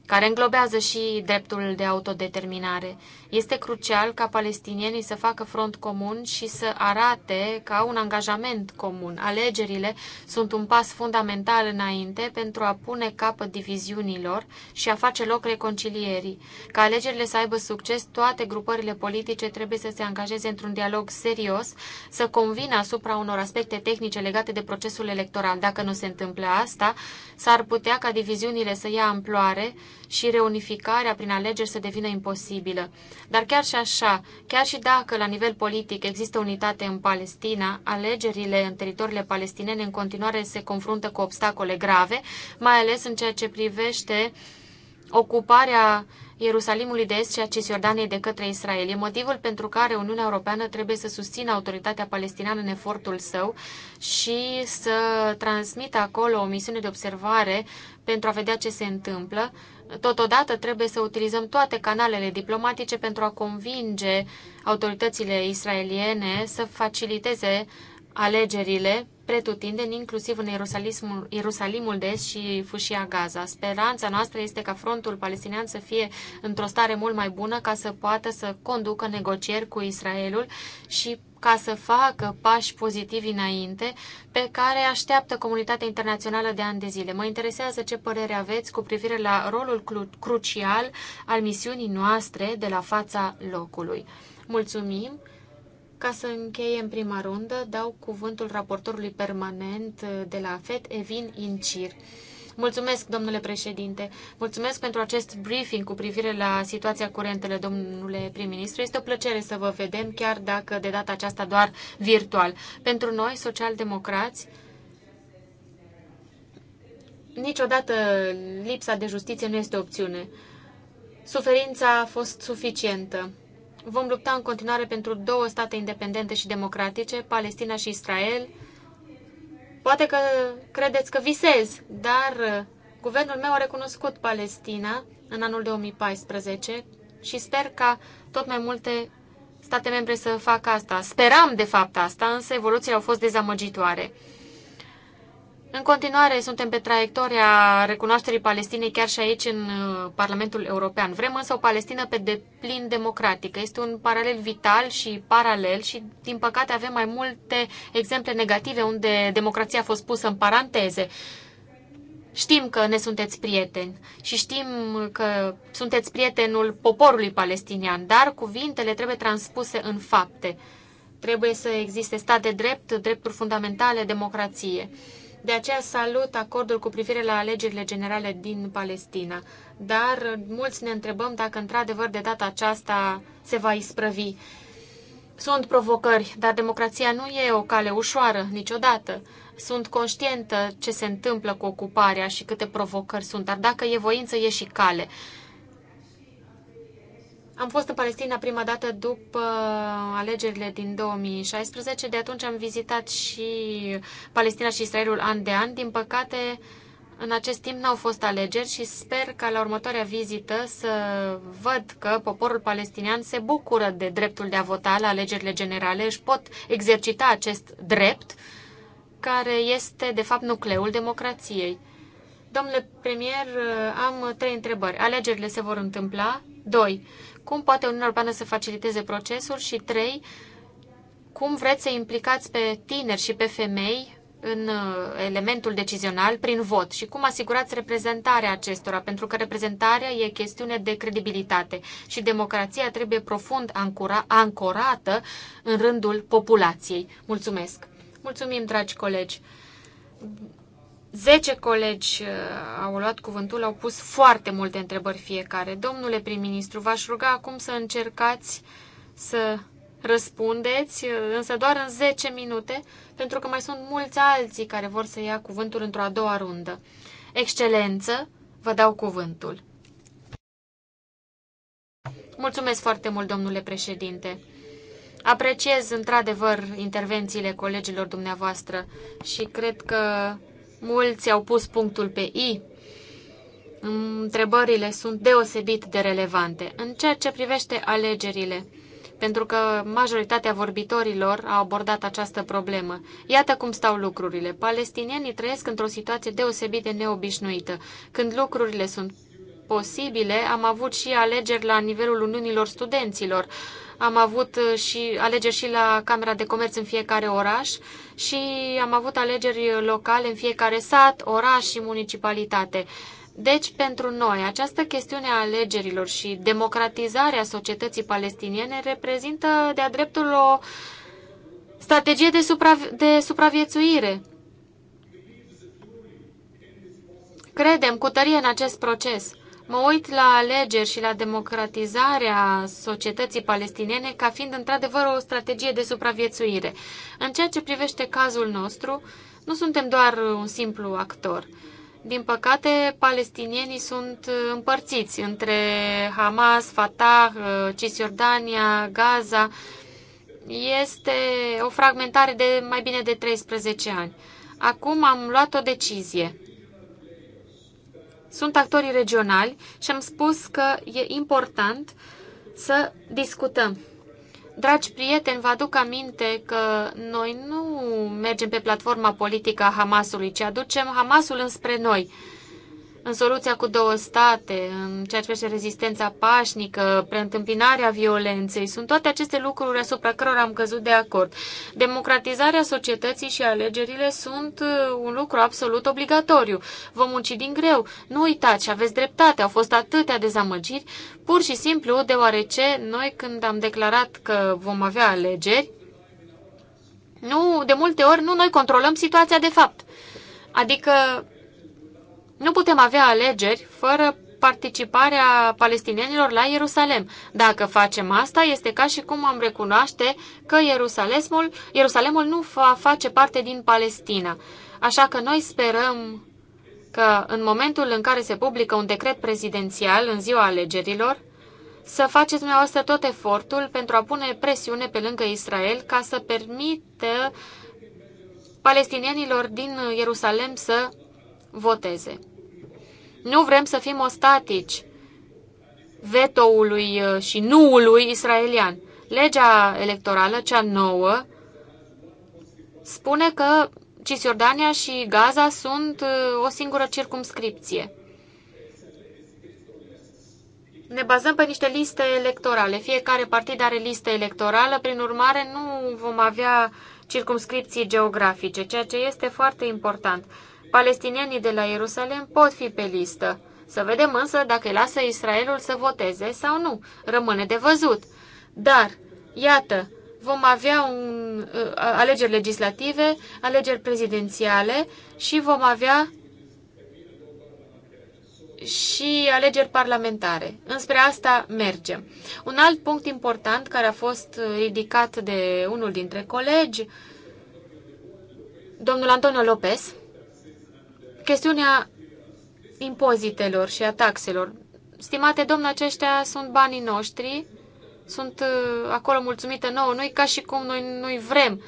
care înglobează și dreptul de autodeterminare. Este crucial ca palestinienii să facă front comun și să arate că au un angajament comun. Alegerile sunt un pas fundamental înainte pentru a pune capăt diviziunilor și a face loc reconcilierii. Ca alegerile să aibă succes, toate grupările politice trebuie să se angajeze într-un dialog serios, să convină asupra unor aspecte tehnice legate de procesul electoral. Dacă nu se întâmplă asta, s-ar putea ca diviziunile să ia amploare și reunificarea prin alegeri să devină imposibilă. Dar chiar și așa, chiar și dacă la nivel politic există unitate în Palestina, alegerile în teritoriile palestinene în continuare se confruntă cu obstacole grave, mai ales în ceea ce privește ocuparea Ierusalimului de Est și a Cisjordaniei de către Israel. E motivul pentru care Uniunea Europeană trebuie să susțină autoritatea palestiniană în efortul său și să transmită acolo o misiune de observare pentru a vedea ce se întâmplă, Totodată trebuie să utilizăm toate canalele diplomatice pentru a convinge autoritățile israeliene să faciliteze alegerile pretutindeni, inclusiv în Ierusalimul, Ierusalimul de Est și Fâșia Gaza. Speranța noastră este ca frontul palestinian să fie într-o stare mult mai bună ca să poată să conducă negocieri cu Israelul și ca să facă pași pozitivi înainte pe care așteaptă comunitatea internațională de ani de zile. Mă interesează ce părere aveți cu privire la rolul crucial al misiunii noastre de la fața locului. Mulțumim! Ca să încheiem prima rundă, dau cuvântul raportorului permanent de la FED, Evin Incir. Mulțumesc, domnule președinte. Mulțumesc pentru acest briefing cu privire la situația curentele, domnule prim-ministru. Este o plăcere să vă vedem, chiar dacă de data aceasta doar virtual. Pentru noi, socialdemocrați, niciodată lipsa de justiție nu este opțiune. Suferința a fost suficientă. Vom lupta în continuare pentru două state independente și democratice, Palestina și Israel, Poate că credeți că visez, dar uh, guvernul meu a recunoscut Palestina în anul 2014 și sper ca tot mai multe state membre să facă asta. Speram, de fapt, asta, însă evoluțiile au fost dezamăgitoare. În continuare, suntem pe traiectoria recunoașterii Palestinei chiar și aici în uh, Parlamentul European. Vrem însă o Palestină pe deplin democratică. Este un paralel vital și paralel și, din păcate, avem mai multe exemple negative unde democrația a fost pusă în paranteze. Știm că ne sunteți prieteni și știm că sunteți prietenul poporului palestinian, dar cuvintele trebuie transpuse în fapte. Trebuie să existe stat de drept, drepturi fundamentale, democrație. De aceea salut acordul cu privire la alegerile generale din Palestina. Dar mulți ne întrebăm dacă într-adevăr de data aceasta se va isprăvi. Sunt provocări, dar democrația nu e o cale ușoară niciodată. Sunt conștientă ce se întâmplă cu ocuparea și câte provocări sunt, dar dacă e voință, e și cale. Am fost în Palestina prima dată după alegerile din 2016. De atunci am vizitat și Palestina și Israelul an de an. Din păcate, în acest timp n-au fost alegeri și sper ca la următoarea vizită să văd că poporul palestinian se bucură de dreptul de a vota la alegerile generale, își pot exercita acest drept care este de fapt nucleul democrației. Domnule premier, am trei întrebări. Alegerile se vor întâmpla? Doi. Cum poate Uniunea Europeană să faciliteze procesul? Și trei, cum vreți să implicați pe tineri și pe femei în uh, elementul decizional prin vot și cum asigurați reprezentarea acestora, pentru că reprezentarea e chestiune de credibilitate și democrația trebuie profund ancora, ancorată în rândul populației. Mulțumesc! Mulțumim, dragi colegi! Zece colegi uh, au luat cuvântul, au pus foarte multe întrebări fiecare. Domnule prim-ministru, v-aș ruga acum să încercați să răspundeți, uh, însă doar în 10 minute, pentru că mai sunt mulți alții care vor să ia cuvântul într-o a doua rundă. Excelență, vă dau cuvântul. Mulțumesc foarte mult, domnule președinte. Apreciez într-adevăr intervențiile colegilor dumneavoastră și cred că Mulți au pus punctul pe I. Întrebările sunt deosebit de relevante. În ceea ce privește alegerile, pentru că majoritatea vorbitorilor a abordat această problemă. Iată cum stau lucrurile. Palestinienii trăiesc într-o situație deosebit de neobișnuită. Când lucrurile sunt posibile, am avut și alegeri la nivelul uniunilor studenților am avut uh, și alegeri și la Camera de Comerț în fiecare oraș și am avut alegeri locale în fiecare sat, oraș și municipalitate. Deci, pentru noi, această chestiune a alegerilor și democratizarea societății palestiniene reprezintă de-a dreptul o strategie de, supravi- de supraviețuire. Credem cu tărie în acest proces. Mă uit la alegeri și la democratizarea societății palestiniene ca fiind într-adevăr o strategie de supraviețuire. În ceea ce privește cazul nostru, nu suntem doar un simplu actor. Din păcate, palestinienii sunt împărțiți între Hamas, Fatah, uh, Cisjordania, Gaza. Este o fragmentare de mai bine de 13 ani. Acum am luat o decizie sunt actorii regionali și am spus că e important să discutăm. Dragi prieteni, vă aduc aminte că noi nu mergem pe platforma politică a Hamasului, ci aducem Hamasul înspre noi în soluția cu două state, în ceea ce privește rezistența pașnică, preîntâmpinarea violenței, sunt toate aceste lucruri asupra cărora am căzut de acord. Democratizarea societății și alegerile sunt uh, un lucru absolut obligatoriu. Vom munci din greu. Nu uitați și aveți dreptate, au fost atâtea dezamăgiri, pur și simplu deoarece noi când am declarat că vom avea alegeri, nu, de multe ori nu noi controlăm situația de fapt. Adică nu putem avea alegeri fără participarea palestinienilor la Ierusalem. Dacă facem asta, este ca și cum am recunoaște că Ierusalemul, Ierusalemul nu va face parte din Palestina. Așa că noi sperăm că în momentul în care se publică un decret prezidențial în ziua alegerilor, să faceți dumneavoastră tot efortul pentru a pune presiune pe lângă Israel ca să permită palestinienilor din Ierusalem să voteze. Nu vrem să fim ostatici vetoului uh, și nuului israelian. Legea electorală, cea nouă, spune că Cisjordania și Gaza sunt uh, o singură circumscripție. Ne bazăm pe niște liste electorale. Fiecare partid are listă electorală, prin urmare nu vom avea circumscripții geografice, ceea ce este foarte important. Palestinienii de la Ierusalem pot fi pe listă. Să vedem însă dacă îi lasă Israelul să voteze sau nu. Rămâne de văzut. Dar, iată, vom avea un, uh, alegeri legislative, alegeri prezidențiale și vom avea și alegeri parlamentare. Înspre asta mergem. Un alt punct important care a fost ridicat de unul dintre colegi, domnul Antonio Lopez, chestiunea impozitelor și a taxelor. Stimate domn, aceștia sunt banii noștri, sunt uh, acolo mulțumită nouă, noi ca și cum noi, nu-i vrem.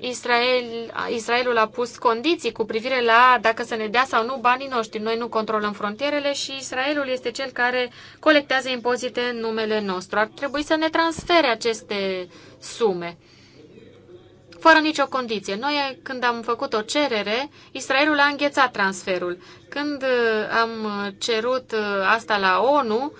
Israel, Israelul a pus condiții cu privire la dacă să ne dea sau nu banii noștri. Noi nu controlăm frontierele și Israelul este cel care colectează impozite în numele nostru. Ar trebui să ne transfere aceste sume fără nicio condiție. Noi, când am făcut o cerere, Israelul a înghețat transferul. Când uh, am cerut uh, asta la ONU,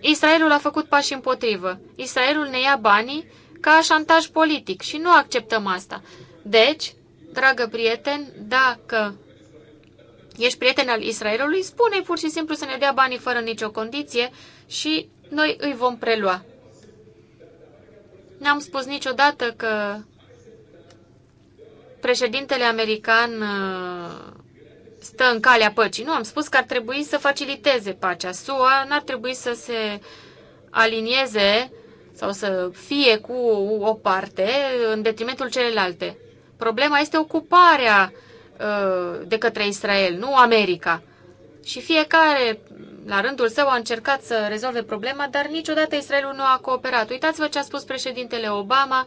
Israelul a făcut pași împotrivă. Israelul ne ia banii ca șantaj politic și nu acceptăm asta. Deci, dragă prieten, dacă ești prieten al Israelului, spune pur și simplu să ne dea banii fără nicio condiție și noi îi vom prelua. N-am spus niciodată că președintele american uh, stă în calea păcii. Nu, am spus că ar trebui să faciliteze pacea. SUA n-ar trebui să se alinieze sau să fie cu o parte în detrimentul celelalte. Problema este ocuparea uh, de către Israel, nu America. Și fiecare la rândul său, a încercat să rezolve problema, dar niciodată Israelul nu a cooperat. Uitați-vă ce a spus președintele Obama,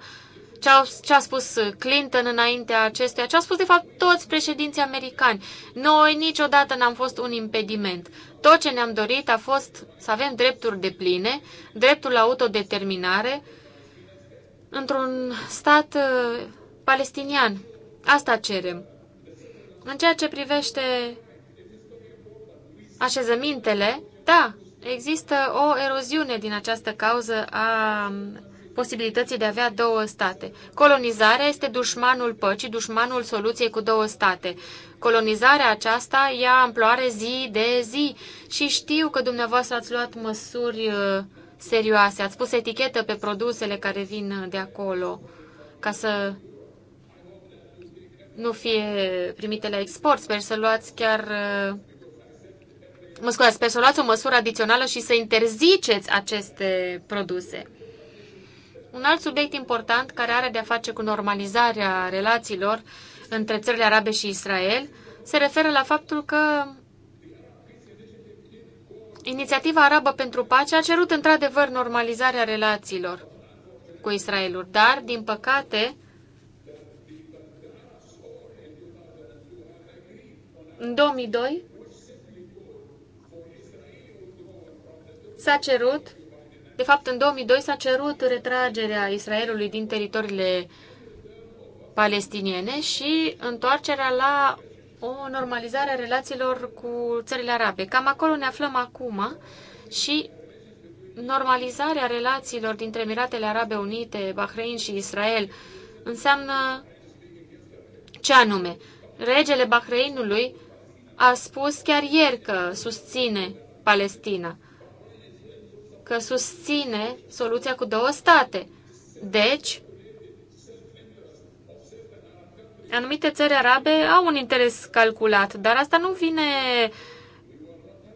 ce a, ce a spus Clinton înaintea acestuia, ce a spus, de fapt, toți președinții americani. Noi niciodată n-am fost un impediment. Tot ce ne-am dorit a fost să avem drepturi de pline, dreptul la autodeterminare într-un stat uh, palestinian. Asta cerem. În ceea ce privește așezămintele, da, există o eroziune din această cauză a um, posibilității de a avea două state. Colonizarea este dușmanul păcii, dușmanul soluției cu două state. Colonizarea aceasta ia amploare zi de zi și știu că dumneavoastră ați luat măsuri uh, serioase, ați pus etichetă pe produsele care vin de acolo ca să nu fie primite la export. Sper să luați chiar uh, mă scuzați, pe să luați o măsură adițională și să interziceți aceste produse. Un alt subiect important care are de-a face cu normalizarea relațiilor între țările arabe și Israel se referă la faptul că Inițiativa Arabă pentru Pace a cerut într-adevăr normalizarea relațiilor cu Israelul, dar, din păcate, în 2002 S-a cerut, de fapt în 2002 s-a cerut retragerea Israelului din teritoriile palestiniene și întoarcerea la o normalizare a relațiilor cu țările arabe. Cam acolo ne aflăm acum și normalizarea relațiilor dintre Emiratele Arabe Unite, Bahrain și Israel înseamnă ce anume? Regele Bahreinului a spus chiar ieri că susține Palestina că susține soluția cu două state. Deci, anumite țări arabe au un interes calculat, dar asta nu vine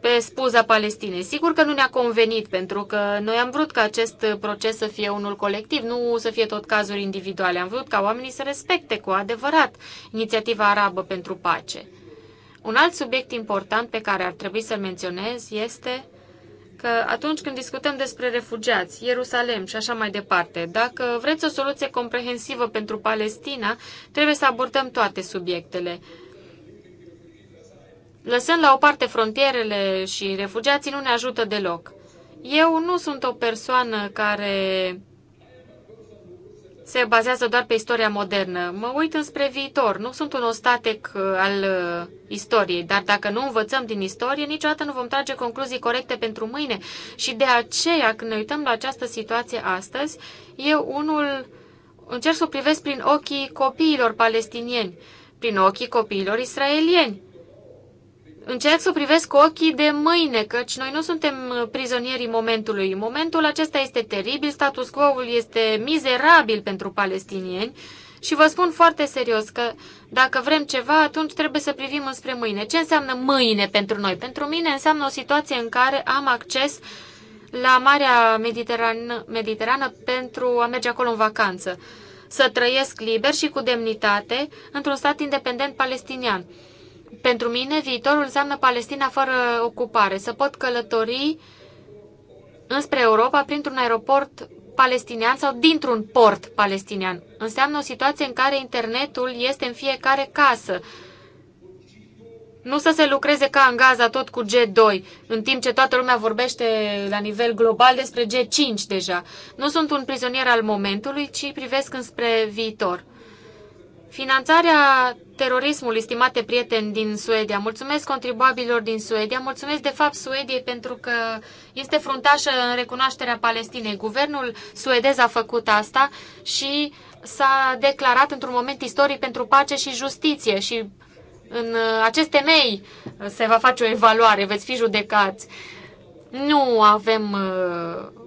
pe spuza Palestinei. Sigur că nu ne-a convenit, pentru că noi am vrut ca acest proces să fie unul colectiv, nu să fie tot cazuri individuale. Am vrut ca oamenii să respecte cu adevărat inițiativa arabă pentru pace. Un alt subiect important pe care ar trebui să-l menționez este că atunci când discutăm despre refugiați, Ierusalem și așa mai departe, dacă vreți o soluție comprehensivă pentru Palestina, trebuie să abordăm toate subiectele. Lăsând la o parte frontierele și refugiații nu ne ajută deloc. Eu nu sunt o persoană care se bazează doar pe istoria modernă. Mă uit înspre viitor. Nu sunt un ostatec uh, al uh, istoriei, dar dacă nu învățăm din istorie, niciodată nu vom trage concluzii corecte pentru mâine. Și de aceea, când ne uităm la această situație astăzi, eu unul încerc să o privesc prin ochii copiilor palestinieni, prin ochii copiilor israelieni. Încerc să o privesc cu ochii de mâine, căci noi nu suntem prizonierii momentului. Momentul acesta este teribil, status quo-ul este mizerabil pentru palestinieni și vă spun foarte serios că dacă vrem ceva, atunci trebuie să privim înspre mâine. Ce înseamnă mâine pentru noi? Pentru mine înseamnă o situație în care am acces la Marea Mediteran- Mediterană pentru a merge acolo în vacanță, să trăiesc liber și cu demnitate într-un stat independent palestinian. Pentru mine, viitorul înseamnă Palestina fără ocupare, să pot călători înspre Europa printr-un aeroport palestinian sau dintr-un port palestinian. Înseamnă o situație în care internetul este în fiecare casă. Nu să se lucreze ca în Gaza tot cu G2, în timp ce toată lumea vorbește la nivel global despre G5 deja. Nu sunt un prizonier al momentului, ci privesc înspre viitor. Finanțarea terorismului, stimate prieteni din Suedia, mulțumesc contribuabililor din Suedia, mulțumesc de fapt Suediei pentru că este fruntașă în recunoașterea Palestinei. Guvernul suedez a făcut asta și s-a declarat într-un moment istoric pentru pace și justiție și în aceste mei se va face o evaluare, veți fi judecați. Nu avem uh,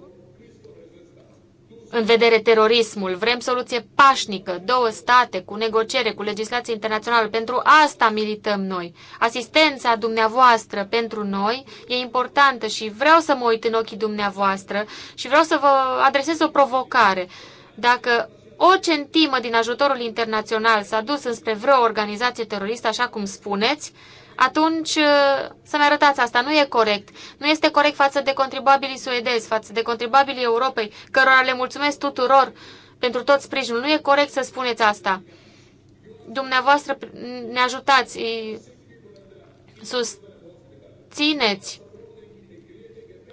în vedere terorismul. Vrem soluție pașnică, două state, cu negociere, cu legislație internațională. Pentru asta milităm noi. Asistența dumneavoastră pentru noi e importantă și vreau să mă uit în ochii dumneavoastră și vreau să vă adresez o provocare. Dacă o centimă din ajutorul internațional s-a dus înspre vreo organizație teroristă, așa cum spuneți, atunci uh, să ne arătați asta. Nu e corect. Nu este corect față de contribuabilii suedezi, față de contribuabilii Europei, cărora le mulțumesc tuturor pentru tot sprijinul. Nu e corect să spuneți asta. Dumneavoastră ne ajutați, susțineți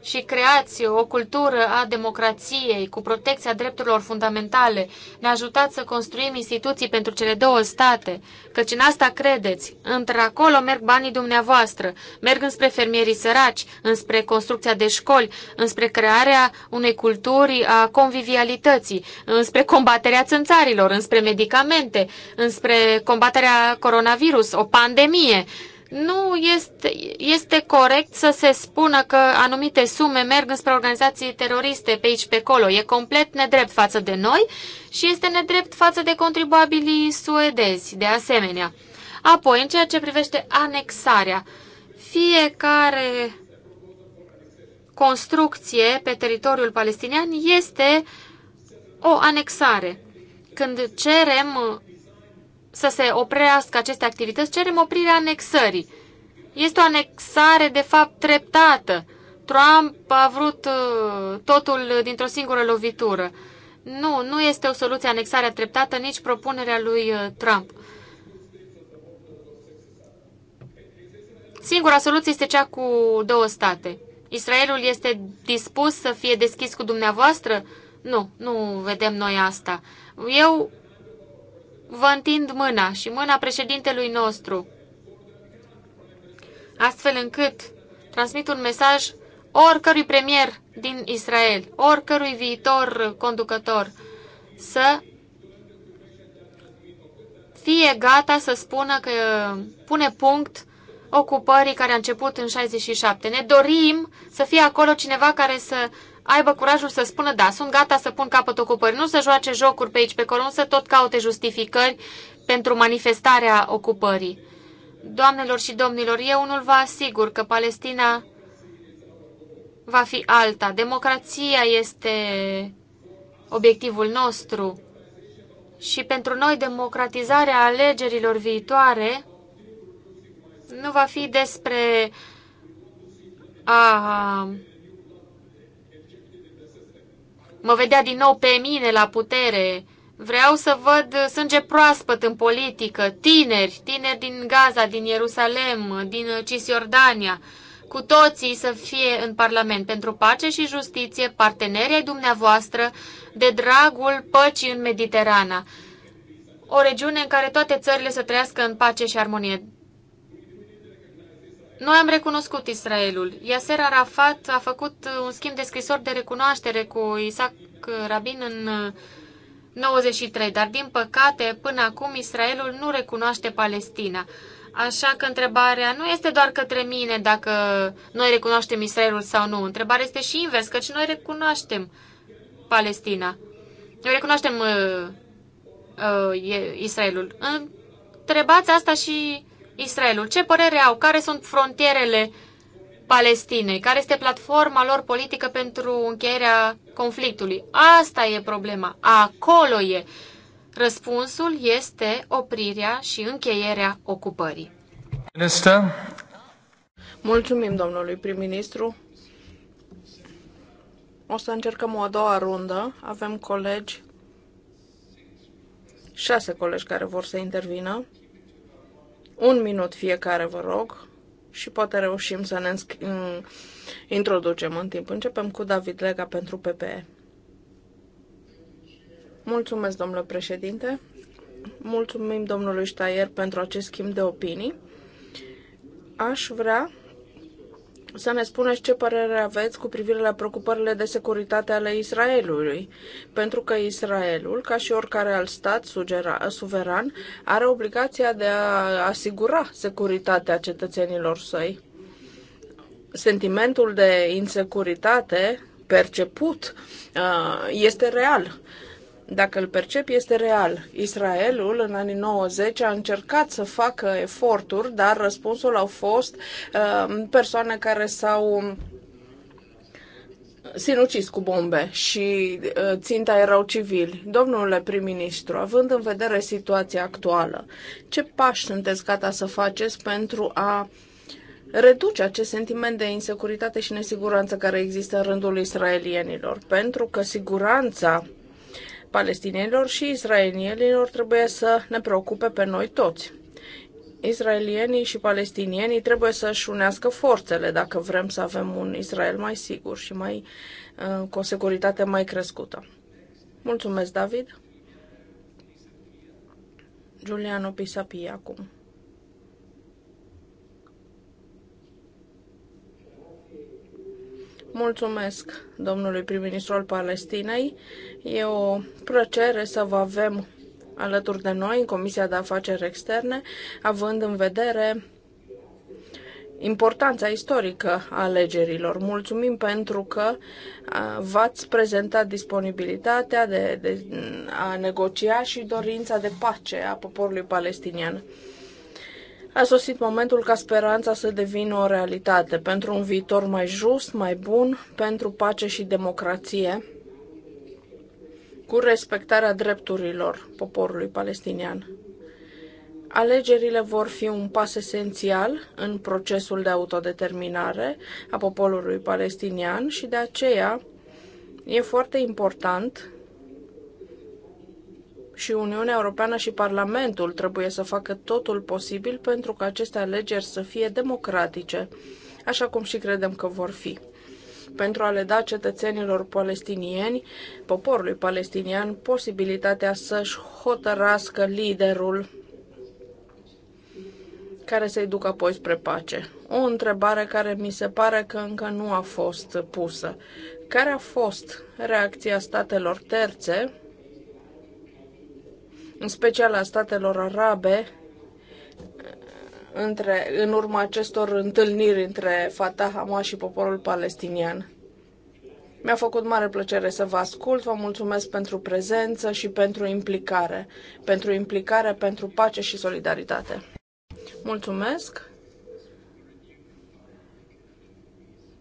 și creați o cultură a democrației cu protecția drepturilor fundamentale. Ne ajutați să construim instituții pentru cele două state, căci în asta credeți. Într-acolo merg banii dumneavoastră, merg înspre fermierii săraci, înspre construcția de școli, înspre crearea unei culturi a convivialității, înspre combaterea țânțarilor, înspre medicamente, înspre combaterea coronavirus, o pandemie, nu este, este corect să se spună că anumite sume merg spre organizații teroriste pe aici, pe acolo. E complet nedrept față de noi și este nedrept față de contribuabilii suedezi, de asemenea. Apoi, în ceea ce privește anexarea, fiecare construcție pe teritoriul palestinian este o anexare. Când cerem să se oprească aceste activități, cerem oprirea anexării. Este o anexare, de fapt, treptată. Trump a vrut uh, totul dintr-o singură lovitură. Nu, nu este o soluție anexarea treptată, nici propunerea lui uh, Trump. Singura soluție este cea cu două state. Israelul este dispus să fie deschis cu dumneavoastră? Nu, nu vedem noi asta. Eu vă întind mâna și mâna președintelui nostru, astfel încât transmit un mesaj oricărui premier din Israel, oricărui viitor conducător, să fie gata să spună că pune punct ocupării care a început în 67. Ne dorim să fie acolo cineva care să aibă curajul să spună da, sunt gata să pun capăt ocupării, nu să joace jocuri pe aici, pe acolo, nu să tot caute justificări pentru manifestarea ocupării. Doamnelor și domnilor, eu unul vă asigur că Palestina va fi alta. Democrația este obiectivul nostru și pentru noi democratizarea alegerilor viitoare nu va fi despre a mă vedea din nou pe mine la putere. Vreau să văd sânge proaspăt în politică, tineri, tineri din Gaza, din Ierusalem, din Cisjordania, cu toții să fie în Parlament pentru pace și justiție, parteneria ai dumneavoastră, de dragul păcii în Mediterana. O regiune în care toate țările să trăiască în pace și armonie. Noi am recunoscut Israelul. Yasser Arafat a făcut uh, un schimb de scrisori de recunoaștere cu Isaac Rabin în 93, uh, dar din păcate până acum Israelul nu recunoaște Palestina. Așa că întrebarea nu este doar către mine dacă noi recunoaștem Israelul sau nu. Întrebarea este și invers, căci noi recunoaștem Palestina. Noi recunoaștem uh, uh, Israelul. Întrebați asta și Israelul. Ce părere au? Care sunt frontierele Palestinei? Care este platforma lor politică pentru încheierea conflictului? Asta e problema. Acolo e. Răspunsul este oprirea și încheierea ocupării. Minister. Mulțumim domnului prim-ministru. O să încercăm o a doua rundă. Avem colegi, șase colegi care vor să intervină. Un minut fiecare, vă rog, și poate reușim să ne introducem în timp. Începem cu David Lega pentru PPE. Mulțumesc, domnule președinte. Mulțumim domnului Ștaier pentru acest schimb de opinii. Aș vrea să ne spuneți ce părere aveți cu privire la preocupările de securitate ale Israelului, pentru că Israelul, ca și oricare alt stat sugera, suveran, are obligația de a asigura securitatea cetățenilor săi. Sentimentul de insecuritate perceput uh, este real dacă îl percep, este real. Israelul în anii 90 a încercat să facă eforturi, dar răspunsul au fost uh, persoane care s-au sinucis cu bombe și uh, ținta erau civili. Domnule prim-ministru, având în vedere situația actuală, ce pași sunteți gata să faceți pentru a reduce acest sentiment de insecuritate și nesiguranță care există în rândul israelienilor? Pentru că siguranța palestinienilor și israelienilor trebuie să ne preocupe pe noi toți. Israelienii și palestinienii trebuie să-și unească forțele dacă vrem să avem un Israel mai sigur și mai, uh, cu o securitate mai crescută. Mulțumesc, David! Giuliano Pisapia acum. Mulțumesc domnului prim-ministru al Palestinei. E o plăcere să vă avem alături de noi în Comisia de Afaceri Externe, având în vedere importanța istorică a alegerilor. Mulțumim pentru că v-ați prezentat disponibilitatea de, de a negocia și dorința de pace a poporului palestinian a sosit momentul ca speranța să devină o realitate pentru un viitor mai just, mai bun, pentru pace și democrație, cu respectarea drepturilor poporului palestinian. Alegerile vor fi un pas esențial în procesul de autodeterminare a poporului palestinian și de aceea e foarte important și Uniunea Europeană și Parlamentul trebuie să facă totul posibil pentru ca aceste alegeri să fie democratice, așa cum și credem că vor fi pentru a le da cetățenilor palestinieni, poporului palestinian, posibilitatea să-și hotărască liderul care să-i ducă apoi spre pace. O întrebare care mi se pare că încă nu a fost pusă. Care a fost reacția statelor terțe în special a statelor arabe, între, în urma acestor întâlniri între Fatah Hamas și poporul palestinian. Mi-a făcut mare plăcere să vă ascult, vă mulțumesc pentru prezență și pentru implicare, pentru implicare, pentru pace și solidaritate. Mulțumesc!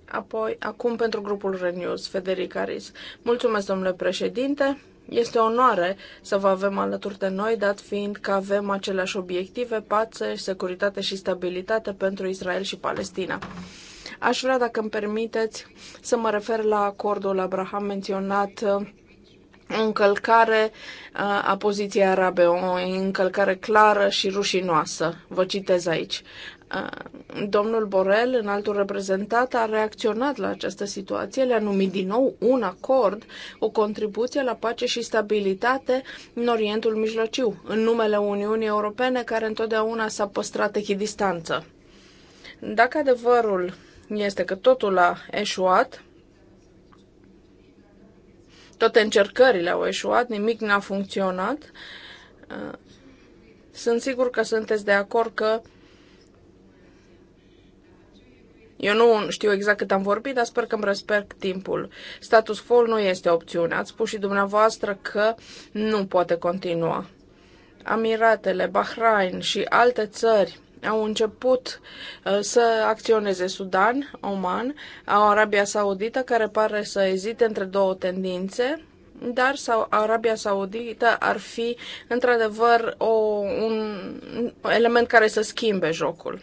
Apoi, acum pentru grupul Renews, Federica Riz. Mulțumesc, domnule președinte! Este o onoare să vă avem alături de noi, dat fiind că avem aceleași obiective, pace, securitate și stabilitate pentru Israel și Palestina. Aș vrea, dacă îmi permiteți, să mă refer la acordul Abraham menționat uh, încălcare uh, a poziției arabe, o încălcare clară și rușinoasă. Vă citez aici. Uh, domnul Borel, în altul reprezentat, a reacționat la această situație, le-a numit din nou un acord, o contribuție la pace și stabilitate în Orientul Mijlociu, în numele Uniunii Europene, care întotdeauna s-a păstrat echidistanță. Dacă adevărul este că totul a eșuat, toate încercările au eșuat, nimic n-a funcționat, uh, sunt sigur că sunteți de acord că eu nu știu exact cât am vorbit, dar sper că îmi respect timpul. Status quo nu este opțiune. Ați spus și dumneavoastră că nu poate continua. Amiratele, Bahrain și alte țări au început uh, să acționeze Sudan, Oman, Arabia Saudită, care pare să ezite între două tendințe, dar sau Arabia Saudită ar fi într-adevăr un element care să schimbe jocul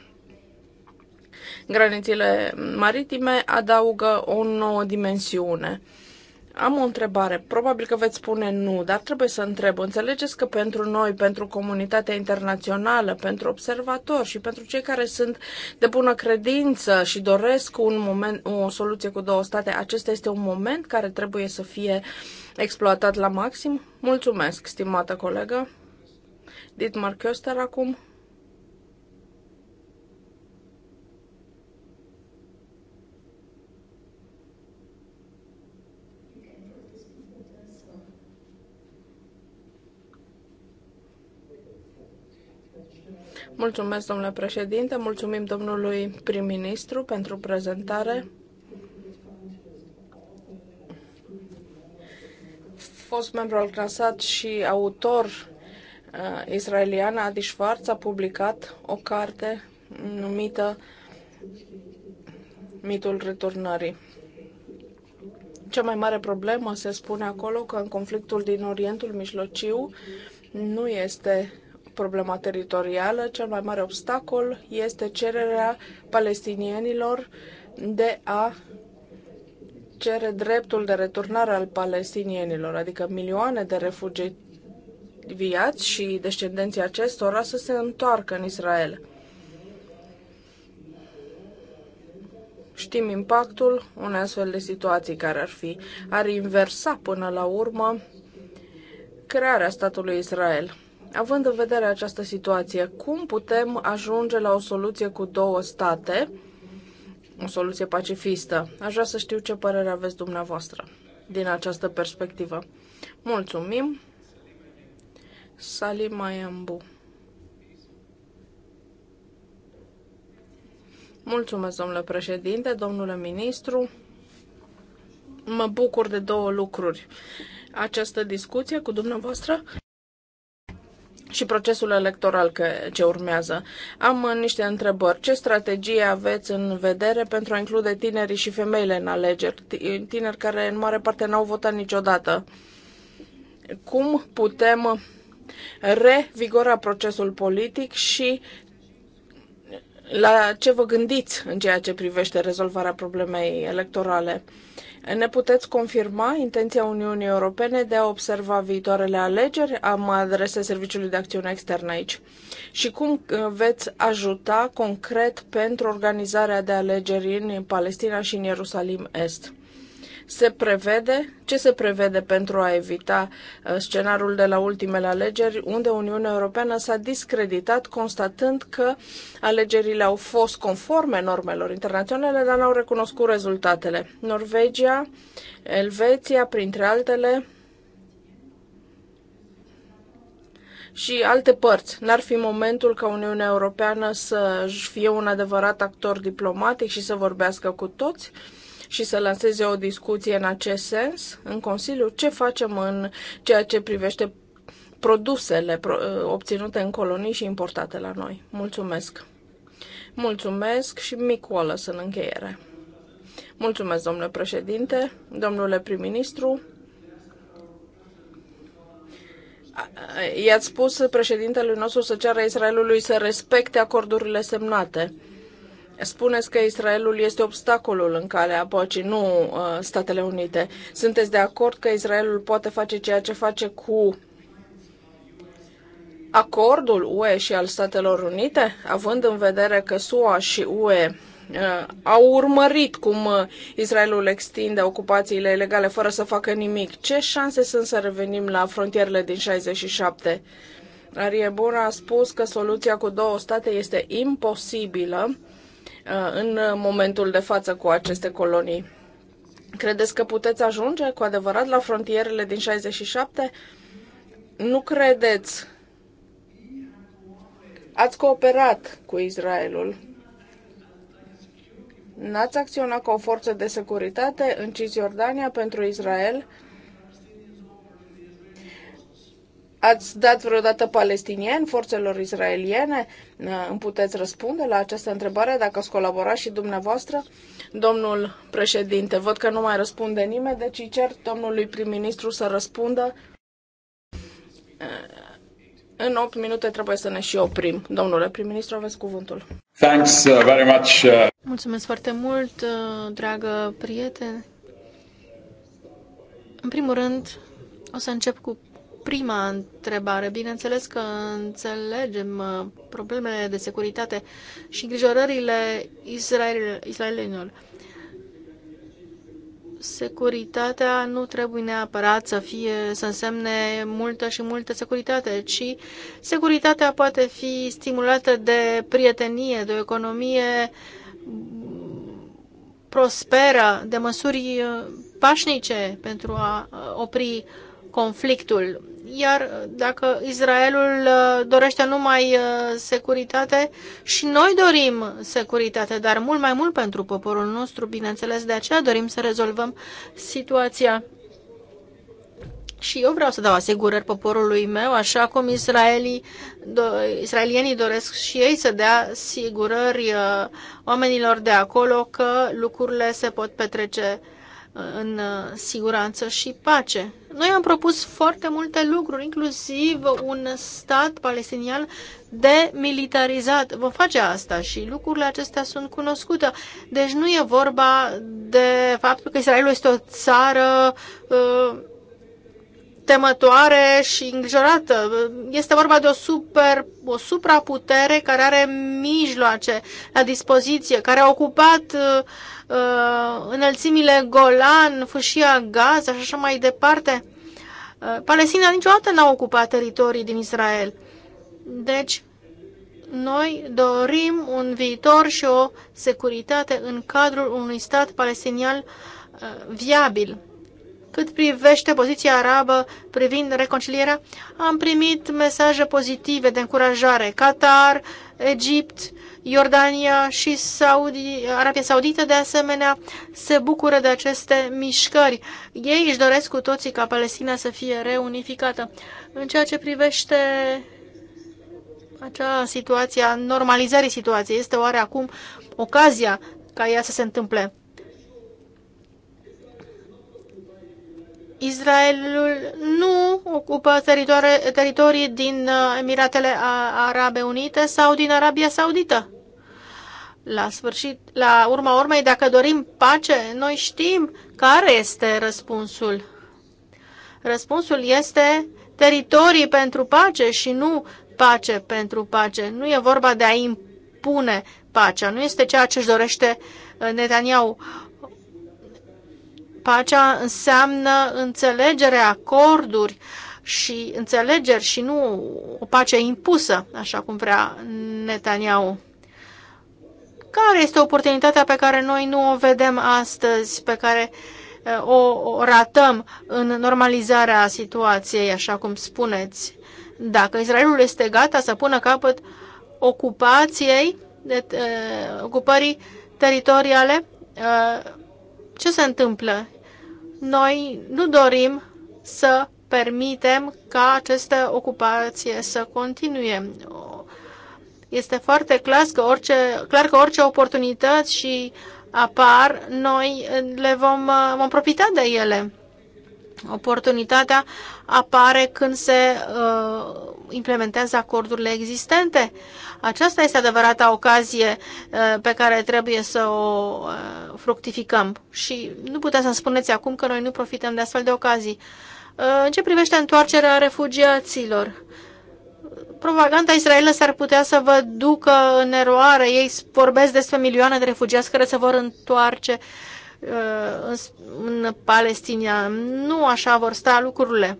granițele maritime adaugă o nouă dimensiune. Am o întrebare. Probabil că veți spune nu, dar trebuie să întreb. Înțelegeți că pentru noi, pentru comunitatea internațională, pentru observatori și pentru cei care sunt de bună credință și doresc un moment, o soluție cu două state, acesta este un moment care trebuie să fie exploatat la maxim? Mulțumesc, stimată colegă. Dietmar Köster acum. Mulțumesc, domnule președinte, mulțumim domnului prim-ministru pentru prezentare. Fost membru al Knesset și autor uh, israelian Adi Schwarz a publicat o carte numită Mitul returnării. Cea mai mare problemă se spune acolo că în conflictul din Orientul Mijlociu nu este problema teritorială, cel mai mare obstacol este cererea palestinienilor de a cere dreptul de returnare al palestinienilor, adică milioane de refugiați și descendenții acestora să se întoarcă în Israel. Știm impactul unei astfel de situații care ar fi, ar inversa până la urmă crearea statului Israel. Având în vedere această situație, cum putem ajunge la o soluție cu două state, o soluție pacifistă? Aș vrea să știu ce părere aveți dumneavoastră din această perspectivă. Mulțumim! Salim Mayambu. Mulțumesc, domnule președinte, domnule ministru. Mă bucur de două lucruri. Această discuție cu dumneavoastră și procesul electoral ce urmează. Am niște întrebări. Ce strategie aveți în vedere pentru a include tinerii și femeile în alegeri? Tineri care în mare parte n-au votat niciodată. Cum putem revigora procesul politic și la ce vă gândiți în ceea ce privește rezolvarea problemei electorale? Ne puteți confirma intenția Uniunii Europene de a observa viitoarele alegeri? Am adresat Serviciului de Acțiune Externă aici. Și cum uh, veți ajuta concret pentru organizarea de alegeri în Palestina și în Ierusalim Est? se prevede, ce se prevede pentru a evita uh, scenariul de la ultimele alegeri, unde Uniunea Europeană s-a discreditat constatând că alegerile au fost conforme normelor internaționale, dar n-au recunoscut rezultatele. Norvegia, Elveția, printre altele, și alte părți. N-ar fi momentul ca Uniunea Europeană să fie un adevărat actor diplomatic și să vorbească cu toți? și să lanseze o discuție în acest sens în Consiliu, ce facem în ceea ce privește produsele ă, obținute în colonii și importate la noi. Mulțumesc! Mulțumesc și Mick Wallace în încheiere. Mulțumesc, domnule președinte, domnule prim-ministru. I-ați spus președintelui nostru să ceară Israelului să respecte acordurile semnate. Spuneți că Israelul este obstacolul în calea păcii, nu uh, Statele Unite. Sunteți de acord că Israelul poate face ceea ce face cu acordul UE și al Statelor Unite, având în vedere că SUA și UE uh, au urmărit cum uh, Israelul extinde ocupațiile ilegale fără să facă nimic. Ce șanse sunt să revenim la frontierele din 67? Ariebura a spus că soluția cu două state este imposibilă Uh, în momentul de față cu aceste colonii. Credeți că puteți ajunge cu adevărat la frontierele din 67? Nu credeți. Ați cooperat cu Israelul. N-ați acționat cu o forță de securitate în Cisjordania pentru Israel Ați dat vreodată palestinieni forțelor israeliene? Îmi puteți răspunde la această întrebare dacă ați colaborat și dumneavoastră? Domnul președinte, văd că nu mai răspunde nimeni, deci îi cer domnului prim-ministru să răspundă. În 8 minute trebuie să ne și oprim. Domnule prim-ministru, aveți cuvântul. Thanks uh, very much. Uh. Mulțumesc foarte mult, uh, dragă prieten. În primul rând, o să încep cu prima întrebare. Bineînțeles că înțelegem uh, problemele de securitate și îngrijorările israelienilor. Securitatea nu trebuie neapărat să fie, să însemne multă și multă securitate, ci securitatea poate fi stimulată de prietenie, de o economie prosperă, de măsuri uh, pașnice pentru a uh, opri conflictul. Iar dacă Israelul uh, dorește numai uh, securitate și noi dorim securitate, dar mult mai mult pentru poporul nostru, bineînțeles, de aceea dorim să rezolvăm situația. Și eu vreau să dau asigurări poporului meu, așa cum israelii, do, israelienii doresc și ei să dea asigurări uh, oamenilor de acolo că lucrurile se pot petrece uh, în uh, siguranță și pace. Noi am propus foarte multe lucruri, inclusiv un stat palestinian demilitarizat. Vom face asta și lucrurile acestea sunt cunoscute. Deci nu e vorba de faptul că Israelul este o țară uh, temătoare și îngrijorată. Este vorba de o, super, o supraputere care are mijloace la dispoziție, care a ocupat uh, uh, înălțimile Golan, fâșia Gaza și așa mai departe. Uh, Palestina niciodată n-a ocupat teritorii din Israel. Deci, noi dorim un viitor și o securitate în cadrul unui stat palestinian uh, viabil. Cât privește poziția arabă privind reconcilierea, am primit mesaje pozitive de încurajare. Qatar, Egipt, Iordania și Saudi, Arabia Saudită, de asemenea, se bucură de aceste mișcări. Ei își doresc cu toții ca Palestina să fie reunificată. În ceea ce privește acea situație, normalizarea situației, este oare acum ocazia ca ea să se întâmple? Israelul nu ocupă teritorii, din uh, Emiratele Arabe Unite sau din Arabia Saudită. La sfârșit, la urma urmei, dacă dorim pace, noi știm care este răspunsul. Răspunsul este teritorii pentru pace și nu pace pentru pace. Nu e vorba de a impune pacea, nu este ceea ce își dorește uh, Netanyahu. Pacea înseamnă înțelegere, acorduri și înțelegeri și nu o pace impusă, așa cum vrea Netanyahu. Care este oportunitatea pe care noi nu o vedem astăzi, pe care eh, o ratăm în normalizarea situației, așa cum spuneți? Dacă Israelul este gata să pună capăt ocupației, de, eh, ocupării teritoriale, eh, ce se întâmplă? noi nu dorim să permitem ca această ocupație să continue. Este foarte clar că orice, clar că orice oportunități și apar, noi le vom, uh, vom profita de ele. Oportunitatea apare când se uh, implementează acordurile existente. Aceasta este adevărata ocazie uh, pe care trebuie să o uh, fructificăm. Și nu puteți să spuneți acum că noi nu profităm de astfel de ocazii. Uh, în ce privește întoarcerea refugiaților? Propaganda israelă s-ar putea să vă ducă în eroare. Ei vorbesc despre milioane de refugiați care se vor întoarce uh, Uh, în Palestina. Nu așa vor sta lucrurile.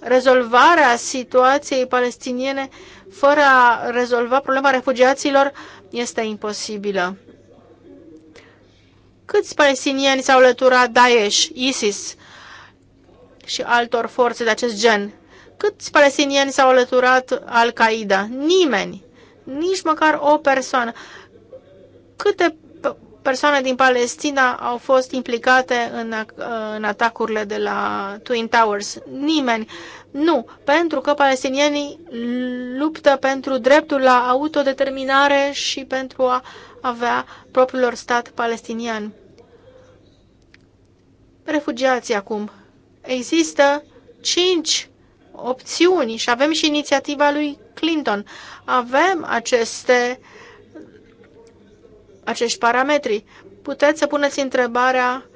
Rezolvarea situației palestiniene fără a rezolva problema refugiaților este imposibilă. Câți palestinieni s-au lăturat Daesh, ISIS și altor forțe de acest gen? Câți palestinieni s-au alăturat Al-Qaeda? Nimeni. Nici măcar o persoană. Câte persoane din Palestina au fost implicate în, în atacurile de la Twin Towers. Nimeni. Nu, pentru că palestinienii luptă pentru dreptul la autodeterminare și pentru a avea propriul lor stat palestinian. Refugiații acum. Există cinci opțiuni și avem și inițiativa lui Clinton. Avem aceste uh, acești parametri. Puteți să puneți întrebarea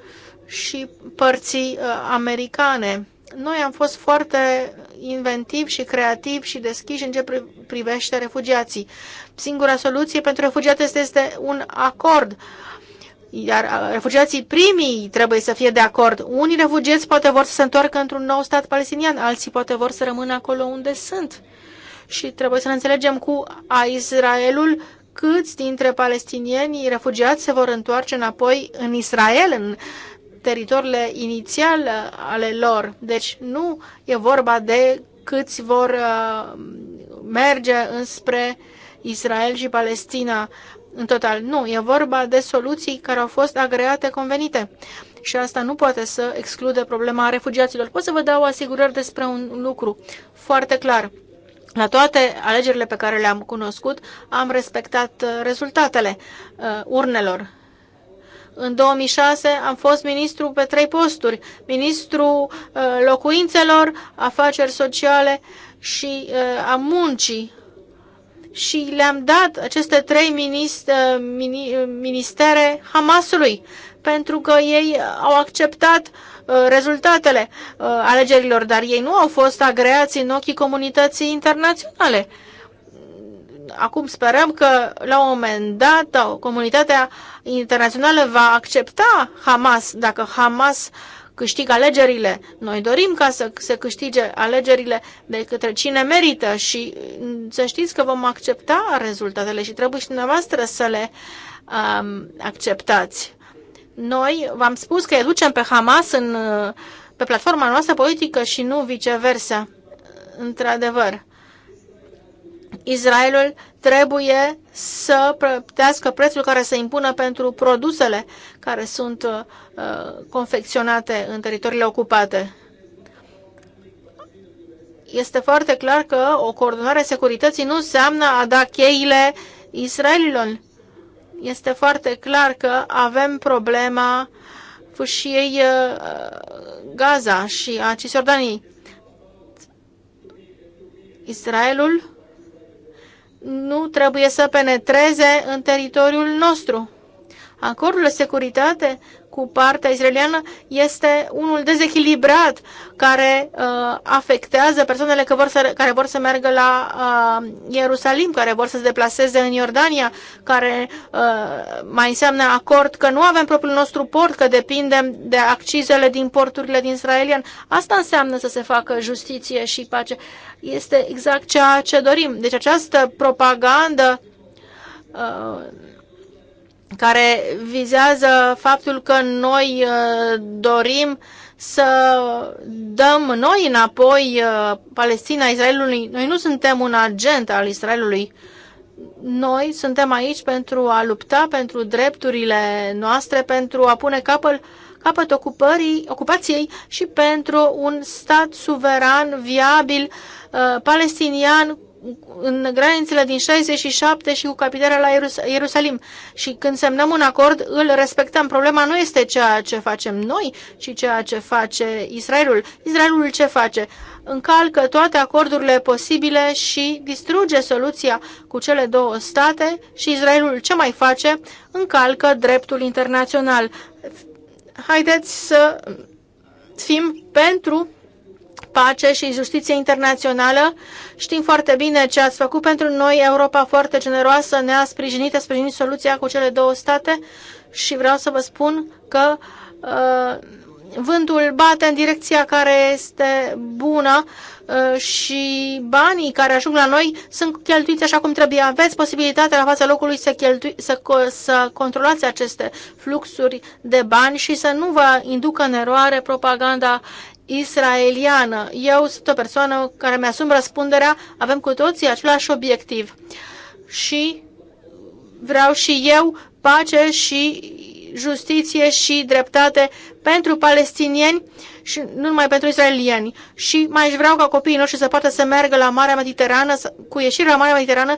și părții uh, americane. Noi am fost foarte inventivi și creativi și deschiși în ce privește refugiații. Singura soluție pentru refugiați este, este un acord. Iar uh, refugiații primii trebuie să fie de acord. Unii refugiați poate vor să se întoarcă într-un nou stat palestinian, alții poate vor să rămână acolo unde sunt. Și trebuie să ne înțelegem cu Israelul câți dintre palestinienii refugiați se vor întoarce înapoi în Israel, în teritoriile inițiale ale lor. Deci nu e vorba de câți vor uh, merge înspre Israel și Palestina în total. Nu, e vorba de soluții care au fost agreate, convenite. Și asta nu poate să exclude problema refugiaților. Pot să vă dau asigurări despre un lucru foarte clar. La toate alegerile pe care le-am cunoscut, am respectat uh, rezultatele uh, urnelor. În 2006 am fost ministru pe trei posturi, ministru uh, locuințelor, afaceri sociale și uh, a muncii. Și le-am dat aceste trei minist, uh, mini, uh, ministere Hamasului, pentru că ei au acceptat uh, Uh, rezultatele uh, alegerilor, dar ei nu au fost agreați în ochii comunității internaționale. Acum sperăm că la un moment dat comunitatea internațională va accepta Hamas dacă Hamas câștigă alegerile. Noi dorim ca să se câștige alegerile de către cine merită și mm, să știți că vom accepta rezultatele și trebuie și dumneavoastră să le um, acceptați. Noi v-am spus că educem pe Hamas în, pe platforma noastră politică și nu viceversa. Într-adevăr, Israelul trebuie să plătească prețul care se impună pentru produsele care sunt uh, confecționate în teritoriile ocupate. Este foarte clar că o coordonare securității nu înseamnă a da cheile Israelilor este foarte clar că avem problema fâșiei uh, Gaza și a Cisjordaniei. Israelul nu trebuie să penetreze în teritoriul nostru. Acordul de securitate cu partea israeliană este unul dezechilibrat care uh, afectează persoanele că vor să, care vor să meargă la uh, Ierusalim, care vor să se deplaseze în Iordania, care uh, mai înseamnă acord că nu avem propriul nostru port, că depindem de accizele din porturile din israelian. Asta înseamnă să se facă justiție și pace. Este exact ceea ce dorim. Deci această propagandă uh, care vizează faptul că noi uh, dorim să dăm noi înapoi uh, Palestina Israelului. Noi nu suntem un agent al Israelului. Noi suntem aici pentru a lupta pentru drepturile noastre, pentru a pune capăt, capăt ocupării, ocupației și pentru un stat suveran, viabil, uh, palestinian, în granițele din 67 și cu capitala la Ierus- Ierusalim. Și când semnăm un acord, îl respectăm. Problema nu este ceea ce facem noi, ci ceea ce face Israelul. Israelul ce face? Încalcă toate acordurile posibile și distruge soluția cu cele două state și Israelul ce mai face? Încalcă dreptul internațional. Haideți să fim pentru pace și justiție internațională. Știm foarte bine ce ați făcut pentru noi. Europa foarte generoasă ne-a sprijinit, a sprijinit soluția cu cele două state și vreau să vă spun că uh, vântul bate în direcția care este bună uh, și banii care ajung la noi sunt cheltuiți așa cum trebuie. Aveți posibilitatea la fața locului să, cheltui, să, să controlați aceste fluxuri de bani și să nu vă inducă în eroare propaganda israeliană. Eu sunt o persoană care mi-asum răspunderea, avem cu toții același obiectiv. Și vreau și eu pace și justiție și dreptate pentru palestinieni și nu numai pentru israelieni. Și mai vreau ca copiii noștri să poată să meargă la Marea Mediterană, cu ieșirea la Marea Mediterană,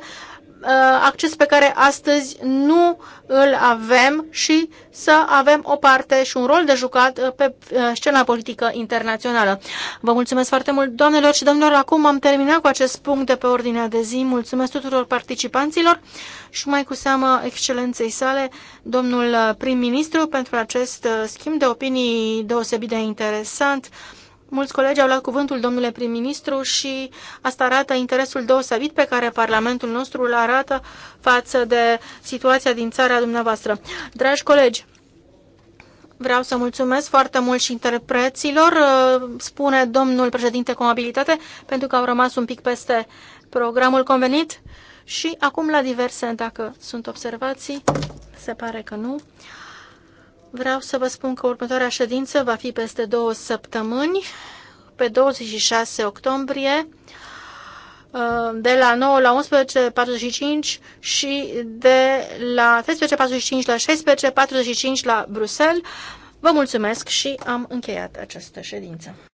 Uh, acces pe care astăzi nu îl avem și să avem o parte și un rol de jucat uh, pe uh, scena politică internațională. Vă mulțumesc foarte mult, doamnelor și domnilor. Acum am terminat cu acest punct de pe ordinea de zi. Mulțumesc tuturor participanților și mai cu seamă excelenței sale, domnul prim-ministru, pentru acest schimb de opinii deosebit de interesant. Mulți colegi au luat cuvântul, domnule prim-ministru, și asta arată interesul deosebit pe care Parlamentul nostru îl arată față de situația din țara dumneavoastră. Dragi colegi, vreau să mulțumesc foarte mult și interpreților, uh, spune domnul președinte cu abilitate, pentru că au rămas un pic peste programul convenit. Și acum la diverse, dacă sunt observații, se pare că nu. Vreau să vă spun că următoarea ședință va fi peste două săptămâni, pe 26 octombrie, uh, de la 9 la 11.45 și de la 13.45 la 16.45 la Bruxelles. Vă mulțumesc și am încheiat această ședință.